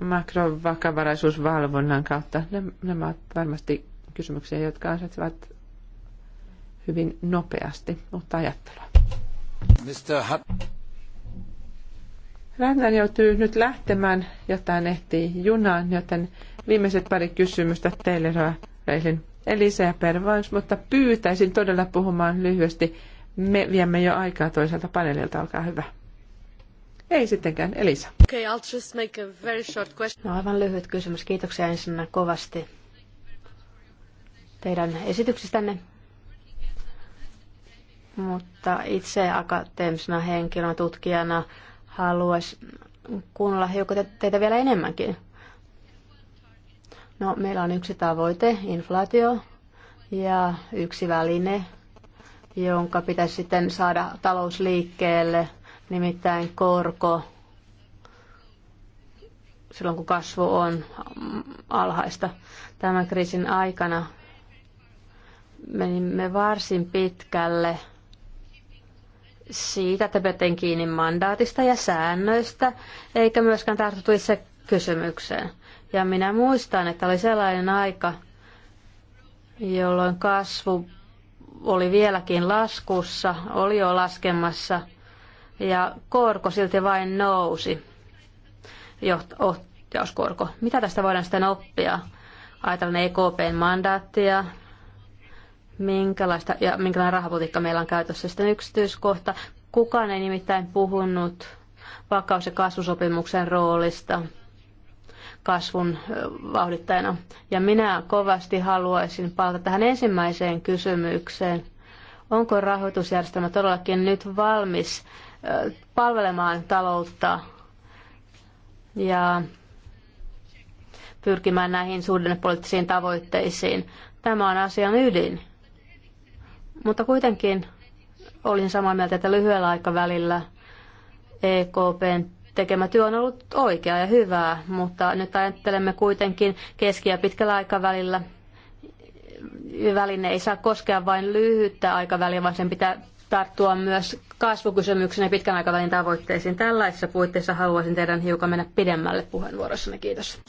makrovakavaraisuusvalvonnan kautta. Nämä ovat varmasti kysymyksiä, jotka ansaitsevat hyvin nopeasti mutta ajattelua. Mr. Rannan joutuu nyt lähtemään, jotain ehtii junaan, joten viimeiset pari kysymystä teille, Reilin. Elisa per Vans, mutta pyytäisin todella puhumaan lyhyesti. Me viemme jo aikaa toiselta paneelilta, olkaa hyvä. Ei sittenkään, Elisa. Okay, I'll just make a very short question. No aivan lyhyt kysymys. Kiitoksia ensin kovasti teidän esityksistänne. Mutta itse akateemisena henkilönä, tutkijana haluaisin kuunnella hiukan teitä vielä enemmänkin. No, meillä on yksi tavoite, inflaatio, ja yksi väline, jonka pitäisi sitten saada talous liikkeelle, nimittäin korko, silloin kun kasvu on alhaista. Tämän kriisin aikana menimme varsin pitkälle siitä, että pidettiin kiinni mandaatista ja säännöistä, eikä myöskään tartuttu itse kysymykseen. Ja minä muistan, että oli sellainen aika, jolloin kasvu oli vieläkin laskussa, oli jo laskemassa ja korko silti vain nousi, johtauskorko. Mitä tästä voidaan sitten oppia? Ajatellaan EKPn mandaattia, minkälaista, ja minkälainen rahapolitiikka meillä on käytössä. Sitten yksityiskohta. Kukaan ei nimittäin puhunut vakaus- ja kasvusopimuksen roolista – kasvun vauhdittajana. Ja minä kovasti haluaisin palata tähän ensimmäiseen kysymykseen. Onko rahoitusjärjestelmä todellakin nyt valmis palvelemaan taloutta ja pyrkimään näihin suhdannepoliittisiin tavoitteisiin? Tämä on asian ydin. Mutta kuitenkin olin samaa mieltä, että lyhyellä aikavälillä EKPn tekemä työ on ollut oikeaa ja hyvää, mutta nyt ajattelemme kuitenkin keski- ja pitkällä aikavälillä. Väline ei saa koskea vain lyhyttä aikaväliä, vaan sen pitää tarttua myös kasvukysymyksen ja pitkän aikavälin tavoitteisiin. Tällaisissa puitteissa haluaisin teidän hiukan mennä pidemmälle puheenvuorossanne. Kiitos.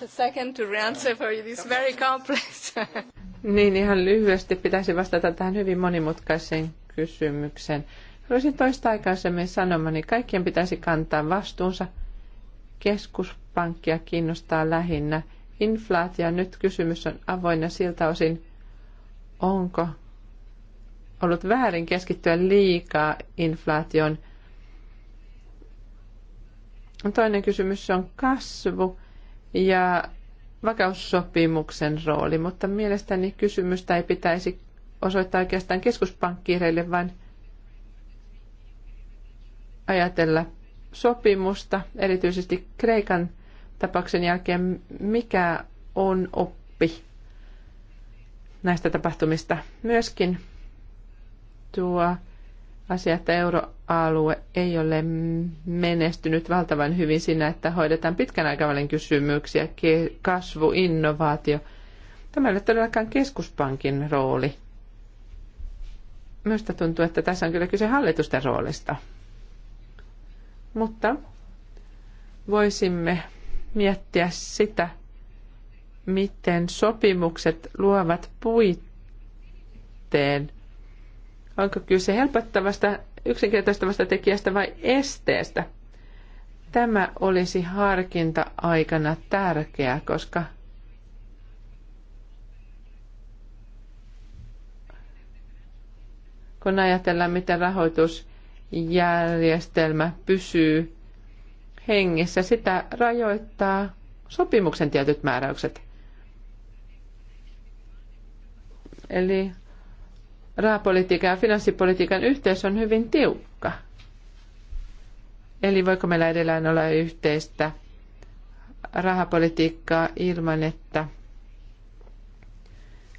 Niin ihan lyhyesti pitäisi vastata tähän hyvin monimutkaiseen kysymykseen. Haluaisin toista aikaisemmin sanomani, niin kaikkien pitäisi kantaa vastuunsa. Keskuspankkia kiinnostaa lähinnä inflaatio. Nyt kysymys on avoinna siltä osin, onko ollut väärin keskittyä liikaa inflaation. Toinen kysymys on kasvu ja vakaussopimuksen rooli, mutta mielestäni kysymystä ei pitäisi osoittaa oikeastaan keskuspankkiireille, vaan – ajatella sopimusta, erityisesti Kreikan tapauksen jälkeen, mikä on oppi näistä tapahtumista. Myöskin tuo asia, että euroalue ei ole menestynyt valtavan hyvin siinä, että hoidetaan pitkän aikavälin kysymyksiä, kasvu, innovaatio. Tämä ei ole todellakaan keskuspankin rooli. Minusta tuntuu, että tässä on kyllä kyse hallitusten roolista. Mutta voisimme miettiä sitä, miten sopimukset luovat puitteen. Onko kyse helpottavasta, yksinkertaistavasta tekijästä vai esteestä? Tämä olisi harkinta-aikana tärkeää, koska kun ajatellaan, miten rahoitus järjestelmä pysyy hengissä. Sitä rajoittaa sopimuksen tietyt määräykset. Eli rahapolitiikan ja finanssipolitiikan yhteys on hyvin tiukka. Eli voiko meillä edelleen olla yhteistä rahapolitiikkaa ilman, että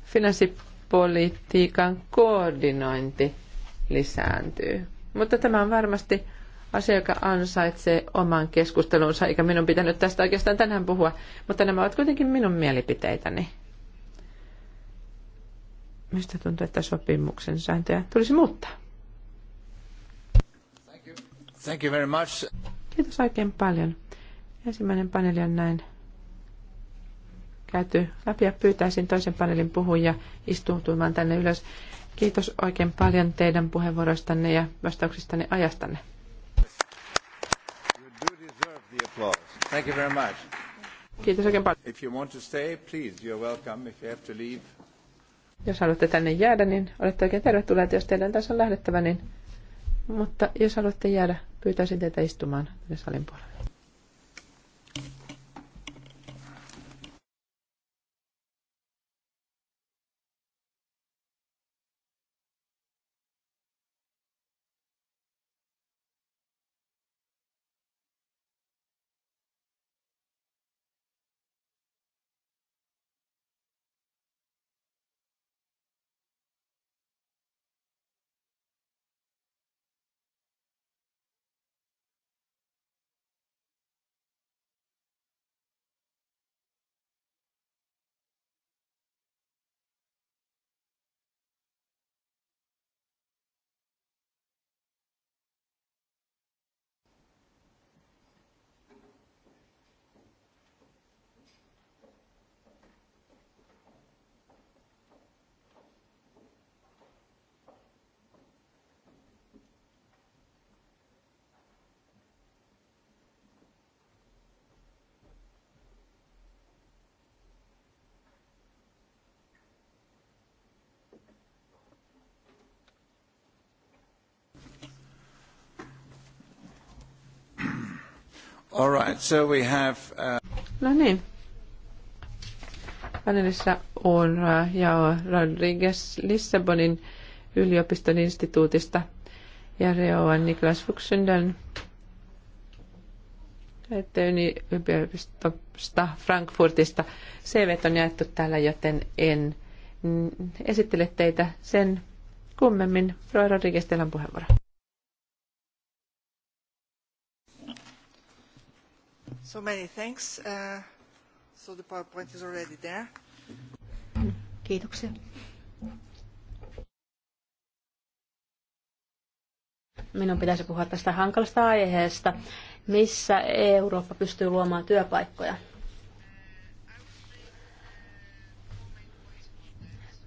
finanssipolitiikan koordinointi lisääntyy? Mutta tämä on varmasti asia, joka ansaitsee oman keskustelunsa, eikä minun pitänyt tästä oikeastaan tänään puhua, mutta nämä ovat kuitenkin minun mielipiteitäni. Mistä tuntuu, että sopimuksen sääntöjä tulisi muuttaa? Thank you. Thank you very much. Kiitos oikein paljon. Ensimmäinen paneeli on näin käyty läpi ja pyytäisin toisen paneelin puhuja istuutumaan tänne ylös. Kiitos oikein paljon teidän puheenvuoroistanne ja vastauksistanne ajastanne. Kiitos oikein paljon. If you want to stay, please, you're welcome. If you have to leave. Jos haluatte tänne jäädä, niin olette oikein tervetulleet. Jos teidän tässä on lähdettävä, niin... Mutta jos haluatte jäädä, pyytäisin teitä istumaan tänne salin puolelle. All right, so we have, uh... No niin. Panelissa on uh, Jao Rodriguez Lissabonin yliopiston instituutista ja Reoan Niklas Fuxendal Töni yliopistosta Frankfurtista. CV on jaettu täällä, joten en esittele teitä sen kummemmin. Roa Rodriguez, teillä on puheenvuoro. So many thanks. Uh, so the PowerPoint is already there. Kiitoksia. Minun pitäisi puhua tästä hankalasta aiheesta, missä Eurooppa pystyy luomaan työpaikkoja.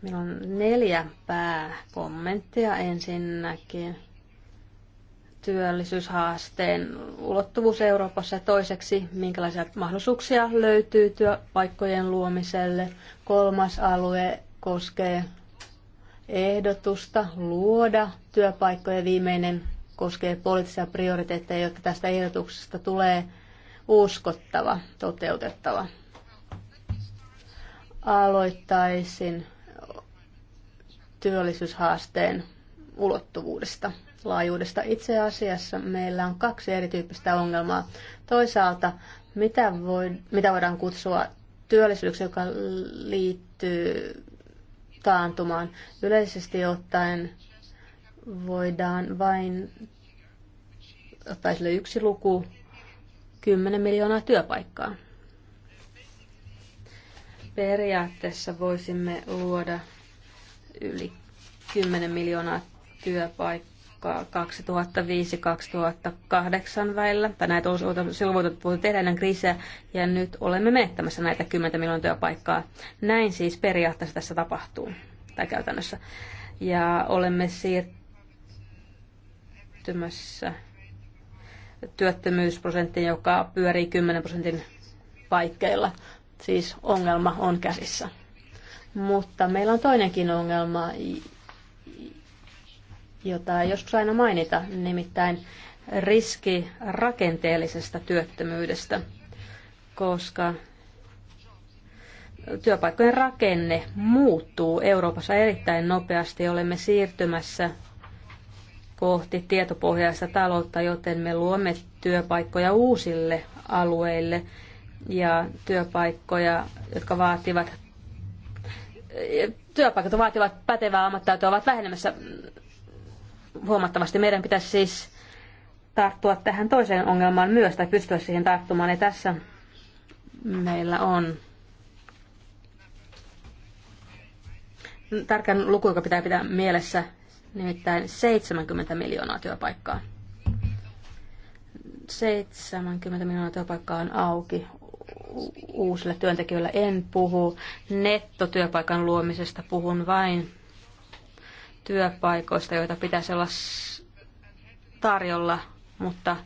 Minulla on neljä pääkommenttia ensinnäkin työllisyyshaasteen ulottuvuus Euroopassa ja toiseksi, minkälaisia mahdollisuuksia löytyy työpaikkojen luomiselle. Kolmas alue koskee ehdotusta luoda työpaikkoja. Viimeinen koskee poliittisia prioriteetteja, jotta tästä ehdotuksesta tulee uskottava, toteutettava. Aloittaisin työllisyyshaasteen ulottuvuudesta laajuudesta. Itse asiassa meillä on kaksi erityyppistä ongelmaa. Toisaalta, mitä, voi, mitä voidaan kutsua työllisyydeksi, joka liittyy taantumaan. Yleisesti ottaen voidaan vain ottaa sille yksi luku, 10 miljoonaa työpaikkaa. Periaatteessa voisimme luoda yli 10 miljoonaa työpaikkaa 2005-2008 välillä, tai näitä olisi silloin voitu tehdä ennen kriisiä, ja nyt olemme menettämässä näitä 10 miljoonaa työpaikkaa. Näin siis periaatteessa tässä tapahtuu, tai käytännössä. Ja olemme siirtymässä työttömyysprosenttiin, joka pyörii 10 prosentin paikkeilla. Siis ongelma on käsissä. Mutta meillä on toinenkin ongelma, jota ei joskus aina mainita, nimittäin riski rakenteellisesta työttömyydestä, koska työpaikkojen rakenne muuttuu Euroopassa erittäin nopeasti. Olemme siirtymässä kohti tietopohjaista taloutta, joten me luomme työpaikkoja uusille alueille ja työpaikkoja, jotka vaativat työpaikat vaativat pätevää ammattitaitoa, ovat vähenemässä huomattavasti. Meidän pitäisi siis tarttua tähän toiseen ongelmaan myös tai pystyä siihen tarttumaan. Ja tässä meillä on tärkeä luku, joka pitää pitää mielessä, nimittäin 70 miljoonaa työpaikkaa. 70 miljoonaa työpaikkaa on auki uusille työntekijöille. En puhu nettotyöpaikan luomisesta, puhun vain työpaikoista, joita pitäisi olla tarjolla, mutta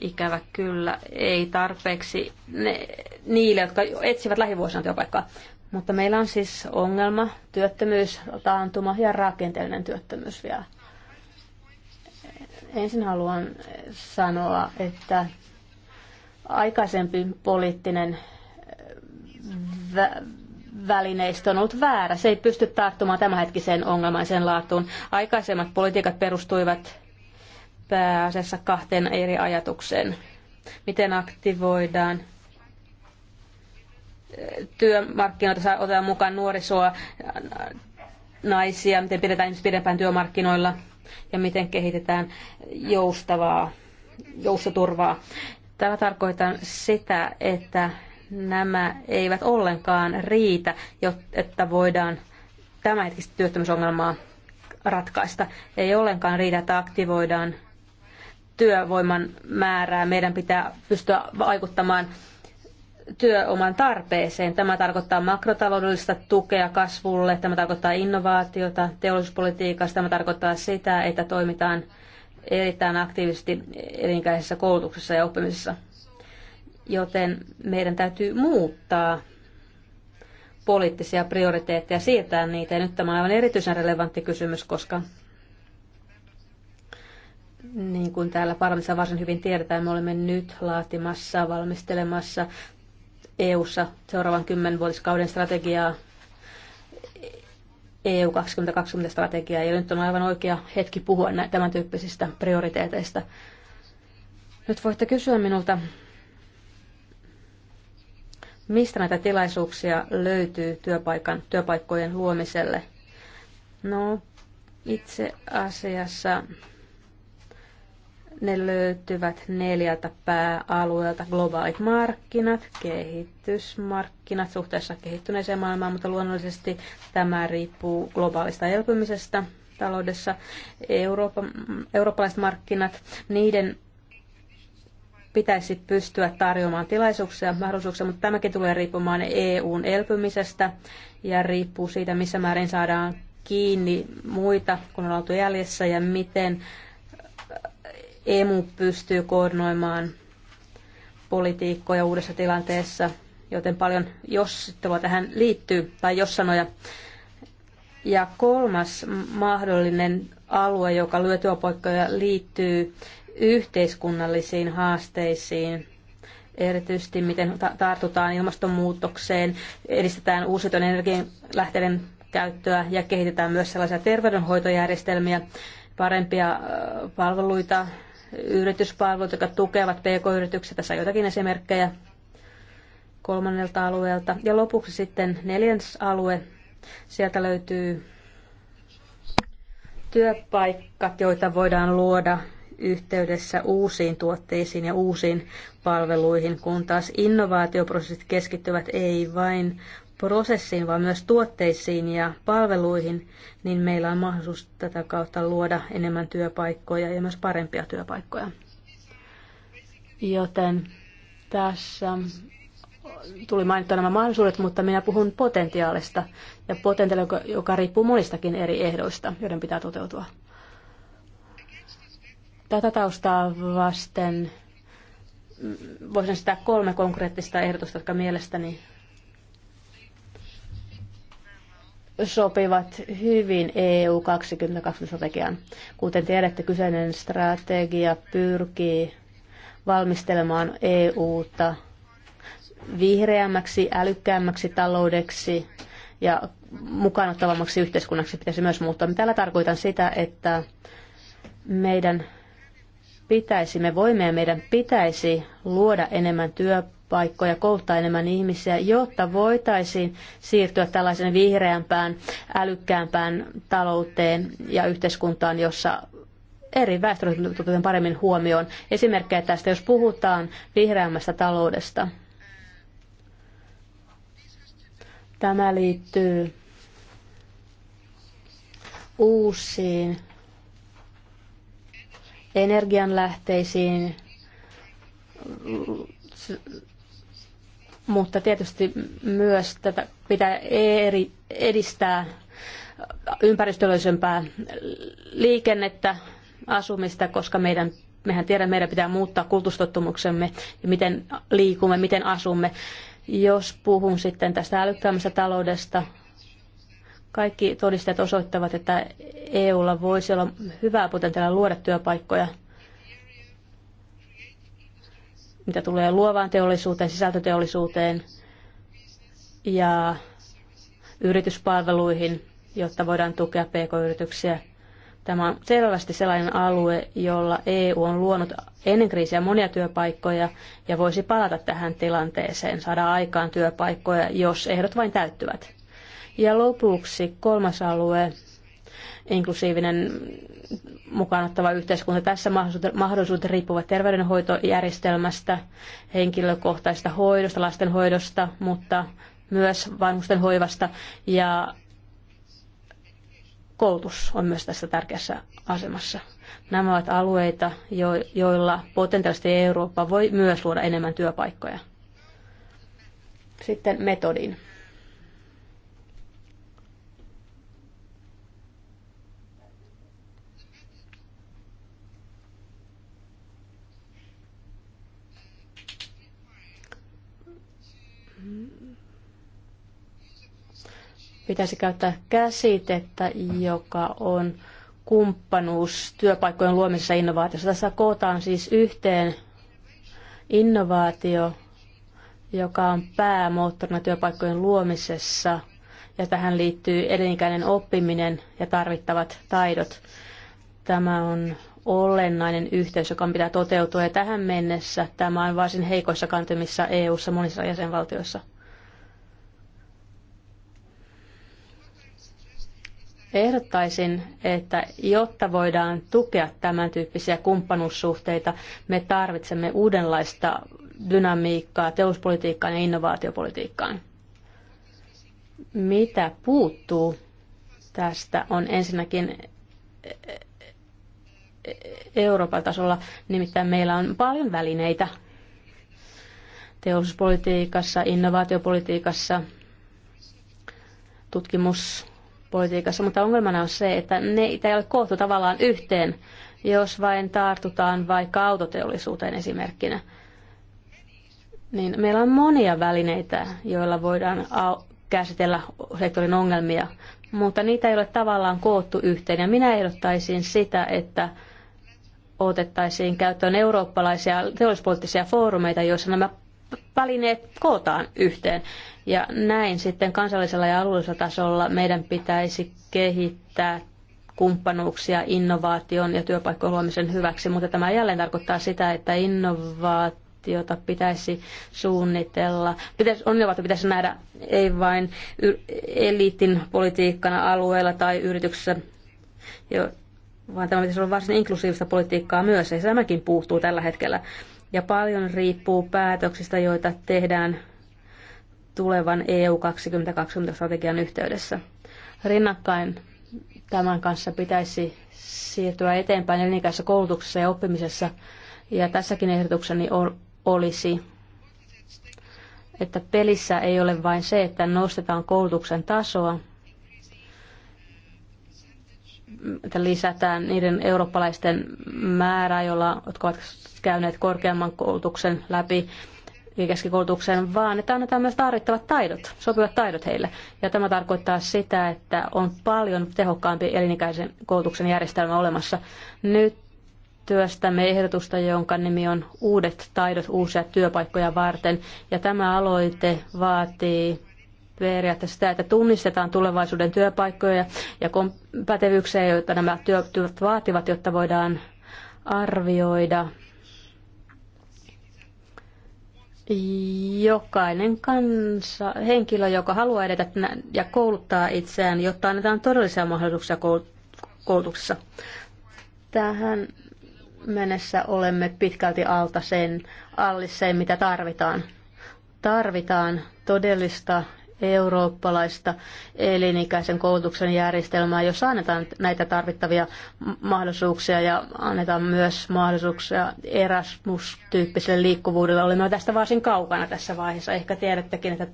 ikävä kyllä ei tarpeeksi ne, niille, jotka etsivät lähivuosina työpaikkaa. Mutta meillä on siis ongelma, työttömyys, taantuma ja rakenteellinen työttömyys vielä. Ensin haluan sanoa, että aikaisempi poliittinen vä- välineistö on ollut väärä. Se ei pysty tarttumaan tämänhetkiseen ongelmaiseen laatuun. Aikaisemmat politiikat perustuivat pääasiassa kahteen eri ajatukseen. Miten aktivoidaan eh, työmarkkinoita, saa ottaa mukaan nuorisoa, naisia, miten pidetään ihmiset pidempään työmarkkinoilla ja miten kehitetään joustavaa, joustoturvaa. Tällä tarkoitan sitä, että nämä eivät ollenkaan riitä, jotta voidaan tämänhetkistä työttömyysongelmaa ratkaista. Ei ollenkaan riitä, että aktivoidaan työvoiman määrää. Meidän pitää pystyä vaikuttamaan työoman tarpeeseen. Tämä tarkoittaa makrotaloudellista tukea kasvulle, tämä tarkoittaa innovaatiota teollisuuspolitiikassa, tämä tarkoittaa sitä, että toimitaan erittäin aktiivisesti elinikäisessä koulutuksessa ja oppimisessa joten meidän täytyy muuttaa poliittisia prioriteetteja, siirtää niitä. Ja nyt tämä on aivan erityisen relevantti kysymys, koska niin kuin täällä parlamentissa varsin hyvin tiedetään, me olemme nyt laatimassa, valmistelemassa EU-ssa seuraavan kymmenvuotiskauden strategiaa, EU 2020-strategiaa, ja nyt on aivan oikea hetki puhua tämän tyyppisistä prioriteeteista. Nyt voitte kysyä minulta, Mistä näitä tilaisuuksia löytyy työpaikan, työpaikkojen luomiselle? No, itse asiassa ne löytyvät neljältä pääalueelta. Globaalit markkinat, kehitysmarkkinat suhteessa kehittyneeseen maailmaan, mutta luonnollisesti tämä riippuu globaalista elpymisestä taloudessa. Euroopan, eurooppalaiset markkinat, niiden pitäisi pystyä tarjoamaan tilaisuuksia ja mahdollisuuksia, mutta tämäkin tulee riippumaan EUn elpymisestä ja riippuu siitä, missä määrin saadaan kiinni muita, kun on oltu jäljessä ja miten äh, EMU pystyy koordinoimaan politiikkoja uudessa tilanteessa, joten paljon jossittelua tähän liittyy, tai jos sanoja. Ja kolmas mahdollinen alue, joka lyö työpaikkoja, liittyy yhteiskunnallisiin haasteisiin, erityisesti miten tartutaan ilmastonmuutokseen, edistetään uusiutuvan lähteiden käyttöä ja kehitetään myös sellaisia terveydenhoitojärjestelmiä, parempia äh, palveluita, yrityspalveluita, jotka tukevat pk-yrityksiä. Tässä on joitakin esimerkkejä kolmannelta alueelta. Ja lopuksi sitten neljäs alue. Sieltä löytyy työpaikat, joita voidaan luoda yhteydessä uusiin tuotteisiin ja uusiin palveluihin, kun taas innovaatioprosessit keskittyvät ei vain prosessiin, vaan myös tuotteisiin ja palveluihin, niin meillä on mahdollisuus tätä kautta luoda enemmän työpaikkoja ja myös parempia työpaikkoja. Joten tässä tuli mainittua nämä mahdollisuudet, mutta minä puhun potentiaalista ja potentiaali, joka, joka riippuu monistakin eri ehdoista, joiden pitää toteutua. Tätä taustaa vasten voisin sitä kolme konkreettista ehdotusta, jotka mielestäni sopivat hyvin EU 2020-strategiaan. Kuten tiedätte, kyseinen strategia pyrkii valmistelemaan EUta vihreämmäksi, älykkäämmäksi taloudeksi ja mukaanottavammaksi yhteiskunnaksi pitäisi myös muuttaa. Tällä tarkoitan sitä, että meidän pitäisi, me voimme ja meidän pitäisi luoda enemmän työpaikkoja, kouluttaa enemmän ihmisiä, jotta voitaisiin siirtyä tällaisen vihreämpään, älykkäämpään talouteen ja yhteiskuntaan, jossa eri väestöryhmät otetaan paremmin huomioon. Esimerkkejä tästä, jos puhutaan vihreämmästä taloudesta. Tämä liittyy uusiin energianlähteisiin, mutta tietysti myös tätä pitää eri, edistää ympäristöllisempää liikennettä, asumista, koska meidän, mehän tiedän, meidän pitää muuttaa kulutustottumuksemme ja miten liikumme, miten asumme. Jos puhun sitten tästä älykkäämmästä taloudesta, kaikki todistajat osoittavat, että EUlla voisi olla hyvää potentiaalia luoda työpaikkoja, mitä tulee luovaan teollisuuteen, sisältöteollisuuteen ja yrityspalveluihin, jotta voidaan tukea pk-yrityksiä. Tämä on selvästi sellainen alue, jolla EU on luonut ennen kriisiä monia työpaikkoja ja voisi palata tähän tilanteeseen, saada aikaan työpaikkoja, jos ehdot vain täyttyvät. Ja lopuksi kolmas alue, inklusiivinen mukaanottava yhteiskunta. Tässä mahdollisuudet, mahdollisuudet riippuvat terveydenhoitojärjestelmästä, henkilökohtaista hoidosta, lastenhoidosta, mutta myös vanhusten hoivasta ja koulutus on myös tässä tärkeässä asemassa. Nämä ovat alueita, joilla potentiaalisesti Eurooppa voi myös luoda enemmän työpaikkoja. Sitten metodin. pitäisi käyttää käsitettä, joka on kumppanuus työpaikkojen luomisessa innovaatiossa. Tässä kootaan siis yhteen innovaatio, joka on päämoottorina työpaikkojen luomisessa, ja tähän liittyy elinikäinen oppiminen ja tarvittavat taidot. Tämä on olennainen yhteys, joka pitää toteutua, ja tähän mennessä tämä on varsin heikoissa kantemissa EU-ssa monissa jäsenvaltioissa. Ehdottaisin, että jotta voidaan tukea tämän tyyppisiä kumppanuussuhteita, me tarvitsemme uudenlaista dynamiikkaa teollisuuspolitiikkaan ja innovaatiopolitiikkaan. Mitä puuttuu tästä on ensinnäkin Euroopan tasolla, nimittäin meillä on paljon välineitä teollisuuspolitiikassa, innovaatiopolitiikassa, tutkimus, politiikassa, mutta ongelmana on se, että ne ei ole koottu tavallaan yhteen, jos vain tartutaan vaikka autoteollisuuteen esimerkkinä. Niin meillä on monia välineitä, joilla voidaan käsitellä sektorin ongelmia, mutta niitä ei ole tavallaan koottu yhteen. Ja minä ehdottaisin sitä, että otettaisiin käyttöön eurooppalaisia teollispoliittisia foorumeita, joissa nämä välineet kootaan yhteen. Ja näin sitten kansallisella ja alueellisella tasolla meidän pitäisi kehittää kumppanuuksia innovaation ja työpaikkojen luomisen hyväksi, mutta tämä jälleen tarkoittaa sitä, että innovaatiota pitäisi suunnitella. Pitäisi, innovaatio pitäisi nähdä ei vain eliitin politiikkana alueella tai yrityksessä, jo, vaan tämä pitäisi olla varsin inklusiivista politiikkaa myös, ja tämäkin puuttuu tällä hetkellä. Ja paljon riippuu päätöksistä, joita tehdään tulevan EU 2020-strategian yhteydessä. Rinnakkain tämän kanssa pitäisi siirtyä eteenpäin elinikäisessä koulutuksessa ja oppimisessa. Ja tässäkin ehdotukseni olisi, että pelissä ei ole vain se, että nostetaan koulutuksen tasoa, että lisätään niiden eurooppalaisten määrää, jolla, jotka ovat käyneet korkeamman koulutuksen läpi, keskikoulutukseen, vaan että annetaan myös tarvittavat taidot, sopivat taidot heille. Ja tämä tarkoittaa sitä, että on paljon tehokkaampi elinikäisen koulutuksen järjestelmä olemassa. Nyt työstämme ehdotusta, jonka nimi on Uudet taidot uusia työpaikkoja varten. Ja tämä aloite vaatii periaatteessa sitä, että tunnistetaan tulevaisuuden työpaikkoja ja pätevyyksiä, joita nämä työt vaativat, jotta voidaan arvioida Jokainen kansa, henkilö, joka haluaa edetä ja kouluttaa itseään, jotta annetaan todellisia mahdollisuuksia koulutuksessa. Tähän mennessä olemme pitkälti alta sen, alle sen, mitä tarvitaan. Tarvitaan todellista eurooppalaista elinikäisen koulutuksen järjestelmää, jossa annetaan näitä tarvittavia mahdollisuuksia ja annetaan myös mahdollisuuksia Erasmus-tyyppiselle liikkuvuudelle. Olemme tästä varsin kaukana tässä vaiheessa. Ehkä tiedättekin, että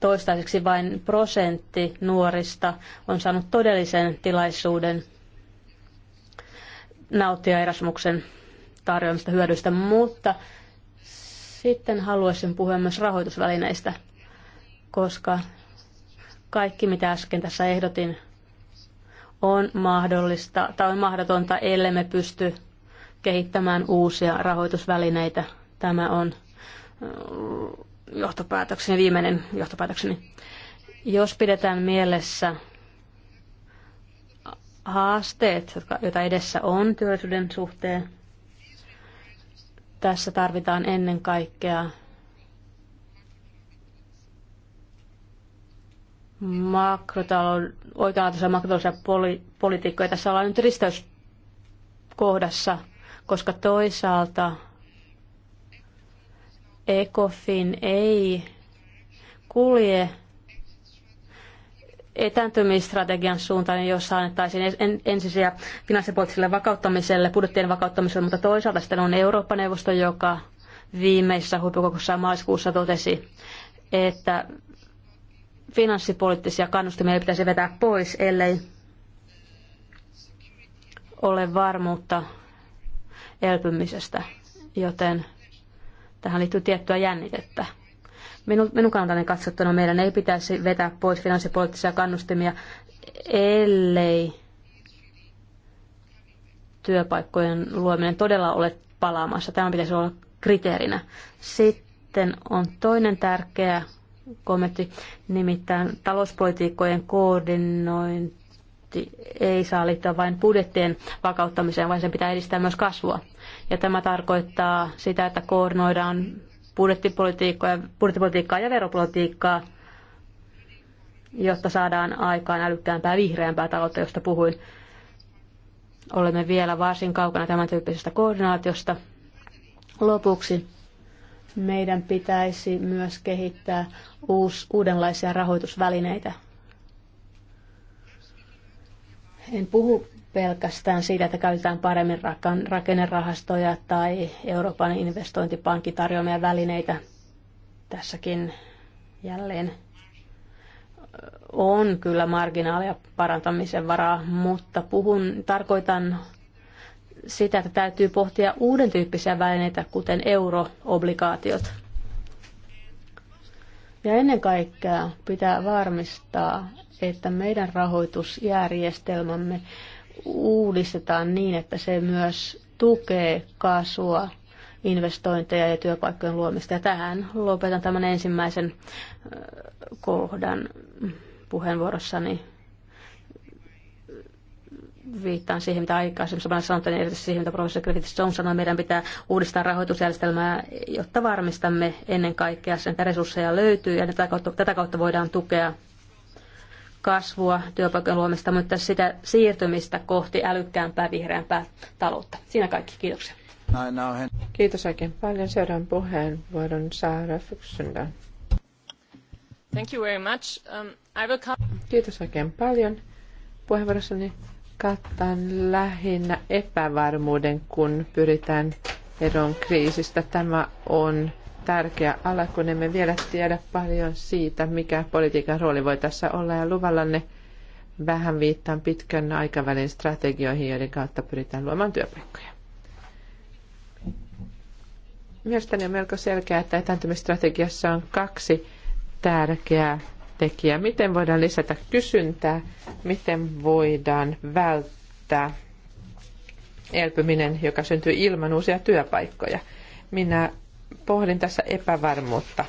toistaiseksi vain prosentti nuorista on saanut todellisen tilaisuuden nauttia Erasmuksen tarjoamista hyödyistä, mutta sitten haluaisin puhua myös rahoitusvälineistä koska kaikki mitä äsken tässä ehdotin on mahdollista tai on mahdotonta, ellei me pysty kehittämään uusia rahoitusvälineitä. Tämä on johtopäätökseni, viimeinen johtopäätökseni. Jos pidetään mielessä haasteet, jotka, joita edessä on työllisyyden suhteen, tässä tarvitaan ennen kaikkea makrotalous, oikeanlaatuisia makrotaloudellisia poli, politiikkoja. Tässä ollaan nyt risteyskohdassa, koska toisaalta ECOFIN ei kulje etääntymistrategian suuntaan, niin jossa annettaisiin ensisijä finanssipoliittiselle vakauttamiselle, budjettien vakauttamiselle, mutta toisaalta sitten on Eurooppa-neuvosto, joka viimeisessä huippukokouksessa maaliskuussa totesi, että finanssipoliittisia kannustimia ei pitäisi vetää pois, ellei ole varmuutta elpymisestä, joten tähän liittyy tiettyä jännitettä. Minun, minun kannaltani katsottuna meidän ei pitäisi vetää pois finanssipoliittisia kannustimia, ellei työpaikkojen luominen todella ole palaamassa. Tämä pitäisi olla kriteerinä. Sitten on toinen tärkeä kommentti, nimittäin talouspolitiikkojen koordinointi ei saa liittyä vain budjettien vakauttamiseen, vaan sen pitää edistää myös kasvua. Ja tämä tarkoittaa sitä, että koordinoidaan budjettipolitiikkaa, budjettipolitiikkaa ja veropolitiikkaa, jotta saadaan aikaan älykkäämpää vihreämpää taloutta, josta puhuin. Olemme vielä varsin kaukana tämän tyyppisestä koordinaatiosta. Lopuksi meidän pitäisi myös kehittää uus, uudenlaisia rahoitusvälineitä. En puhu pelkästään siitä, että käytetään paremmin rakennerahastoja tai Euroopan investointipankki tarjoamia välineitä. Tässäkin jälleen on kyllä marginaalia parantamisen varaa, mutta puhun, tarkoitan sitä, että täytyy pohtia uuden tyyppisiä välineitä, kuten euroobligaatiot. Ja ennen kaikkea pitää varmistaa, että meidän rahoitusjärjestelmämme uudistetaan niin, että se myös tukee kasvua, investointeja ja työpaikkojen luomista. Ja tähän lopetan tämän ensimmäisen äh, kohdan puheenvuorossani viittaan siihen, mitä aikaisemmin sanoin, niin erityisesti siihen, mitä professori Griffith Stone sanoi, meidän pitää uudistaa rahoitusjärjestelmää, jotta varmistamme ennen kaikkea sen, että resursseja löytyy ja tätä kautta, tätä kautta voidaan tukea kasvua, työpaikan luomista, mutta sitä siirtymistä kohti älykkäämpää vihreämpää taloutta. Siinä kaikki. Kiitoksia. Kiitos oikein paljon. Seuraan puheenvuoron Saara Fyksundä. Thank you very much. Um, I will come... Kiitos oikein paljon. Puheenvuorossani katan lähinnä epävarmuuden, kun pyritään eron kriisistä. Tämä on tärkeä ala, kun emme vielä tiedä paljon siitä, mikä politiikan rooli voi tässä olla. Ja luvallanne vähän viittaan pitkän aikavälin strategioihin, joiden kautta pyritään luomaan työpaikkoja. Mielestäni on melko selkeää, että etääntymistrategiassa on kaksi tärkeää tekijä. Miten voidaan lisätä kysyntää, miten voidaan välttää elpyminen, joka syntyy ilman uusia työpaikkoja. Minä pohdin tässä epävarmuutta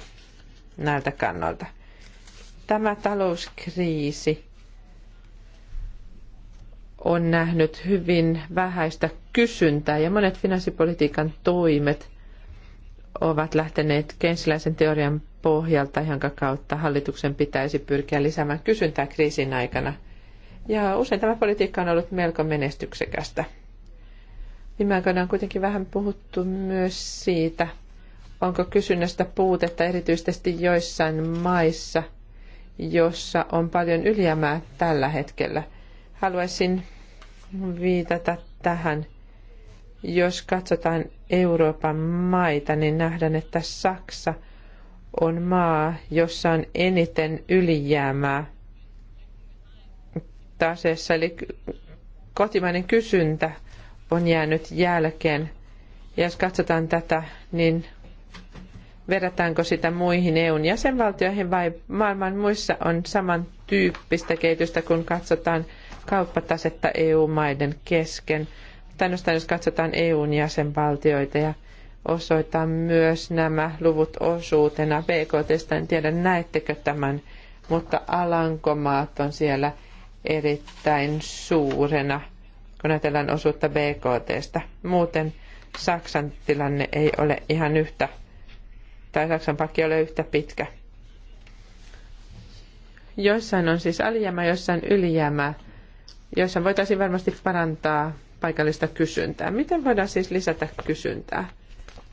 näiltä kannalta. Tämä talouskriisi on nähnyt hyvin vähäistä kysyntää ja monet finanssipolitiikan toimet ovat lähteneet kensiläisen teorian pohjalta, jonka kautta hallituksen pitäisi pyrkiä lisäämään kysyntää kriisin aikana. Ja usein tämä politiikka on ollut melko menestyksekästä. Viime aikoina on kuitenkin vähän puhuttu myös siitä, onko kysynnästä puutetta erityisesti joissain maissa, jossa on paljon ylijäämää tällä hetkellä. Haluaisin viitata tähän. Jos katsotaan Euroopan maita, niin nähdään, että Saksa – on maa, jossa on eniten ylijäämää taseessa, eli kotimainen kysyntä on jäänyt jälkeen. Ja jos katsotaan tätä, niin verrataanko sitä muihin EUn jäsenvaltioihin vai maailman muissa on samantyyppistä kehitystä, kun katsotaan kauppatasetta EU-maiden kesken. Tännostaan jos katsotaan EUn jäsenvaltioita ja osoittaa myös nämä luvut osuutena BKT. En tiedä, näettekö tämän, mutta Alankomaat on siellä erittäin suurena, kun ajatellaan osuutta BKT. Muuten Saksan tilanne ei ole ihan yhtä, tai Saksan pakki ei ole yhtä pitkä. Joissain on siis alijäämä, joissain ylijäämä, Joissain voitaisiin varmasti parantaa paikallista kysyntää. Miten voidaan siis lisätä kysyntää?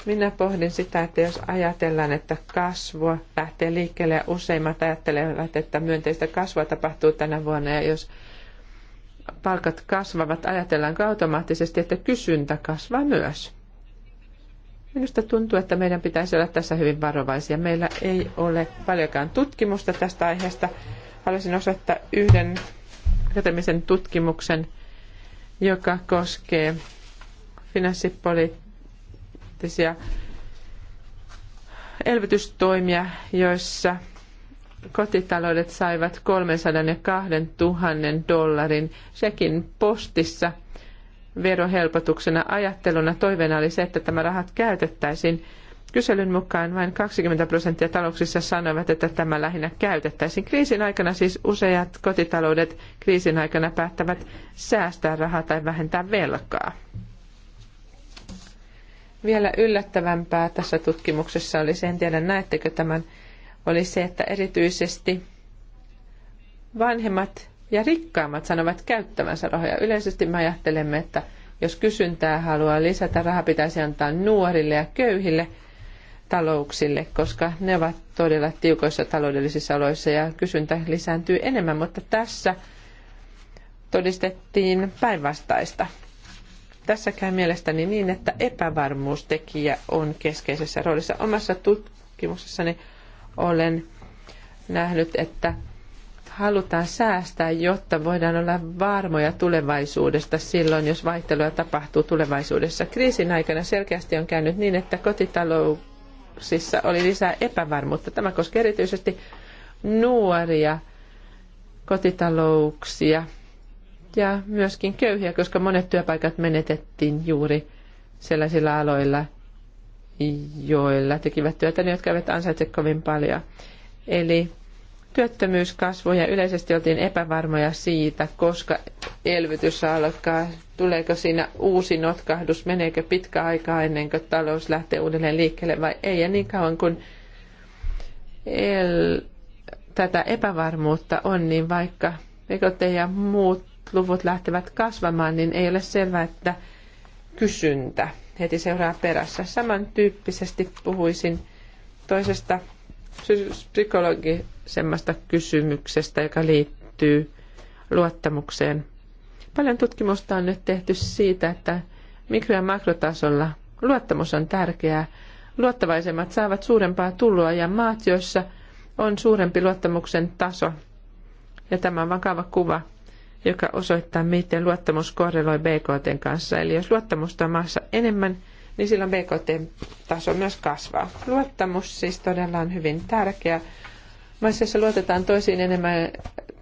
Minä pohdin sitä, että jos ajatellaan, että kasvu lähtee liikkeelle ja useimmat ajattelevat, että myönteistä kasvua tapahtuu tänä vuonna ja jos palkat kasvavat, ajatellaan automaattisesti, että kysyntä kasvaa myös. Minusta tuntuu, että meidän pitäisi olla tässä hyvin varovaisia. Meillä ei ole paljonkaan tutkimusta tästä aiheesta. Haluaisin osoittaa yhden akateemisen tutkimuksen, joka koskee finanssipolitiikkaa konkreettisia elvytystoimia, joissa kotitaloudet saivat 302 000 dollarin sekin postissa verohelpotuksena. Ajatteluna toiveena oli se, että tämä rahat käytettäisiin. Kyselyn mukaan vain 20 prosenttia talouksissa sanoivat, että tämä lähinnä käytettäisiin. Kriisin aikana siis useat kotitaloudet kriisin aikana päättävät säästää rahaa tai vähentää velkaa vielä yllättävämpää tässä tutkimuksessa oli se, en tiedä näettekö tämän, oli se, että erityisesti vanhemmat ja rikkaammat sanovat käyttävänsä rahoja. Yleisesti me ajattelemme, että jos kysyntää haluaa lisätä, raha pitäisi antaa nuorille ja köyhille talouksille, koska ne ovat todella tiukoissa taloudellisissa oloissa ja kysyntä lisääntyy enemmän, mutta tässä todistettiin päinvastaista tässä käy mielestäni niin, että epävarmuustekijä on keskeisessä roolissa. Omassa tutkimuksessani olen nähnyt, että halutaan säästää, jotta voidaan olla varmoja tulevaisuudesta silloin, jos vaihtelua tapahtuu tulevaisuudessa. Kriisin aikana selkeästi on käynyt niin, että kotitalouksissa oli lisää epävarmuutta. Tämä koskee erityisesti nuoria kotitalouksia – ja myöskin köyhiä, koska monet työpaikat menetettiin juuri sellaisilla aloilla, joilla tekivät työtä ne, jotka eivät ansaitse kovin paljon. Eli työttömyys kasvoi ja yleisesti oltiin epävarmoja siitä, koska elvytys alkaa, tuleeko siinä uusi notkahdus, meneekö pitkä aika ennen kuin talous lähtee uudelleen liikkeelle vai ei. Ja niin kauan kuin el- tätä epävarmuutta on, niin vaikka Ekote ja muut luvut lähtevät kasvamaan, niin ei ole selvää, että kysyntä heti seuraa perässä. Samantyyppisesti puhuisin toisesta psykologisemmasta kysymyksestä, joka liittyy luottamukseen. Paljon tutkimusta on nyt tehty siitä, että mikro- ja makrotasolla luottamus on tärkeää. Luottavaisemmat saavat suurempaa tuloa ja maat, joissa on suurempi luottamuksen taso, ja tämä on vakava kuva, joka osoittaa, miten luottamus korreloi BKT kanssa. Eli jos luottamusta on maassa enemmän, niin silloin BKT-taso myös kasvaa. Luottamus siis todella on hyvin tärkeä. Maissa, joissa luotetaan toisiin enemmän,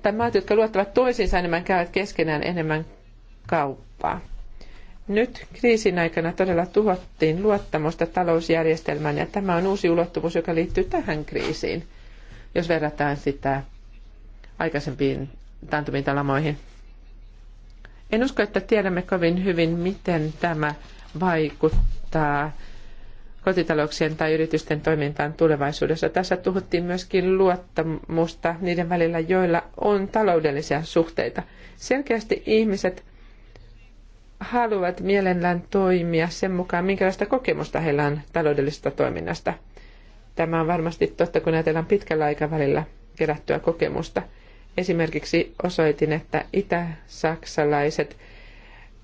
tai maat, jotka luottavat toisiinsa enemmän, käyvät keskenään enemmän kauppaa. Nyt kriisin aikana todella tuhottiin luottamusta talousjärjestelmään, ja tämä on uusi ulottuvuus, joka liittyy tähän kriisiin, jos verrataan sitä aikaisempiin taantumiin lamoihin. En usko, että tiedämme kovin hyvin, miten tämä vaikuttaa kotitalouksien tai yritysten toimintaan tulevaisuudessa. Tässä tuhuttiin myöskin luottamusta niiden välillä, joilla on taloudellisia suhteita. Selkeästi ihmiset haluavat mielellään toimia sen mukaan, minkälaista kokemusta heillä on taloudellisesta toiminnasta. Tämä on varmasti totta, kun ajatellaan pitkällä aikavälillä kerättyä kokemusta – Esimerkiksi osoitin, että itä-saksalaiset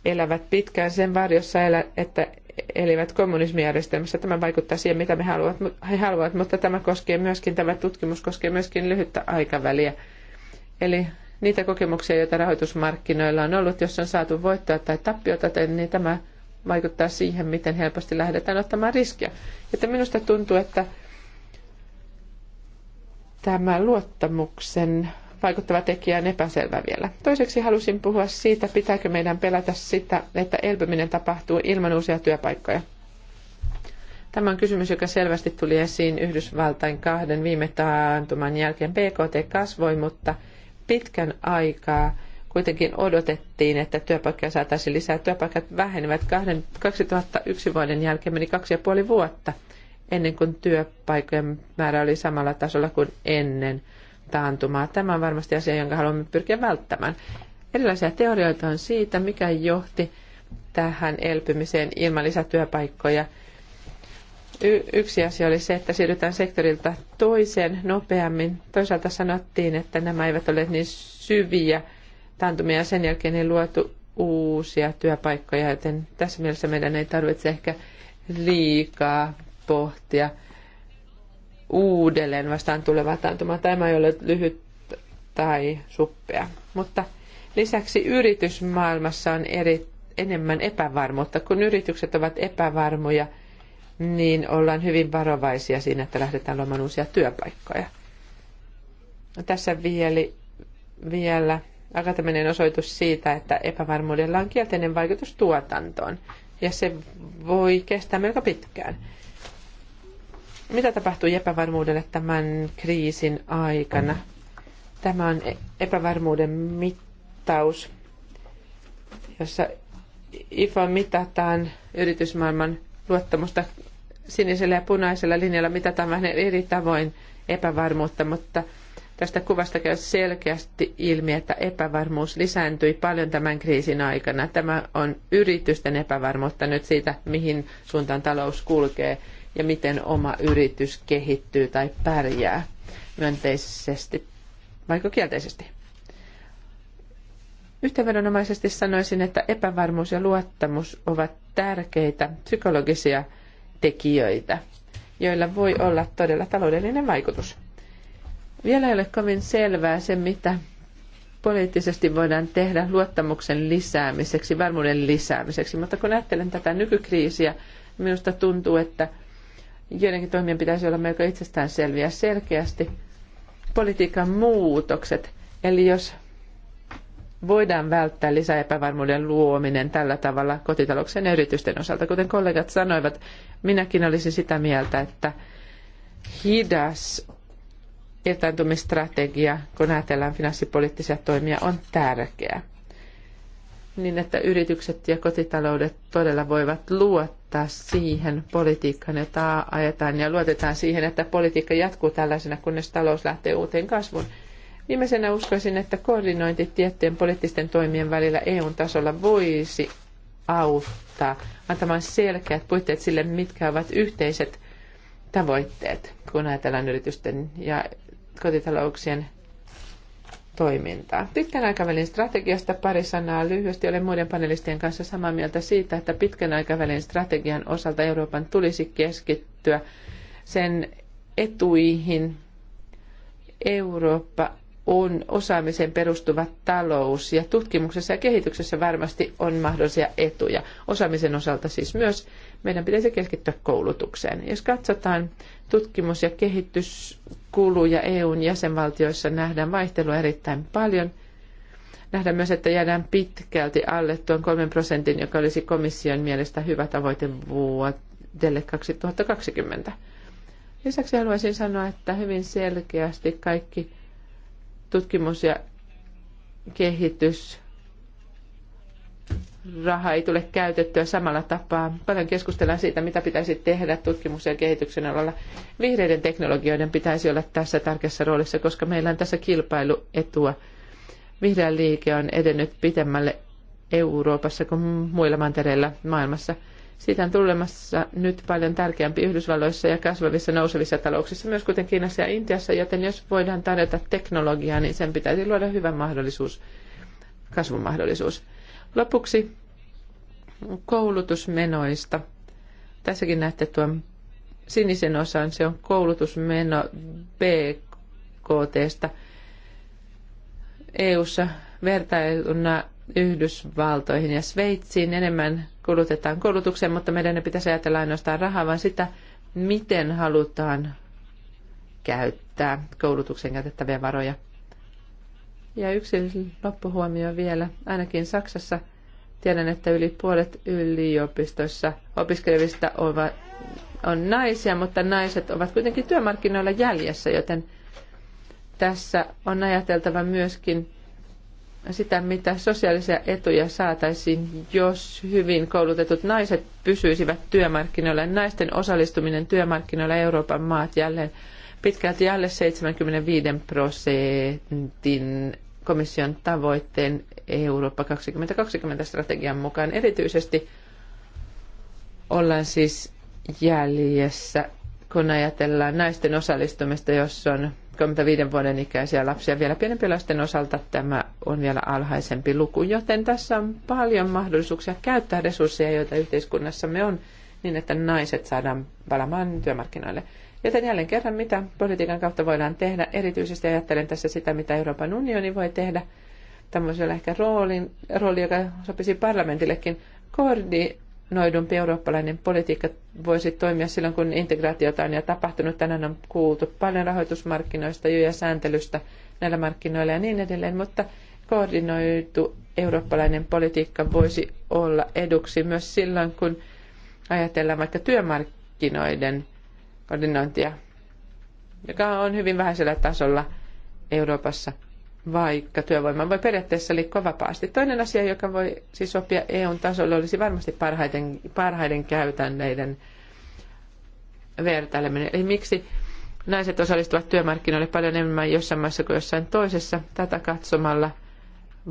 elävät pitkään sen varjossa, että elivät kommunismijärjestelmässä. Tämä vaikuttaa siihen, mitä me haluavat, he haluavat, mutta tämä koskee myöskin, tämä tutkimus koskee myöskin lyhyttä aikaväliä. Eli niitä kokemuksia, joita rahoitusmarkkinoilla on ollut, jos on saatu voittoa tai tappiota, niin tämä vaikuttaa siihen, miten helposti lähdetään ottamaan riskiä. Että minusta tuntuu, että tämä luottamuksen vaikuttava tekijä on epäselvä vielä. Toiseksi halusin puhua siitä, pitääkö meidän pelätä sitä, että elpyminen tapahtuu ilman uusia työpaikkoja. Tämä on kysymys, joka selvästi tuli esiin Yhdysvaltain kahden viime taantuman jälkeen. BKT kasvoi, mutta pitkän aikaa kuitenkin odotettiin, että työpaikkoja saataisiin lisää. Työpaikat vähenivät 2001 vuoden jälkeen meni kaksi ja puoli vuotta ennen kuin työpaikkojen määrä oli samalla tasolla kuin ennen taantumaa. Tämä on varmasti asia, jonka haluamme pyrkiä välttämään. Erilaisia teorioita on siitä, mikä johti tähän elpymiseen ilman lisätyöpaikkoja. Y- yksi asia oli se, että siirrytään sektorilta toiseen nopeammin. Toisaalta sanottiin, että nämä eivät ole niin syviä taantumia ja sen jälkeen ei luotu uusia työpaikkoja, joten tässä mielessä meidän ei tarvitse ehkä liikaa pohtia – uudelleen vastaan tulevaa taantuma. Tämä ei ole lyhyt tai suppea. Mutta lisäksi yritysmaailmassa on eri, enemmän epävarmuutta. Kun yritykset ovat epävarmoja, niin ollaan hyvin varovaisia siinä, että lähdetään luomaan uusia työpaikkoja. No, tässä vielä, vielä akateminen osoitus siitä, että epävarmuudella on kielteinen vaikutus tuotantoon, ja se voi kestää melko pitkään. Mitä tapahtui epävarmuudelle tämän kriisin aikana? Tämä on e- epävarmuuden mittaus, jossa IFA mitataan yritysmaailman luottamusta sinisellä ja punaisella linjalla mitataan vähän eri tavoin epävarmuutta, mutta tästä kuvasta käy selkeästi ilmi, että epävarmuus lisääntyi paljon tämän kriisin aikana. Tämä on yritysten epävarmuutta nyt siitä, mihin suuntaan talous kulkee ja miten oma yritys kehittyy tai pärjää myönteisesti vaikka kielteisesti. Yhteenvedonomaisesti sanoisin, että epävarmuus ja luottamus ovat tärkeitä psykologisia tekijöitä, joilla voi olla todella taloudellinen vaikutus. Vielä ei ole kovin selvää se, mitä poliittisesti voidaan tehdä luottamuksen lisäämiseksi, varmuuden lisäämiseksi, mutta kun ajattelen tätä nykykriisiä, minusta tuntuu, että – joidenkin toimien pitäisi olla melko itsestään selviä selkeästi. Politiikan muutokset, eli jos voidaan välttää lisäepävarmuuden luominen tällä tavalla kotitalouksien yritysten osalta. Kuten kollegat sanoivat, minäkin olisin sitä mieltä, että hidas irtaantumistrategia, kun ajatellaan finanssipoliittisia toimia, on tärkeä. Niin, että yritykset ja kotitaloudet todella voivat luottaa luottaa siihen politiikkaan, jota ajetaan, ja luotetaan siihen, että politiikka jatkuu tällaisena, kunnes talous lähtee uuteen kasvuun. Viimeisenä uskoisin, että koordinointi tiettyjen poliittisten toimien välillä EUn tasolla voisi auttaa antamaan selkeät puitteet sille, mitkä ovat yhteiset tavoitteet, kun ajatellaan yritysten ja kotitalouksien toimintaa. Pitkän aikavälin strategiasta pari sanaa lyhyesti. Olen muiden panelistien kanssa samaa mieltä siitä, että pitkän aikavälin strategian osalta Euroopan tulisi keskittyä sen etuihin. Eurooppa on osaamiseen perustuva talous ja tutkimuksessa ja kehityksessä varmasti on mahdollisia etuja. Osaamisen osalta siis myös meidän pitäisi keskittyä koulutukseen. Jos katsotaan tutkimus- ja kehityskuluja EUn jäsenvaltioissa, nähdään vaihtelua erittäin paljon. Nähdään myös, että jäädään pitkälti alle tuon kolmen prosentin, joka olisi komission mielestä hyvä tavoite vuodelle 2020. Lisäksi haluaisin sanoa, että hyvin selkeästi kaikki – tutkimus- ja kehitysraha ei tule käytettyä samalla tapaa. Paljon keskustellaan siitä, mitä pitäisi tehdä tutkimus- ja kehityksen alalla. Vihreiden teknologioiden pitäisi olla tässä tärkeässä roolissa, koska meillä on tässä kilpailuetua. Vihreä liike on edennyt pitemmälle Euroopassa kuin muilla mantereilla maailmassa – siitä on tulemassa nyt paljon tärkeämpi Yhdysvalloissa ja kasvavissa nousevissa talouksissa, myös kuten Kiinassa ja Intiassa, joten jos voidaan tarjota teknologiaa, niin sen pitäisi luoda hyvä mahdollisuus, kasvumahdollisuus. Lopuksi koulutusmenoista. Tässäkin näette tuon sinisen osan, se on koulutusmeno BKTstä. EU-ssa vertailuna Yhdysvaltoihin ja Sveitsiin. Enemmän kulutetaan kulutukseen, mutta meidän ei pitäisi ajatella ainoastaan rahaa, vaan sitä, miten halutaan käyttää koulutuksen käytettäviä varoja. Ja yksi loppuhuomio vielä. Ainakin Saksassa tiedän, että yli puolet yliopistoissa opiskelevista on naisia, mutta naiset ovat kuitenkin työmarkkinoilla jäljessä, joten tässä on ajateltava myöskin sitä, mitä sosiaalisia etuja saataisiin, jos hyvin koulutetut naiset pysyisivät työmarkkinoilla. Naisten osallistuminen työmarkkinoilla Euroopan maat jälleen pitkälti alle 75 prosentin komission tavoitteen Eurooppa 2020 strategian mukaan. Erityisesti ollaan siis jäljessä, kun ajatellaan naisten osallistumista, jos on 35 vuoden ikäisiä lapsia. Vielä pienempi lasten osalta tämä on vielä alhaisempi luku, joten tässä on paljon mahdollisuuksia käyttää resursseja, joita yhteiskunnassamme on, niin että naiset saadaan palamaan työmarkkinoille. Joten jälleen kerran, mitä politiikan kautta voidaan tehdä, erityisesti ajattelen tässä sitä, mitä Euroopan unioni voi tehdä, tämmöisellä ehkä roolin, rooli, joka sopisi parlamentillekin, koordi, koordinoidumpi eurooppalainen politiikka voisi toimia silloin, kun integraatiota on jo tapahtunut. Tänään on kuultu paljon rahoitusmarkkinoista ja sääntelystä näillä markkinoilla ja niin edelleen, mutta koordinoitu eurooppalainen politiikka voisi olla eduksi myös silloin, kun ajatellaan vaikka työmarkkinoiden koordinointia, joka on hyvin vähäisellä tasolla Euroopassa – vaikka työvoima voi periaatteessa liikkua vapaasti. Toinen asia, joka voi siis sopia EUn tasolle olisi varmasti parhaiten, parhaiden käytänneiden vertaileminen. Eli miksi naiset osallistuvat työmarkkinoille paljon enemmän jossain maassa kuin jossain toisessa. Tätä katsomalla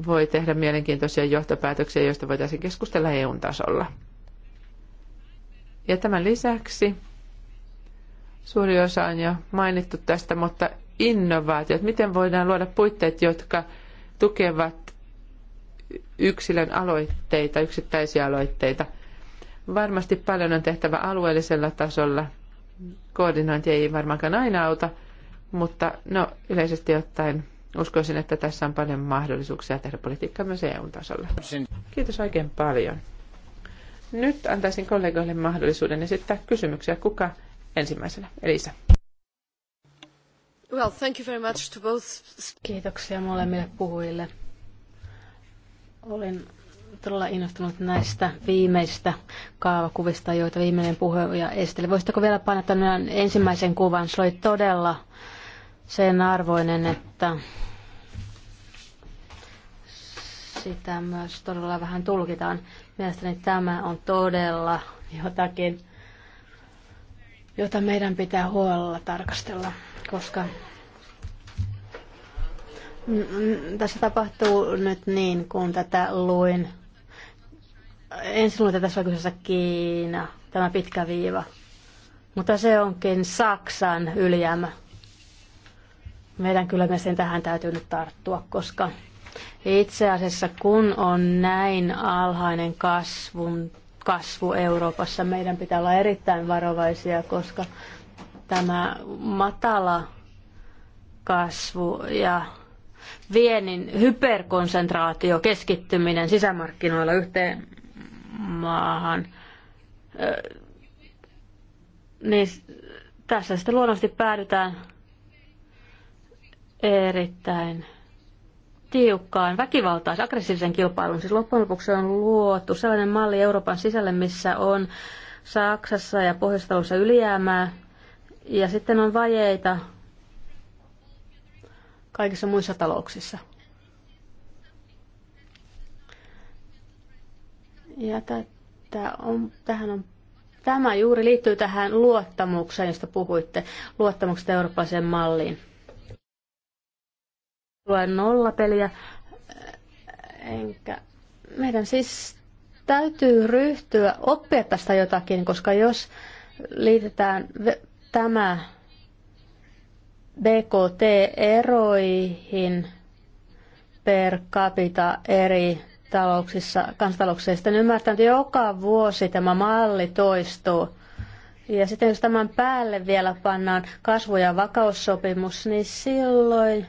voi tehdä mielenkiintoisia johtopäätöksiä, joista voitaisiin keskustella EUn tasolla. Ja tämän lisäksi suuri osa on jo mainittu tästä, mutta innovaatiot? Miten voidaan luoda puitteet, jotka tukevat yksilön aloitteita, yksittäisiä aloitteita? Varmasti paljon on tehtävä alueellisella tasolla. Koordinointi ei varmaankaan aina auta, mutta no, yleisesti ottaen uskoisin, että tässä on paljon mahdollisuuksia tehdä politiikkaa myös EU-tasolla. Kiitos oikein paljon. Nyt antaisin kollegoille mahdollisuuden esittää kysymyksiä. Kuka ensimmäisenä? Elisa. Well, thank you very much to both. Kiitoksia molemmille puhujille. Olin todella innostunut näistä viimeisistä kaavakuvista, joita viimeinen puhuja esitteli. Voisitteko vielä panna tämän ensimmäisen kuvan? Se oli todella sen arvoinen, että sitä myös todella vähän tulkitaan. Mielestäni tämä on todella jotakin jota meidän pitää huolella tarkastella, koska tässä tapahtuu nyt niin, kun tätä luin. Ensin luin, että tässä on kyseessä Kiina, tämä pitkä viiva. Mutta se onkin Saksan ylijäämä. Meidän kyllä me sen tähän täytyy nyt tarttua, koska itse asiassa kun on näin alhainen kasvun kasvu Euroopassa. Meidän pitää olla erittäin varovaisia, koska tämä matala kasvu ja vienin hyperkonsentraatio, keskittyminen sisämarkkinoilla yhteen maahan, niin tässä sitten luonnollisesti päädytään erittäin tiukkaan väkivaltaan, aggressiivisen kilpailun. Siis loppujen lopuksi on luotu sellainen malli Euroopan sisälle, missä on Saksassa ja pohjois ylijäämää, ja sitten on vajeita kaikissa muissa talouksissa. Ja t- on, tähän on, tämä juuri liittyy tähän luottamukseen, josta puhuitte, luottamuksesta eurooppalaiseen malliin nolla peliä, Enkä, meidän siis täytyy ryhtyä oppia tästä jotakin, koska jos liitetään tämä BKT-eroihin per capita eri talouksissa, kansantalouksissa, sitten ymmärtää, että joka vuosi tämä malli toistuu. Ja sitten jos tämän päälle vielä pannaan kasvu- ja vakaussopimus, niin silloin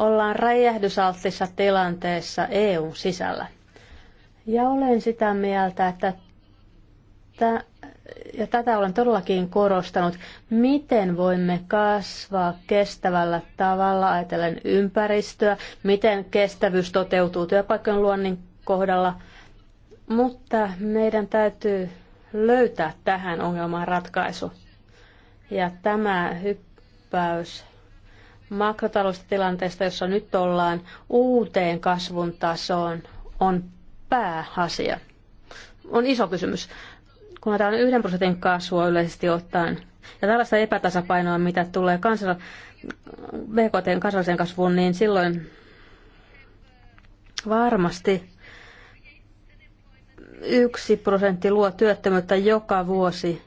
ollaan räjähdysaltissa tilanteessa EUn sisällä. Ja olen sitä mieltä, että tä, ja tätä olen todellakin korostanut, miten voimme kasvaa kestävällä tavalla ajatellen ympäristöä, miten kestävyys toteutuu työpaikan luonnin kohdalla, mutta meidän täytyy löytää tähän ongelmaan ratkaisu. Ja tämä hyppäys makrotaloudellisesta tilanteesta, jossa nyt ollaan, uuteen kasvun tasoon on pääasia. On iso kysymys. Kun otetaan yhden prosentin kasvua yleisesti ottaen, ja tällaista epätasapainoa, mitä tulee kansal- BKT kansalliseen kasvuun, niin silloin varmasti yksi prosentti luo työttömyyttä joka vuosi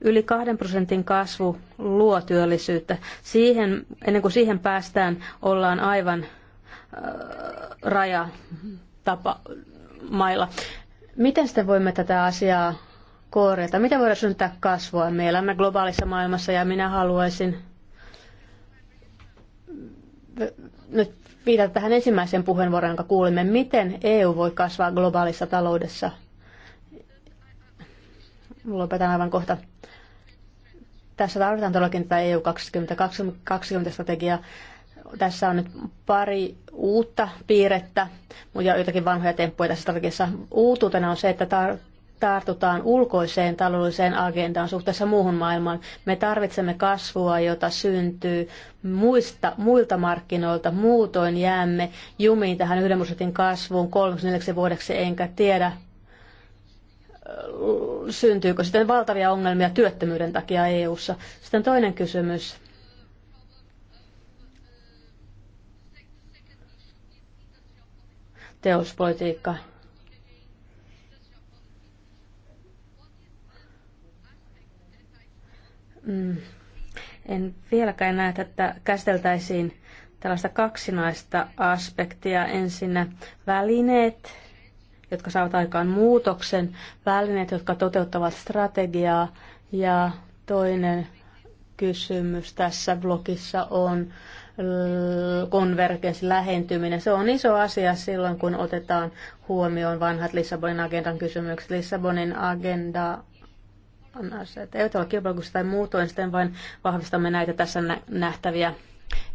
Yli kahden prosentin kasvu luo työllisyyttä. Siihen, ennen kuin siihen päästään, ollaan aivan äh, rajatapa mailla. Miten sitten voimme tätä asiaa korjata? Miten voidaan syntää kasvua? Me elämme globaalissa maailmassa ja minä haluaisin nyt viitata tähän ensimmäiseen puheenvuoroon, jonka kuulimme. Miten EU voi kasvaa globaalissa taloudessa? Lopetan aivan kohta. Tässä tarvitaan todellakin tätä EU 2020 strategiaa. Tässä on nyt pari uutta piirrettä ja joitakin vanhoja temppuja tässä strategiassa. Uutuutena on se, että tar- tartutaan ulkoiseen taloudelliseen agendaan suhteessa muuhun maailmaan. Me tarvitsemme kasvua, jota syntyy muista, muilta markkinoilta. Muutoin jäämme jumiin tähän yhden kasvuun kolmeksi neljäksi vuodeksi, enkä tiedä syntyykö sitten valtavia ongelmia työttömyyden takia EU:ssa. Sitten toinen kysymys. Teospolitiikka. Mm. En vieläkään näe, että käsiteltäisiin tällaista kaksinaista aspektia. Ensinnä välineet jotka saavat aikaan muutoksen, välineet, jotka toteuttavat strategiaa ja toinen kysymys tässä blogissa on äh, konvergenssi, lähentyminen. Se on iso asia silloin, kun otetaan huomioon vanhat Lissabonin agendan kysymykset. Lissabonin agenda ei ole kilpailukykyistä tai muutoin, sitten vain vahvistamme näitä tässä nähtäviä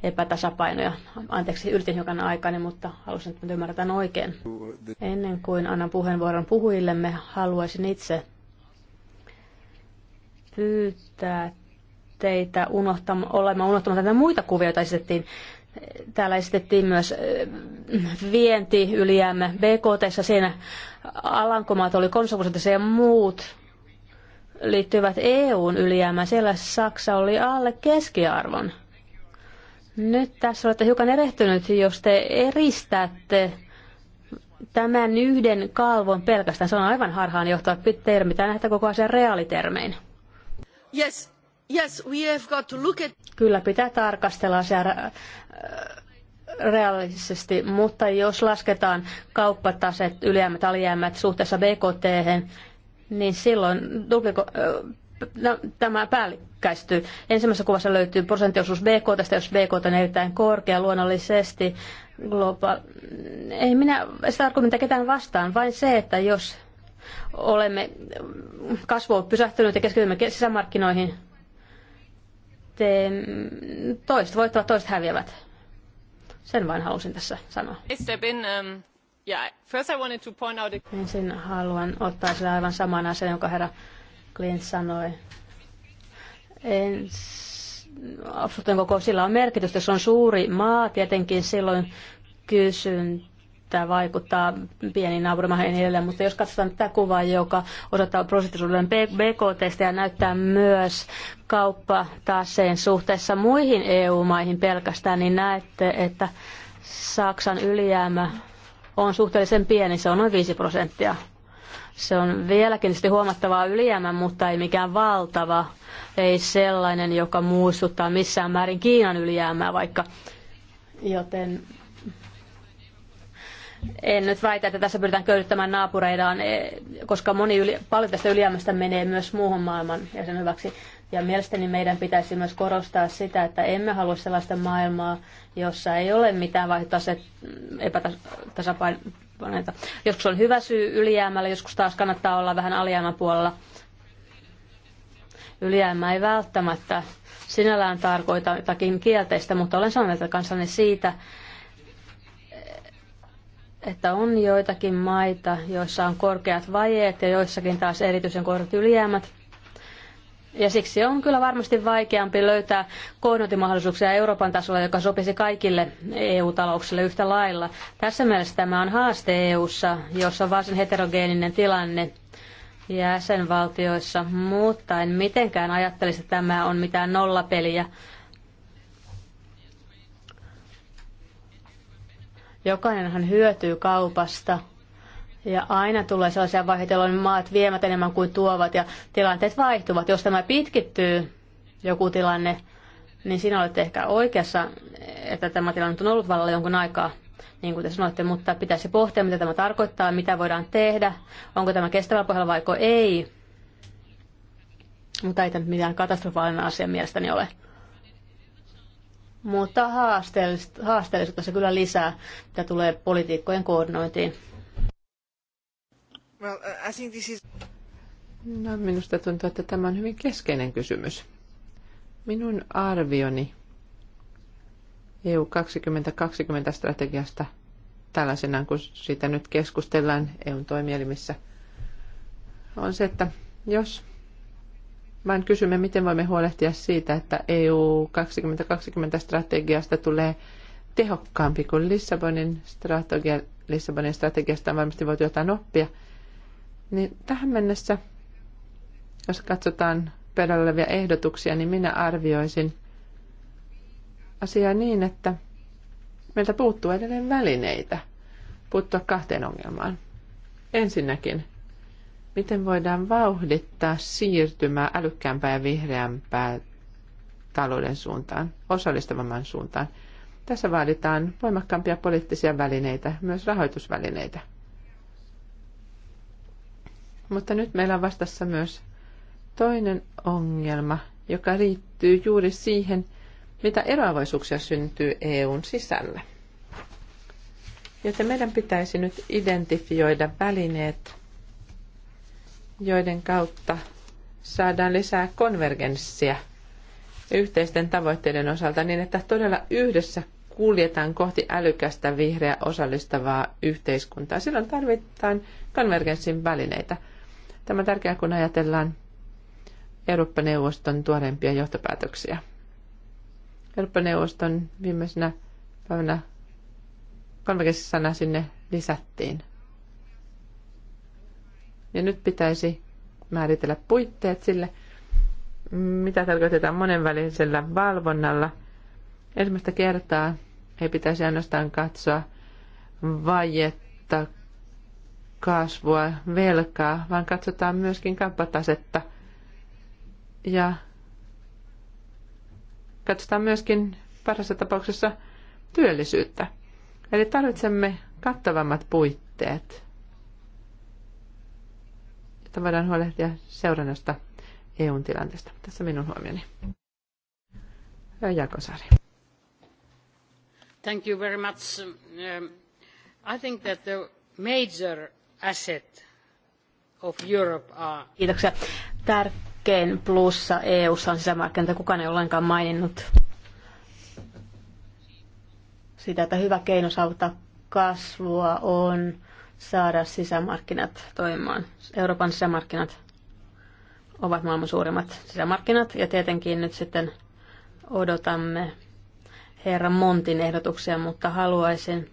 epätasapainoja. Anteeksi, yritin jokainen aikainen, mutta halusin, että ymmärretään oikein. Ennen kuin annan puheenvuoron puhujillemme, haluaisin itse pyytää teitä unohtam- olemaan unohtamatta näitä muita kuvia, joita esitettiin. Täällä esitettiin myös äh, vienti ylijäämme BKT, siinä Alankomaat oli konservatiivisia ja muut liittyvät EUn ylijäämään. Siellä Saksa oli alle keskiarvon. Nyt tässä olette hiukan erehtynyt, jos te eristätte tämän yhden kalvon pelkästään. Se on aivan harhaanjohtava termi. Tämä nähdään koko asian reaalitermein. Yes, yes, we have got to look at... Kyllä pitää tarkastella asiaa äh, reaalisesti, mutta jos lasketaan kauppataset, ylijäämät, alijäämät suhteessa BKT, niin silloin äh, No, tämä päällikkäistyy. Ensimmäisessä kuvassa löytyy prosenttiosuus BK, tästä jos BK on erittäin korkea luonnollisesti. Globa- Ei minä sitä argumentia ketään vastaan, vain se, että jos olemme kasvu pysähtynyt ja keskitymme sisämarkkinoihin, te, toiset voittavat, toiset häviävät. Sen vain halusin tässä sanoa. Ensin haluan ottaa sen aivan saman asian, jonka herra Clint sanoi. en, Afrikan koko sillä on merkitystä. Se on suuri maa, tietenkin silloin kysyntä vaikuttaa pieniin naapurimaihin niin edelleen, mutta jos katsotaan tätä kuvaa, joka osoittaa prosenttisuuden BKT ja näyttää myös kauppataseen suhteessa muihin EU-maihin pelkästään, niin näette, että Saksan ylijäämä on suhteellisen pieni, se on noin 5 prosenttia se on vieläkin sitten huomattavaa ylijäämä, mutta ei mikään valtava, ei sellainen, joka muistuttaa missään määrin Kiinan ylijäämää vaikka. Joten en nyt väitä, että tässä pyritään köydyttämään naapureidaan, e, koska moni yli, paljon tästä ylijäämästä menee myös muuhun maailman ja sen hyväksi. Ja mielestäni meidän pitäisi myös korostaa sitä, että emme halua sellaista maailmaa, jossa ei ole mitään vaihtoehtoja epätasapainoa näitä. Joskus on hyvä syy ylijäämällä, joskus taas kannattaa olla vähän alijäämäpuolella. Ylijäämä ei välttämättä sinällään tarkoita jotakin kielteistä, mutta olen sanonut kanssani siitä, että on joitakin maita, joissa on korkeat vajeet ja joissakin taas erityisen korkeat ylijäämät. Ja siksi on kyllä varmasti vaikeampi löytää koordinointimahdollisuuksia Euroopan tasolla, joka sopisi kaikille EU-talouksille yhtä lailla. Tässä mielessä tämä on haaste EU:ssa, jossa on varsin heterogeeninen tilanne jäsenvaltioissa, mutta en mitenkään ajattelisi, että tämä on mitään nollapeliä. Jokainenhan hyötyy kaupasta ja aina tulee sellaisia vaiheita, jolloin maat viemät enemmän kuin tuovat ja tilanteet vaihtuvat. Jos tämä pitkittyy, joku tilanne, niin sinä olet ehkä oikeassa, että tämä tilanne on ollut vallalla jonkun aikaa, niin kuin te sanoitte, mutta pitäisi pohtia, mitä tämä tarkoittaa, mitä voidaan tehdä, onko tämä kestävä pohjalla vai ei. Mutta ei tämä mitään katastrofaalinen asia mielestäni ole. Mutta haasteellisuutta se kyllä lisää, mitä tulee politiikkojen koordinointiin. Well, uh, I think this is... No, minusta tuntuu, että tämä on hyvin keskeinen kysymys. Minun arvioni EU 2020 strategiasta tällaisenaan, kun siitä nyt keskustellaan EUn toimielimissä, on se, että jos vain kysymme, miten voimme huolehtia siitä, että EU 2020 strategiasta tulee tehokkaampi kuin Lissabonin strategia. Lissabonin strategiasta on varmasti voitu jotain oppia – niin tähän mennessä, jos katsotaan pöydällä ehdotuksia, niin minä arvioisin asiaa niin, että meiltä puuttuu edelleen välineitä puuttua kahteen ongelmaan. Ensinnäkin, miten voidaan vauhdittaa siirtymää älykkäämpää ja vihreämpää talouden suuntaan, osallistavamman suuntaan. Tässä vaaditaan voimakkaampia poliittisia välineitä, myös rahoitusvälineitä – mutta nyt meillä on vastassa myös toinen ongelma, joka liittyy juuri siihen, mitä eroavaisuuksia syntyy EUn sisällä. Joten meidän pitäisi nyt identifioida välineet, joiden kautta saadaan lisää konvergenssia yhteisten tavoitteiden osalta niin, että todella yhdessä kuljetaan kohti älykästä, vihreää, osallistavaa yhteiskuntaa. Silloin tarvitaan konvergenssin välineitä – Tämä on tärkeää, kun ajatellaan Eurooppa-neuvoston tuorempia johtopäätöksiä. Eurooppa-neuvoston viimeisenä päivänä konvekessana sinne lisättiin. Ja nyt pitäisi määritellä puitteet sille, mitä tarkoitetaan monenvälisellä valvonnalla. Ensimmäistä kertaa ei pitäisi ainoastaan katsoa vajetta kasvua, velkaa, vaan katsotaan myöskin kappatasetta ja katsotaan myöskin parhaassa tapauksessa työllisyyttä. Eli tarvitsemme kattavammat puitteet, jotta voidaan huolehtia seurannasta EUn tilanteesta. Tässä minun huomioni. Jakosari. Thank you very much. Um, I think that the major asset of Europe are... Kiitoksia. Tärkein plussa EU-ssa on sisämarkkinoita. Kukaan ei ollenkaan maininnut sitä, että hyvä keino saavuttaa kasvua on saada sisämarkkinat toimimaan. Euroopan sisämarkkinat ovat maailman suurimmat sisämarkkinat ja tietenkin nyt sitten odotamme herra Montin ehdotuksia, mutta haluaisin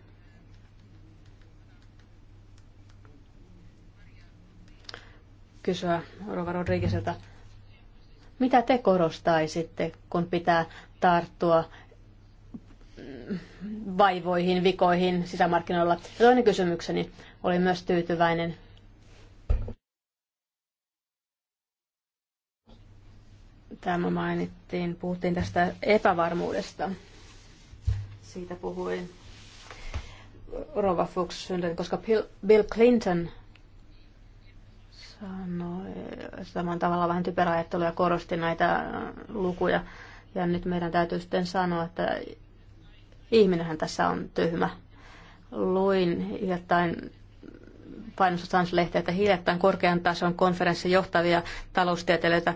kysyä Rova Rodrigueselta, mitä te korostaisitte, kun pitää tarttua vaivoihin, vikoihin sisämarkkinoilla? Ja toinen kysymykseni oli myös tyytyväinen tämä mainittiin, puhuttiin tästä epävarmuudesta. Siitä puhuin Rova Fuchs koska Bill Clinton sanoi saman tavalla vähän typeräajattelua ja korosti näitä lukuja. Ja nyt meidän täytyy sitten sanoa, että ihminenhän tässä on tyhmä. Luin jotain painossa times että hiljattain korkean tason konferenssin johtavia taloustieteilijöitä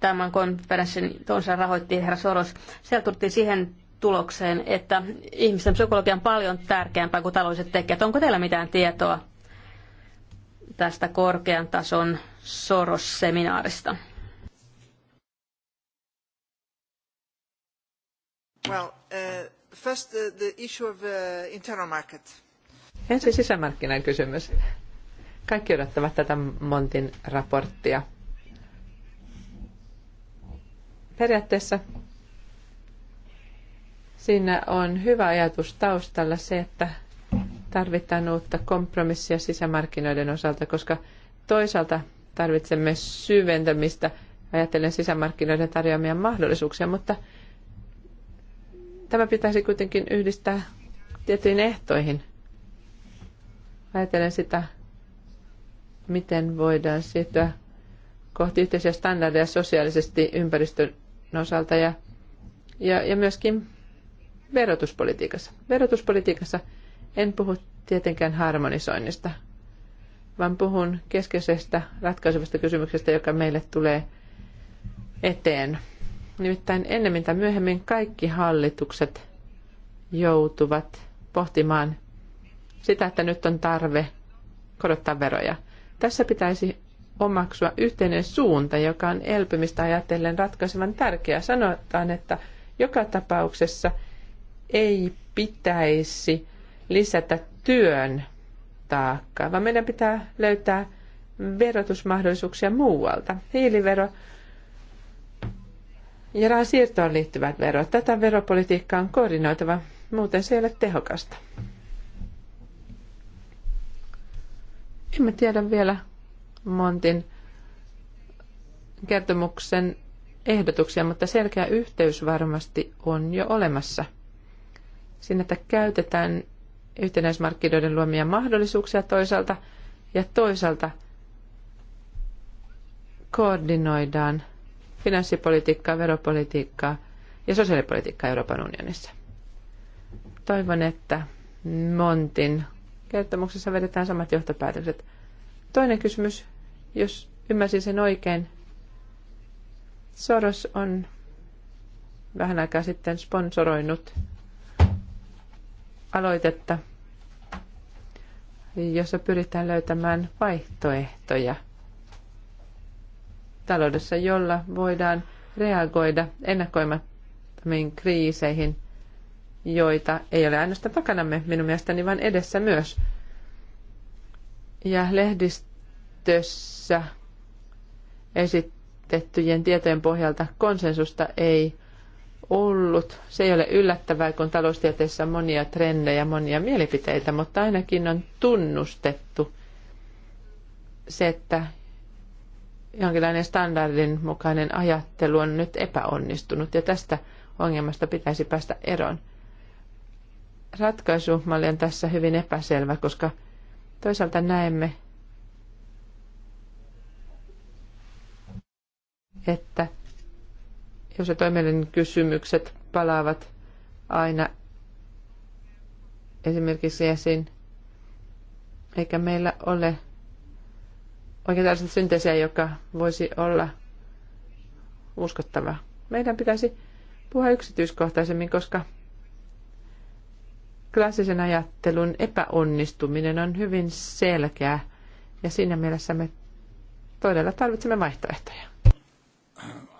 tämän konferenssin toisen rahoitti herra Soros. Siellä siihen tulokseen, että ihmisten psykologia on paljon tärkeämpää kuin taloudelliset tekijät. Onko teillä mitään tietoa tästä korkean tason Soros-seminaarista? Well, uh, first the, the issue of uh, internal market. Ensin sisämarkkinan kysymys. Kaikki odottavat tätä Montin raporttia. Periaatteessa Siinä on hyvä ajatus taustalla se, että tarvitaan uutta kompromissia sisämarkkinoiden osalta, koska toisaalta tarvitsemme syventämistä ajatellen sisämarkkinoiden tarjoamia mahdollisuuksia, mutta tämä pitäisi kuitenkin yhdistää tiettyihin ehtoihin. Ajatellen sitä, miten voidaan siirtyä kohti yhteisiä standardeja sosiaalisesti ympäristön osalta ja, ja, ja myöskin verotuspolitiikassa. Verotuspolitiikassa en puhu tietenkään harmonisoinnista, vaan puhun keskeisestä ratkaisevasta kysymyksestä, joka meille tulee eteen. Nimittäin ennemmin tai myöhemmin kaikki hallitukset joutuvat pohtimaan sitä, että nyt on tarve korottaa veroja. Tässä pitäisi omaksua yhteinen suunta, joka on elpymistä ajatellen ratkaisevan tärkeä. Sanotaan, että joka tapauksessa – ei pitäisi lisätä työn taakkaa, vaan meidän pitää löytää verotusmahdollisuuksia muualta. Hiilivero ja rahansiirtoon liittyvät verot. Tätä veropolitiikkaa on koordinoitava, muuten se ei ole tehokasta. Emme tiedä vielä Montin kertomuksen ehdotuksia, mutta selkeä yhteys varmasti on jo olemassa – siinä, että käytetään yhtenäismarkkinoiden luomia mahdollisuuksia toisaalta ja toisaalta koordinoidaan finanssipolitiikkaa, veropolitiikkaa ja sosiaalipolitiikkaa Euroopan unionissa. Toivon, että Montin kertomuksessa vedetään samat johtopäätökset. Toinen kysymys, jos ymmärsin sen oikein, Soros on vähän aikaa sitten sponsoroinut aloitetta, jossa pyritään löytämään vaihtoehtoja taloudessa, jolla voidaan reagoida ennakoimattomiin kriiseihin, joita ei ole ainoastaan takanamme minun mielestäni, vaan edessä myös. Ja lehdistössä esitettyjen tietojen pohjalta konsensusta ei ollut. Se ei ole yllättävää, kun taloustieteessä on monia trendejä, monia mielipiteitä, mutta ainakin on tunnustettu se, että jonkinlainen standardin mukainen ajattelu on nyt epäonnistunut ja tästä ongelmasta pitäisi päästä eroon. Ratkaisumalli on tässä hyvin epäselvä, koska toisaalta näemme, että jos toimielin kysymykset palaavat aina esimerkiksi esiin. Eikä meillä ole oikein tällaista synteesiä, joka voisi olla uskottava. Meidän pitäisi puhua yksityiskohtaisemmin, koska klassisen ajattelun epäonnistuminen on hyvin selkeä ja siinä mielessä me todella tarvitsemme vaihtoehtoja.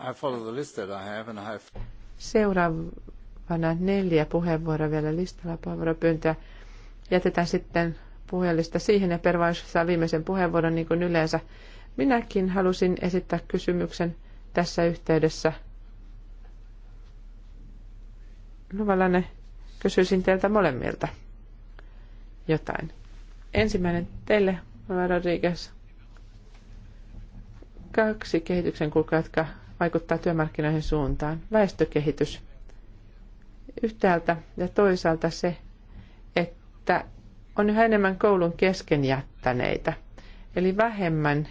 I follow the list that I have and I have... Seuraavana neljä puheenvuoroa vielä listalla puheenvuoropyyntöä. Jätetään sitten puhelista siihen ja Pervaus saa viimeisen puheenvuoron niin kuin yleensä. Minäkin halusin esittää kysymyksen tässä yhteydessä. Luvallainen, kysyisin teiltä molemmilta jotain. Ensimmäinen teille, Rodriguez kaksi kehityksen kulkua, jotka vaikuttaa työmarkkinoihin suuntaan. Väestökehitys yhtäältä ja toisaalta se, että on yhä enemmän koulun kesken jättäneitä. Eli vähemmän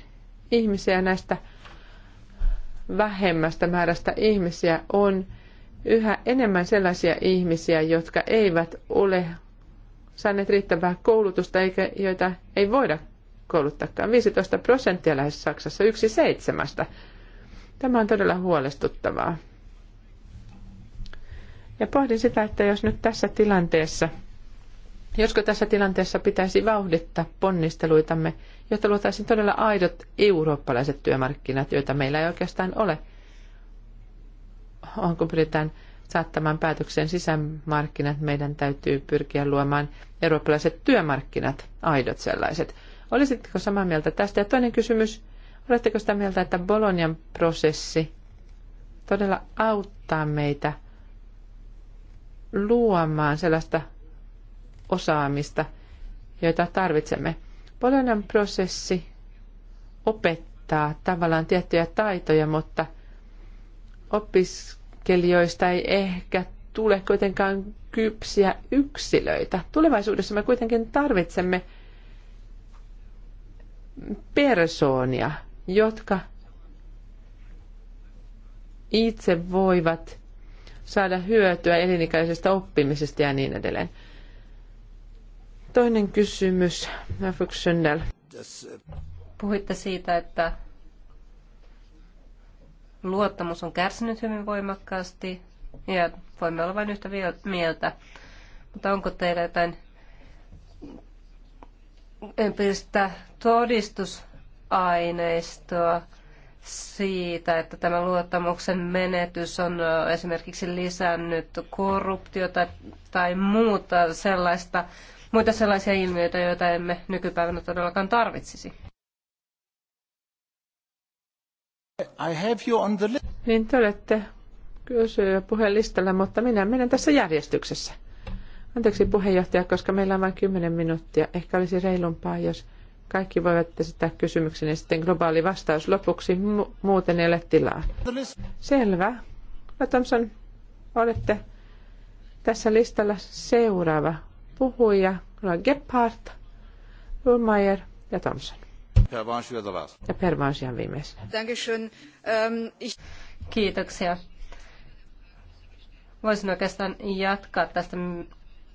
ihmisiä näistä vähemmästä määrästä ihmisiä on yhä enemmän sellaisia ihmisiä, jotka eivät ole saaneet riittävää koulutusta eikä joita ei voida kouluttakaan. 15 prosenttia lähes Saksassa, yksi seitsemästä. Tämä on todella huolestuttavaa. Ja pohdin sitä, että jos nyt tässä tilanteessa, josko tässä tilanteessa pitäisi vauhdittaa ponnisteluitamme, jotta luotaisiin todella aidot eurooppalaiset työmarkkinat, joita meillä ei oikeastaan ole. Onko pyritään saattamaan päätökseen sisämarkkinat, meidän täytyy pyrkiä luomaan eurooppalaiset työmarkkinat, aidot sellaiset – Olisitteko samaa mieltä tästä? Ja toinen kysymys, oletteko sitä mieltä, että Bolonian prosessi todella auttaa meitä luomaan sellaista osaamista, joita tarvitsemme? Bolonian prosessi opettaa tavallaan tiettyjä taitoja, mutta opiskelijoista ei ehkä tule kuitenkaan kypsiä yksilöitä. Tulevaisuudessa me kuitenkin tarvitsemme – persoonia, jotka itse voivat saada hyötyä elinikäisestä oppimisesta ja niin edelleen. Toinen kysymys, Fuxendel. Puhuitte siitä, että luottamus on kärsinyt hyvin voimakkaasti ja voimme olla vain yhtä mieltä. Mutta onko teillä jotain empiiristä todistusaineistoa siitä, että tämä luottamuksen menetys on esimerkiksi lisännyt korruptiota tai muuta sellaista, muita sellaisia ilmiöitä, joita emme nykypäivänä todellakaan tarvitsisi. I have you on the list. Niin te olette kysyjä puhelistalla, mutta minä menen tässä järjestyksessä. Anteeksi puheenjohtaja, koska meillä on vain 10 minuuttia. Ehkä olisi reilumpaa, jos kaikki voivat esittää kysymyksen ja sitten globaali vastaus lopuksi. Mu- muuten ei ole tilaa. Selvä. No Thompson, olette tässä listalla seuraava puhuja. on Gebhardt, Ulmayer ja Thompson. Ja Pervansian viimeisenä. Ähm, Kiitoksia. Voisin oikeastaan jatkaa tästä,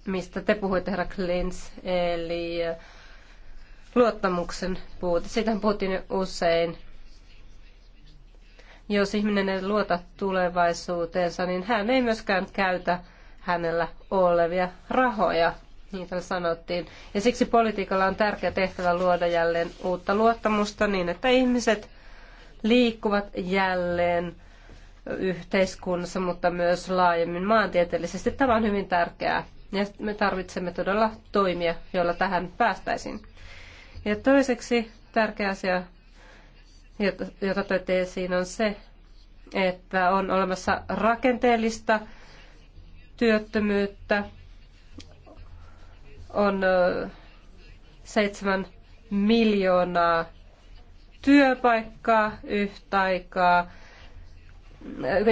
mistä te puhuitte, herra Klins, eli äh, luottamuksen puute. Siitähän puhuttiin usein. Jos ihminen ei luota tulevaisuuteensa, niin hän ei myöskään käytä hänellä olevia rahoja, niin niitä sanottiin. Ja siksi politiikalla on tärkeä tehtävä luoda jälleen uutta luottamusta niin, että ihmiset liikkuvat jälleen yhteiskunnassa, mutta myös laajemmin maantieteellisesti. Tämä on hyvin tärkeää. Ja me tarvitsemme todella toimia, joilla tähän päästäisiin. Ja toiseksi tärkeä asia, jota toitte esiin, on se, että on olemassa rakenteellista työttömyyttä. On seitsemän miljoonaa työpaikkaa yhtä aikaa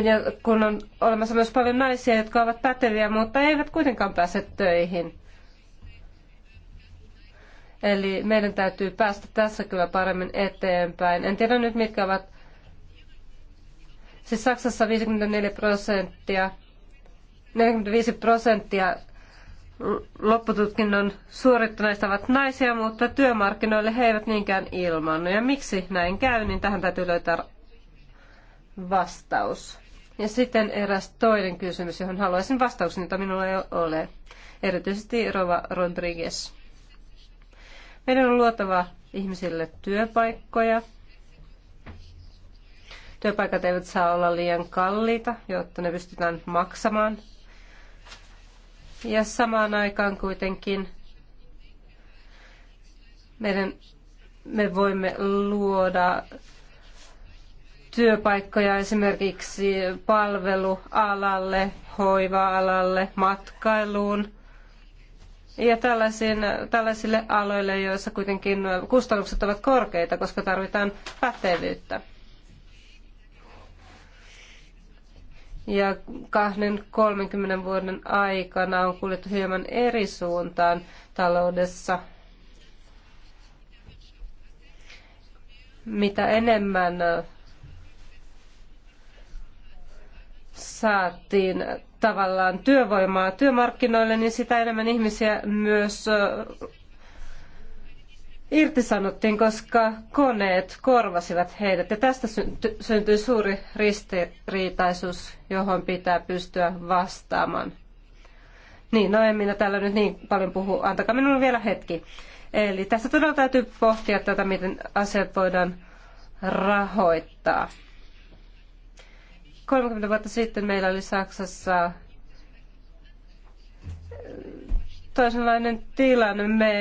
ja kun on olemassa myös paljon naisia, jotka ovat päteviä, mutta eivät kuitenkaan pääse töihin. Eli meidän täytyy päästä tässä kyllä paremmin eteenpäin. En tiedä nyt mitkä ovat. Siis Saksassa 54 prosenttia, 45 prosenttia loppututkinnon suorittaneista ovat naisia, mutta työmarkkinoille he eivät niinkään ilmaannu. Ja miksi näin käy, niin tähän täytyy löytää vastaus. Ja sitten eräs toinen kysymys, johon haluaisin vastauksen, jota minulla ei ole. Erityisesti Rova Rodriguez. Meidän on luotava ihmisille työpaikkoja. Työpaikat eivät saa olla liian kalliita, jotta ne pystytään maksamaan. Ja samaan aikaan kuitenkin meidän, me voimme luoda työpaikkoja esimerkiksi palvelualalle, hoiva-alalle, matkailuun ja tällaisille aloille, joissa kuitenkin kustannukset ovat korkeita, koska tarvitaan pätevyyttä. Ja 20-30 vuoden aikana on kuljettu hieman eri suuntaan taloudessa. Mitä enemmän saatiin tavallaan työvoimaa työmarkkinoille, niin sitä enemmän ihmisiä myös irtisanottiin, koska koneet korvasivat heidät. Ja tästä syntyi suuri ristiriitaisuus, johon pitää pystyä vastaamaan. Niin, no en minä täällä nyt niin paljon puhu. Antakaa minulle vielä hetki. Eli tässä todella täytyy pohtia tätä, miten asiat voidaan rahoittaa. 30 vuotta sitten meillä oli Saksassa äh, toisenlainen tilanne. Me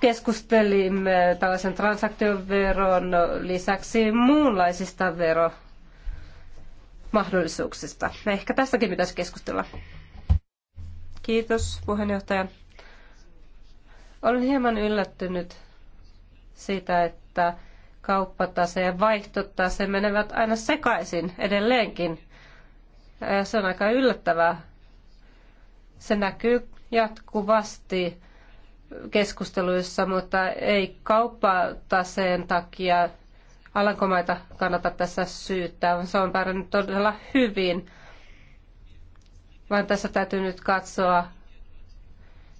keskustelimme tällaisen transaktioveron lisäksi muunlaisista veromahdollisuuksista. Ehkä tästäkin pitäisi keskustella. Kiitos puheenjohtaja. Olen hieman yllättynyt siitä, että kauppatase ja vaihtotase menevät aina sekaisin edelleenkin. Se on aika yllättävää. Se näkyy jatkuvasti keskusteluissa, mutta ei kauppataseen takia Alankomaita kannata tässä syyttää. Se on pärjännyt todella hyvin, vaan tässä täytyy nyt katsoa,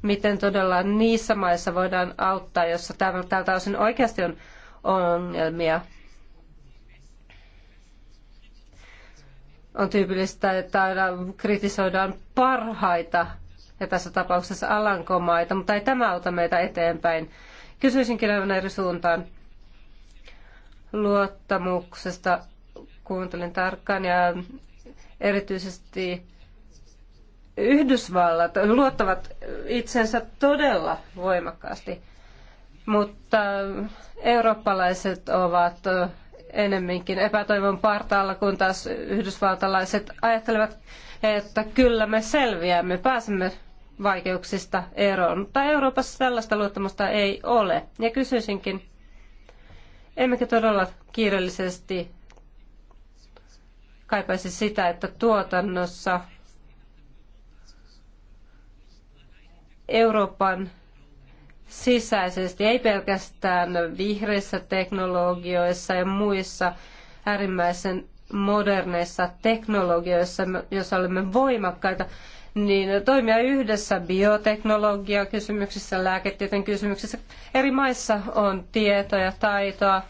miten todella niissä maissa voidaan auttaa, jossa tältä osin oikeasti on ongelmia. On tyypillistä, että aina kritisoidaan parhaita ja tässä tapauksessa Alankomaita, mutta ei tämä auta meitä eteenpäin. Kysyisinkin aivan eri suuntaan luottamuksesta. Kuuntelin tarkkaan ja erityisesti Yhdysvallat luottavat itsensä todella voimakkaasti mutta eurooppalaiset ovat enemminkin epätoivon partaalla, kun taas yhdysvaltalaiset ajattelevat, että kyllä me selviämme, pääsemme vaikeuksista eroon. Mutta Euroopassa tällaista luottamusta ei ole. Ja kysyisinkin, emmekö todella kiireellisesti kaipaisi sitä, että tuotannossa Euroopan sisäisesti, ei pelkästään vihreissä teknologioissa ja muissa äärimmäisen moderneissa teknologioissa, jos olemme voimakkaita, niin toimia yhdessä bioteknologia kysymyksissä, lääketieteen kysymyksissä. Eri maissa on tietoja, taitoa.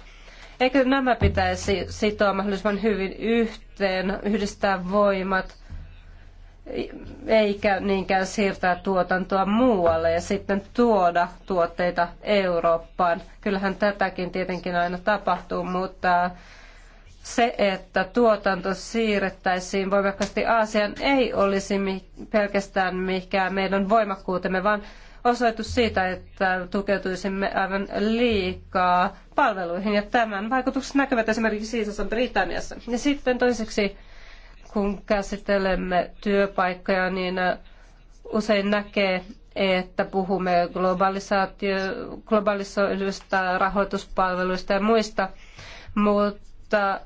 Eikö nämä pitäisi sitoa mahdollisimman hyvin yhteen, yhdistää voimat – eikä niinkään siirtää tuotantoa muualle ja sitten tuoda tuotteita Eurooppaan. Kyllähän tätäkin tietenkin aina tapahtuu, mutta se, että tuotanto siirrettäisiin voimakkaasti Aasiaan, ei olisi pelkästään mikään meidän voimakkuutemme, vaan osoitus siitä, että tukeutuisimme aivan liikaa palveluihin. Ja tämän vaikutukset näkyvät esimerkiksi Isossa Britanniassa. Ja sitten toiseksi kun käsittelemme työpaikkoja, niin usein näkee, että puhumme globalisaatio, globalisoidusta rahoituspalveluista ja muista, mutta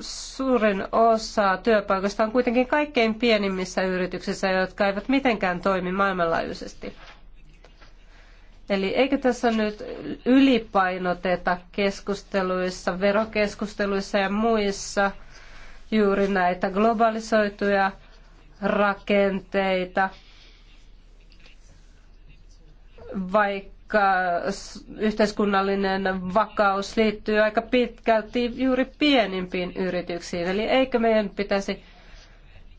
suurin osa työpaikoista on kuitenkin kaikkein pienimmissä yrityksissä, jotka eivät mitenkään toimi maailmanlaajuisesti. Eli eikö tässä nyt ylipainoteta keskusteluissa, verokeskusteluissa ja muissa – juuri näitä globalisoituja rakenteita, vaikka yhteiskunnallinen vakaus liittyy aika pitkälti juuri pienimpiin yrityksiin. Eli eikö meidän pitäisi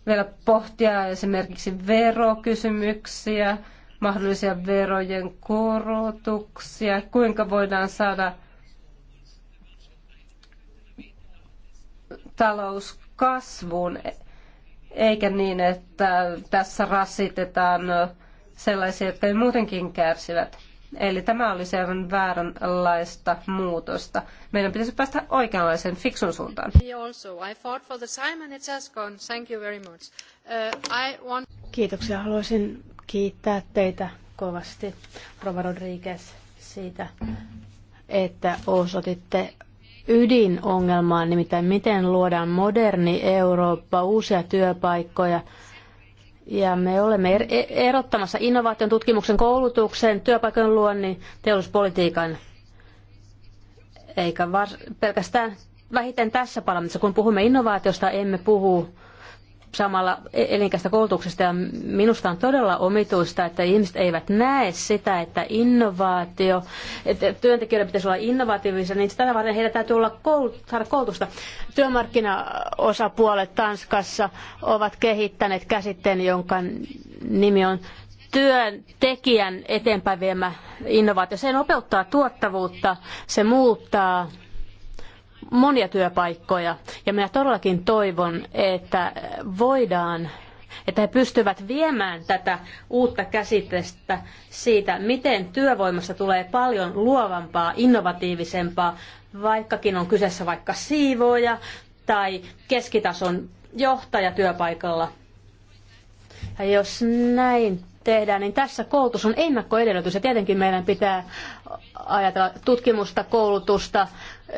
vielä pohtia esimerkiksi verokysymyksiä, mahdollisia verojen korotuksia, kuinka voidaan saada talous kasvuun, eikä niin, että tässä rasitetaan sellaisia, jotka muutenkin kärsivät. Eli tämä olisi aivan vääränlaista muutosta. Meidän pitäisi päästä oikeanlaiseen fiksun suuntaan. Uh, Kiitoksia. Haluaisin kiittää teitä kovasti, Rova Rodriguez, siitä, että osoititte ydinongelmaan, nimittäin miten luodaan moderni Eurooppa, uusia työpaikkoja. Ja me olemme er-, e-, erottamassa innovaation, tutkimuksen, koulutuksen, työpaikan luonnin, teollisuuspolitiikan, eikä var- pelkästään vähiten tässä parlamentissa. Kun puhumme innovaatiosta, emme puhu samalla e- elinkästä koulutuksesta. Ja minusta on todella omituista, että ihmiset eivät näe sitä, että innovaatio, että työntekijöiden pitäisi olla innovatiivisia, niin tätä varten heidän täytyy olla koulut, saada koulutusta. Työmarkkinaosapuolet Tanskassa ovat kehittäneet käsitteen, jonka nimi on työntekijän eteenpäin viemä innovaatio. Se nopeuttaa tuottavuutta, se muuttaa monia työpaikkoja. Ja minä todellakin toivon, että voidaan että he pystyvät viemään tätä uutta käsitettä siitä, miten työvoimasta tulee paljon luovampaa, innovatiivisempaa, vaikkakin on kyseessä vaikka siivooja tai keskitason johtaja työpaikalla. Ja jos näin tehdään, niin tässä koulutus on ennakkoedellytys. Ja tietenkin meidän pitää ajatella tutkimusta, koulutusta,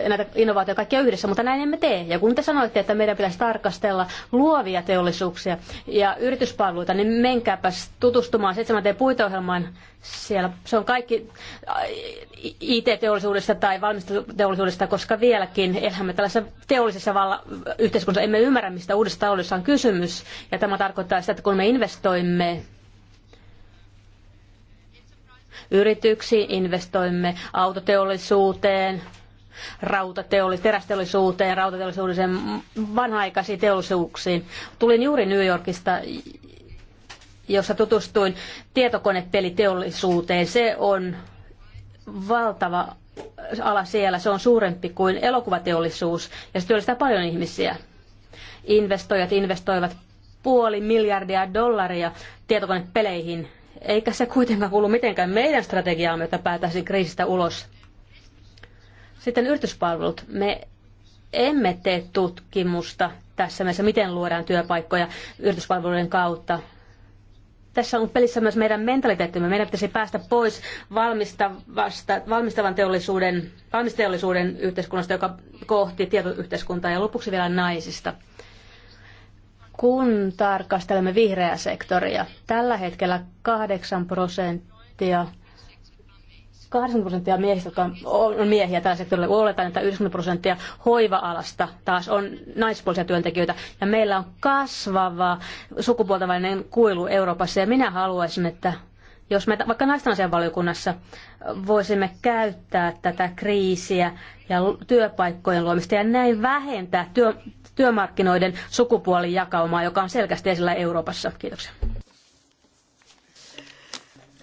näitä innovaatioita kaikkia yhdessä, mutta näin emme tee. Ja kun te sanoitte, että meidän pitäisi tarkastella luovia teollisuuksia ja yrityspalveluita, niin menkääpäs tutustumaan 7 puiteohjelmaan. Siellä se on kaikki äh, IT-teollisuudesta tai valmisteluteollisuudesta, koska vieläkin elämme tällaisessa teollisessa valla- yhteiskunnassa. Emme ymmärrä, mistä uudessa taloudessa on kysymys. Ja tämä tarkoittaa sitä, että kun me investoimme yrityksiin, investoimme autoteollisuuteen, rautateollisuuteen, terästeollisuuteen, rautateollisuuden vanha-aikaisiin teollisuuksiin. Tulin juuri New Yorkista, jossa tutustuin tietokonepeliteollisuuteen. Se on valtava ala siellä, se on suurempi kuin elokuvateollisuus ja se työllistää paljon ihmisiä. Investoijat investoivat puoli miljardia dollaria tietokonepeleihin eikä se kuitenkaan kuulu mitenkään meidän strategiaamme, jota päätäisiin kriisistä ulos. Sitten yrityspalvelut. Me emme tee tutkimusta tässä mielessä, miten luodaan työpaikkoja yrityspalveluiden kautta. Tässä on pelissä myös meidän mentaliteettimme. Meidän pitäisi päästä pois valmistavan teollisuuden, valmisteollisuuden yhteiskunnasta, joka kohti tietoyhteiskuntaa. Ja lopuksi vielä naisista kun tarkastelemme vihreää sektoria, tällä hetkellä 8 prosenttia 80 prosenttia miehistä, jotka on miehiä tällä sektorilla, oletan, että 90 prosenttia hoiva-alasta taas on naispuolisia työntekijöitä. Ja meillä on kasvava sukupuolten välinen kuilu Euroopassa, ja minä haluaisin, että jos me vaikka naisten valiokunnassa voisimme käyttää tätä kriisiä ja työpaikkojen luomista ja näin vähentää työ, työmarkkinoiden sukupuolijakaumaa, joka on selkeästi esillä Euroopassa. Kiitoksia.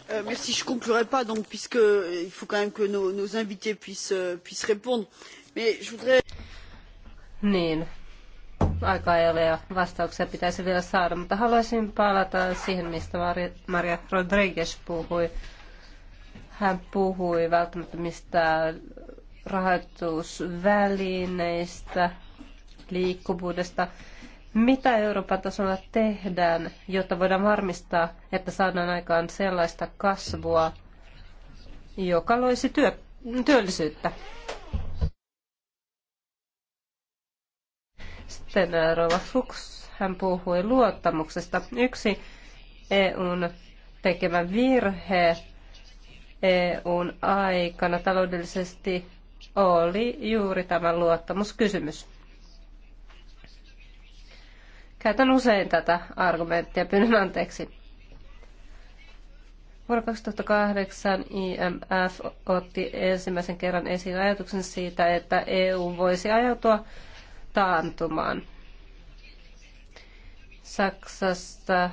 Euh, merci. Je conclurai pas, donc, puisque euh, il faut quand même que nos, nos invités puissent, euh, puissent répondre. Mais je voudrais. Niin, Aika ei ole ja vastauksia pitäisi vielä saada, mutta haluaisin palata siihen, mistä Maria Rodriguez puhui. Hän puhui välttämättä mistä rahoitusvälineistä, liikkuvuudesta. Mitä Euroopan tasolla tehdään, jotta voidaan varmistaa, että saadaan aikaan sellaista kasvua, joka loisi työ, työllisyyttä? Sitten äh, Rova Fuchs, hän puhui luottamuksesta. Yksi EUn tekemä virhe EUn aikana taloudellisesti oli juuri tämä luottamuskysymys. Käytän usein tätä argumenttia, pyydän anteeksi. Vuonna 2008 IMF otti ensimmäisen kerran esiin ajatuksen siitä, että EU voisi ajautua taantumaan. Saksasta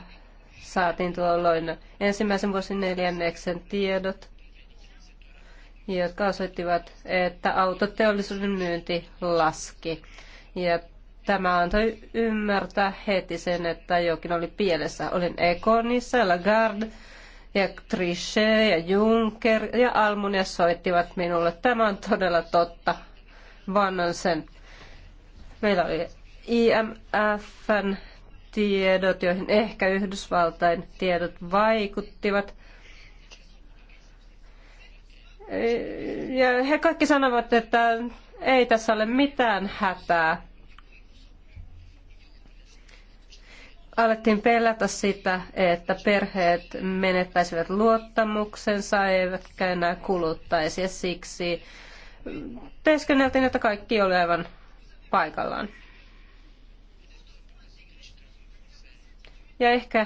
saatiin tuolloin ensimmäisen vuosin neljänneksen tiedot, jotka osoittivat, että autoteollisuuden myynti laski. Ja tämä antoi ymmärtää heti sen, että jokin oli pielessä. Olin Ekonissa, Lagarde ja Trichet ja Juncker ja Almunia soittivat minulle. Tämä on todella totta. Vannon sen. Meillä oli IMFn tiedot, joihin ehkä Yhdysvaltain tiedot vaikuttivat. Ja he kaikki sanovat, että ei tässä ole mitään hätää. Alettiin pelätä sitä, että perheet menettäisivät luottamuksensa, eivätkä enää kuluttaisi. Ja siksi teeskenneltiin, että kaikki oli aivan paikallaan. Ja ehkä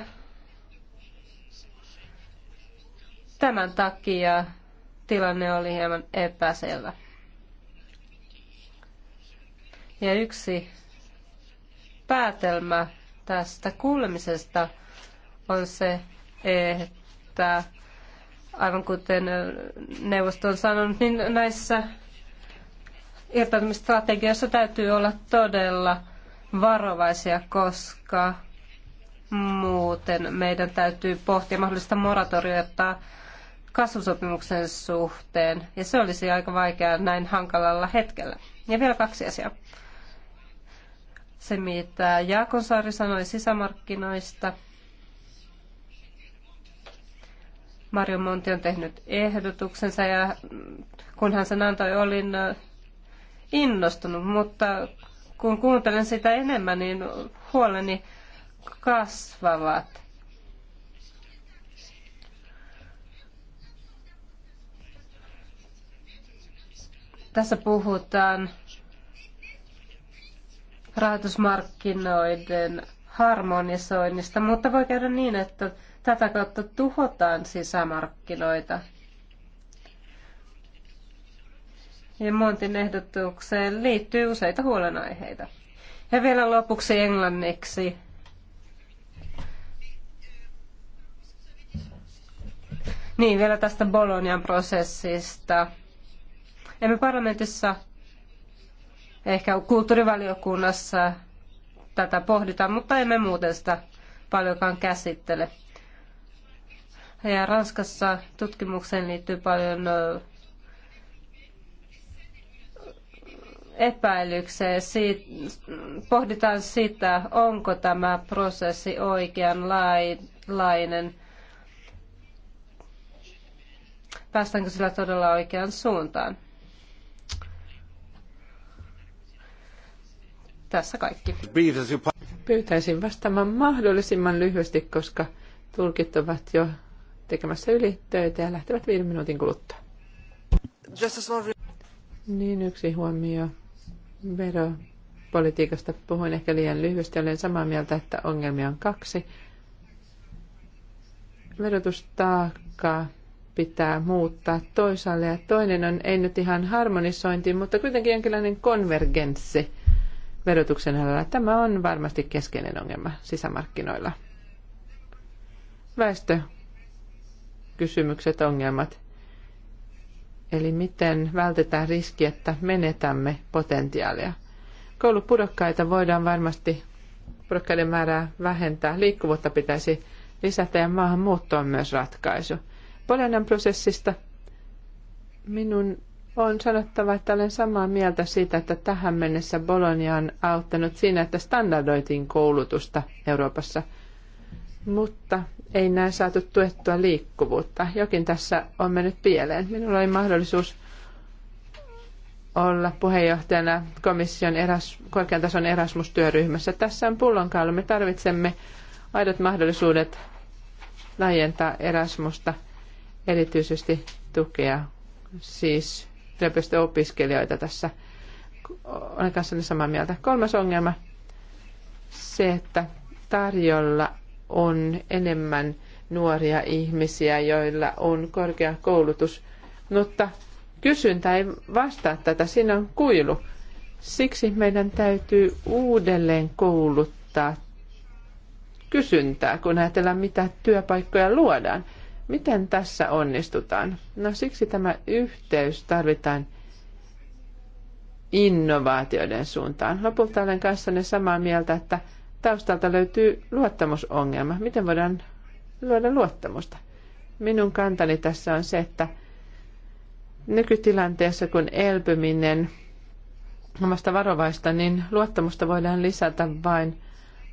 tämän takia tilanne oli hieman epäselvä. Ja yksi päätelmä tästä kuulemisesta on se, että aivan kuten neuvosto on sanonut, niin näissä irtautumistrategiassa täytyy olla todella varovaisia, koska muuten meidän täytyy pohtia mahdollista moratoriota kasvusopimuksen suhteen. Ja se olisi aika vaikeaa näin hankalalla hetkellä. Ja vielä kaksi asiaa. Se, mitä Jaakonsaari sanoi sisämarkkinoista. Mario Monti on tehnyt ehdotuksensa ja kun hän sen antoi, olin innostunut, mutta kun kuuntelen sitä enemmän, niin huoleni kasvavat. Tässä puhutaan rahoitusmarkkinoiden harmonisoinnista, mutta voi käydä niin, että tätä kautta tuhotaan sisämarkkinoita – ja Montin ehdotukseen liittyy useita huolenaiheita. Ja vielä lopuksi englanniksi. Niin, vielä tästä Bolonian prosessista. Emme parlamentissa, ehkä kulttuurivaliokunnassa tätä pohdita, mutta emme muuten sitä paljonkaan käsittele. Ja Ranskassa tutkimukseen liittyy paljon epäilykseen. pohditaan sitä, onko tämä prosessi oikeanlainen. Päästäänkö sillä todella oikeaan suuntaan? Tässä kaikki. Pyytäisin vastaamaan mahdollisimman lyhyesti, koska tulkit ovat jo tekemässä ylitöitä ja lähtevät viiden minuutin kuluttua. Niin yksi huomio Veropolitiikasta puhuin ehkä liian lyhyesti. Olen samaa mieltä, että ongelmia on kaksi. Verotustaakkaa pitää muuttaa toisaalle ja toinen on ei nyt ihan harmonisointi, mutta kuitenkin jonkinlainen konvergenssi verotuksen alalla. Tämä on varmasti keskeinen ongelma sisämarkkinoilla. Väestö kysymykset, ongelmat. Eli miten vältetään riski, että menetämme potentiaalia. Koulupudokkaita voidaan varmasti pudokkaiden määrää vähentää. Liikkuvuutta pitäisi lisätä ja maahanmuutto on myös ratkaisu. Poljanan prosessista minun on sanottava, että olen samaa mieltä siitä, että tähän mennessä Bologna on auttanut siinä, että standardoitiin koulutusta Euroopassa. Mutta ei näin saatu tuettua liikkuvuutta. Jokin tässä on mennyt pieleen. Minulla oli mahdollisuus olla puheenjohtajana komission eras, korkean tason Erasmus-työryhmässä. Tässä on pullonkaulu. Me tarvitsemme aidot mahdollisuudet laajentaa Erasmusta, erityisesti tukea siis yliopisto-opiskelijoita tässä. Olen kanssani samaa mieltä. Kolmas ongelma, se, että tarjolla on enemmän nuoria ihmisiä, joilla on korkea koulutus, mutta kysyntä ei vastaa tätä, siinä on kuilu. Siksi meidän täytyy uudelleen kouluttaa kysyntää, kun ajatellaan, mitä työpaikkoja luodaan. Miten tässä onnistutaan? No siksi tämä yhteys tarvitaan innovaatioiden suuntaan. Lopulta olen kanssanne samaa mieltä, että taustalta löytyy luottamusongelma. Miten voidaan luoda luottamusta? Minun kantani tässä on se, että nykytilanteessa kun elpyminen vasta varovaista, niin luottamusta voidaan lisätä vain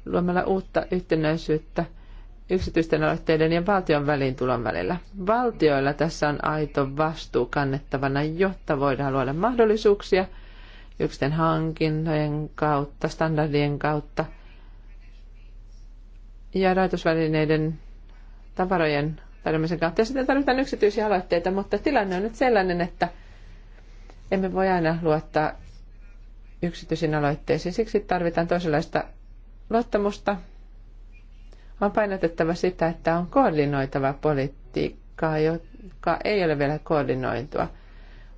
luomalla uutta yhtenäisyyttä yksityisten aloitteiden ja valtion väliintulon välillä. Valtioilla tässä on aito vastuu kannettavana, jotta voidaan luoda mahdollisuuksia yksityisten hankintojen kautta, standardien kautta – ja rahoitusvälineiden tavarojen tarjoamisen kautta. Ja sitten tarvitaan yksityisiä aloitteita, mutta tilanne on nyt sellainen, että emme voi aina luottaa yksityisiin aloitteisiin. Siksi tarvitaan toisenlaista luottamusta. On painotettava sitä, että on koordinoitava politiikkaa, joka ei ole vielä koordinoitua.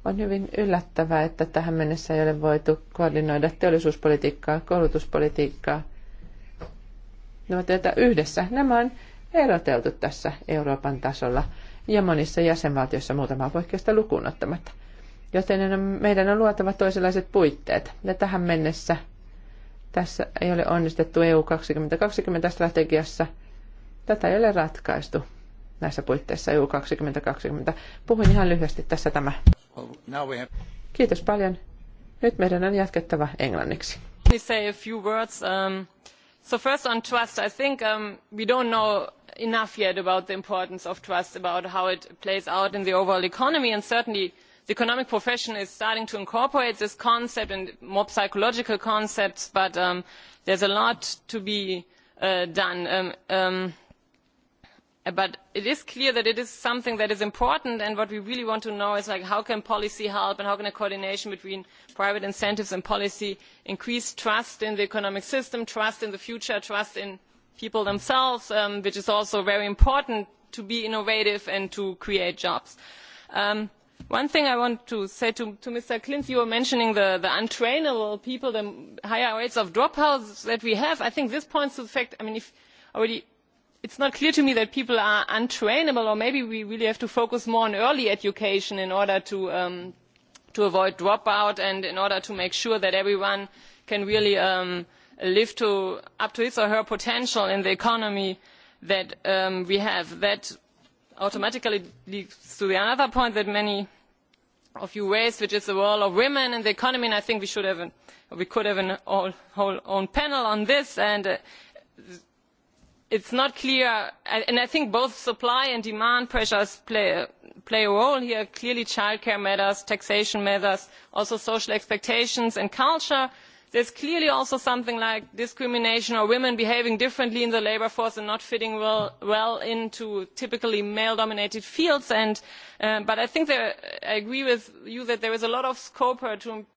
On hyvin yllättävää, että tähän mennessä ei ole voitu koordinoida teollisuuspolitiikkaa, koulutuspolitiikkaa, No, tätä yhdessä. Nämä on eroteltu tässä Euroopan tasolla ja monissa jäsenvaltioissa muutamaa poikkeusta lukuun ottamatta. Joten meidän on luotava toisenlaiset puitteet. Ja tähän mennessä tässä ei ole onnistettu EU 2020-strategiassa. Tätä ei ole ratkaistu näissä puitteissa EU 2020. Puhuin ihan lyhyesti tässä tämä. Kiitos paljon. Nyt meidän on jatkettava englanniksi. Say a few words, um so first on trust i think um, we do not know enough yet about the importance of trust about how it plays out in the overall economy and certainly the economic profession is starting to incorporate this concept and more psychological concepts but um, there is a lot to be uh, done. Um, um but it is clear that it is something that is important and what we really want to know is like, how can policy help and how can a coordination between private incentives and policy increase trust in the economic system trust in the future trust in people themselves um, which is also very important to be innovative and to create jobs. Um, one thing i want to say to, to mr klinz you were mentioning the, the untrainable people the higher rates of dropouts that we have i think this points to the fact i mean if already it is not clear to me that people are untrainable or maybe we really have to focus more on early education in order to um, avoid drop out and in order to make sure that everyone can really um, live up to his or her potential in the economy that um, we have. That automatically leads to another point that many of you raised, which is the role of women in the economy. And I think we could have a whole, own panel on this. And uh, it is not clear and i think both supply and demand pressures play, a role here clearly childcare matters taxation matters also social expectations and culture. there is clearly also something like discrimination or women behaving differently in the labour force and not fitting well, into typically male dominated fields uh, but i think i agree with you that there is a lot of scope to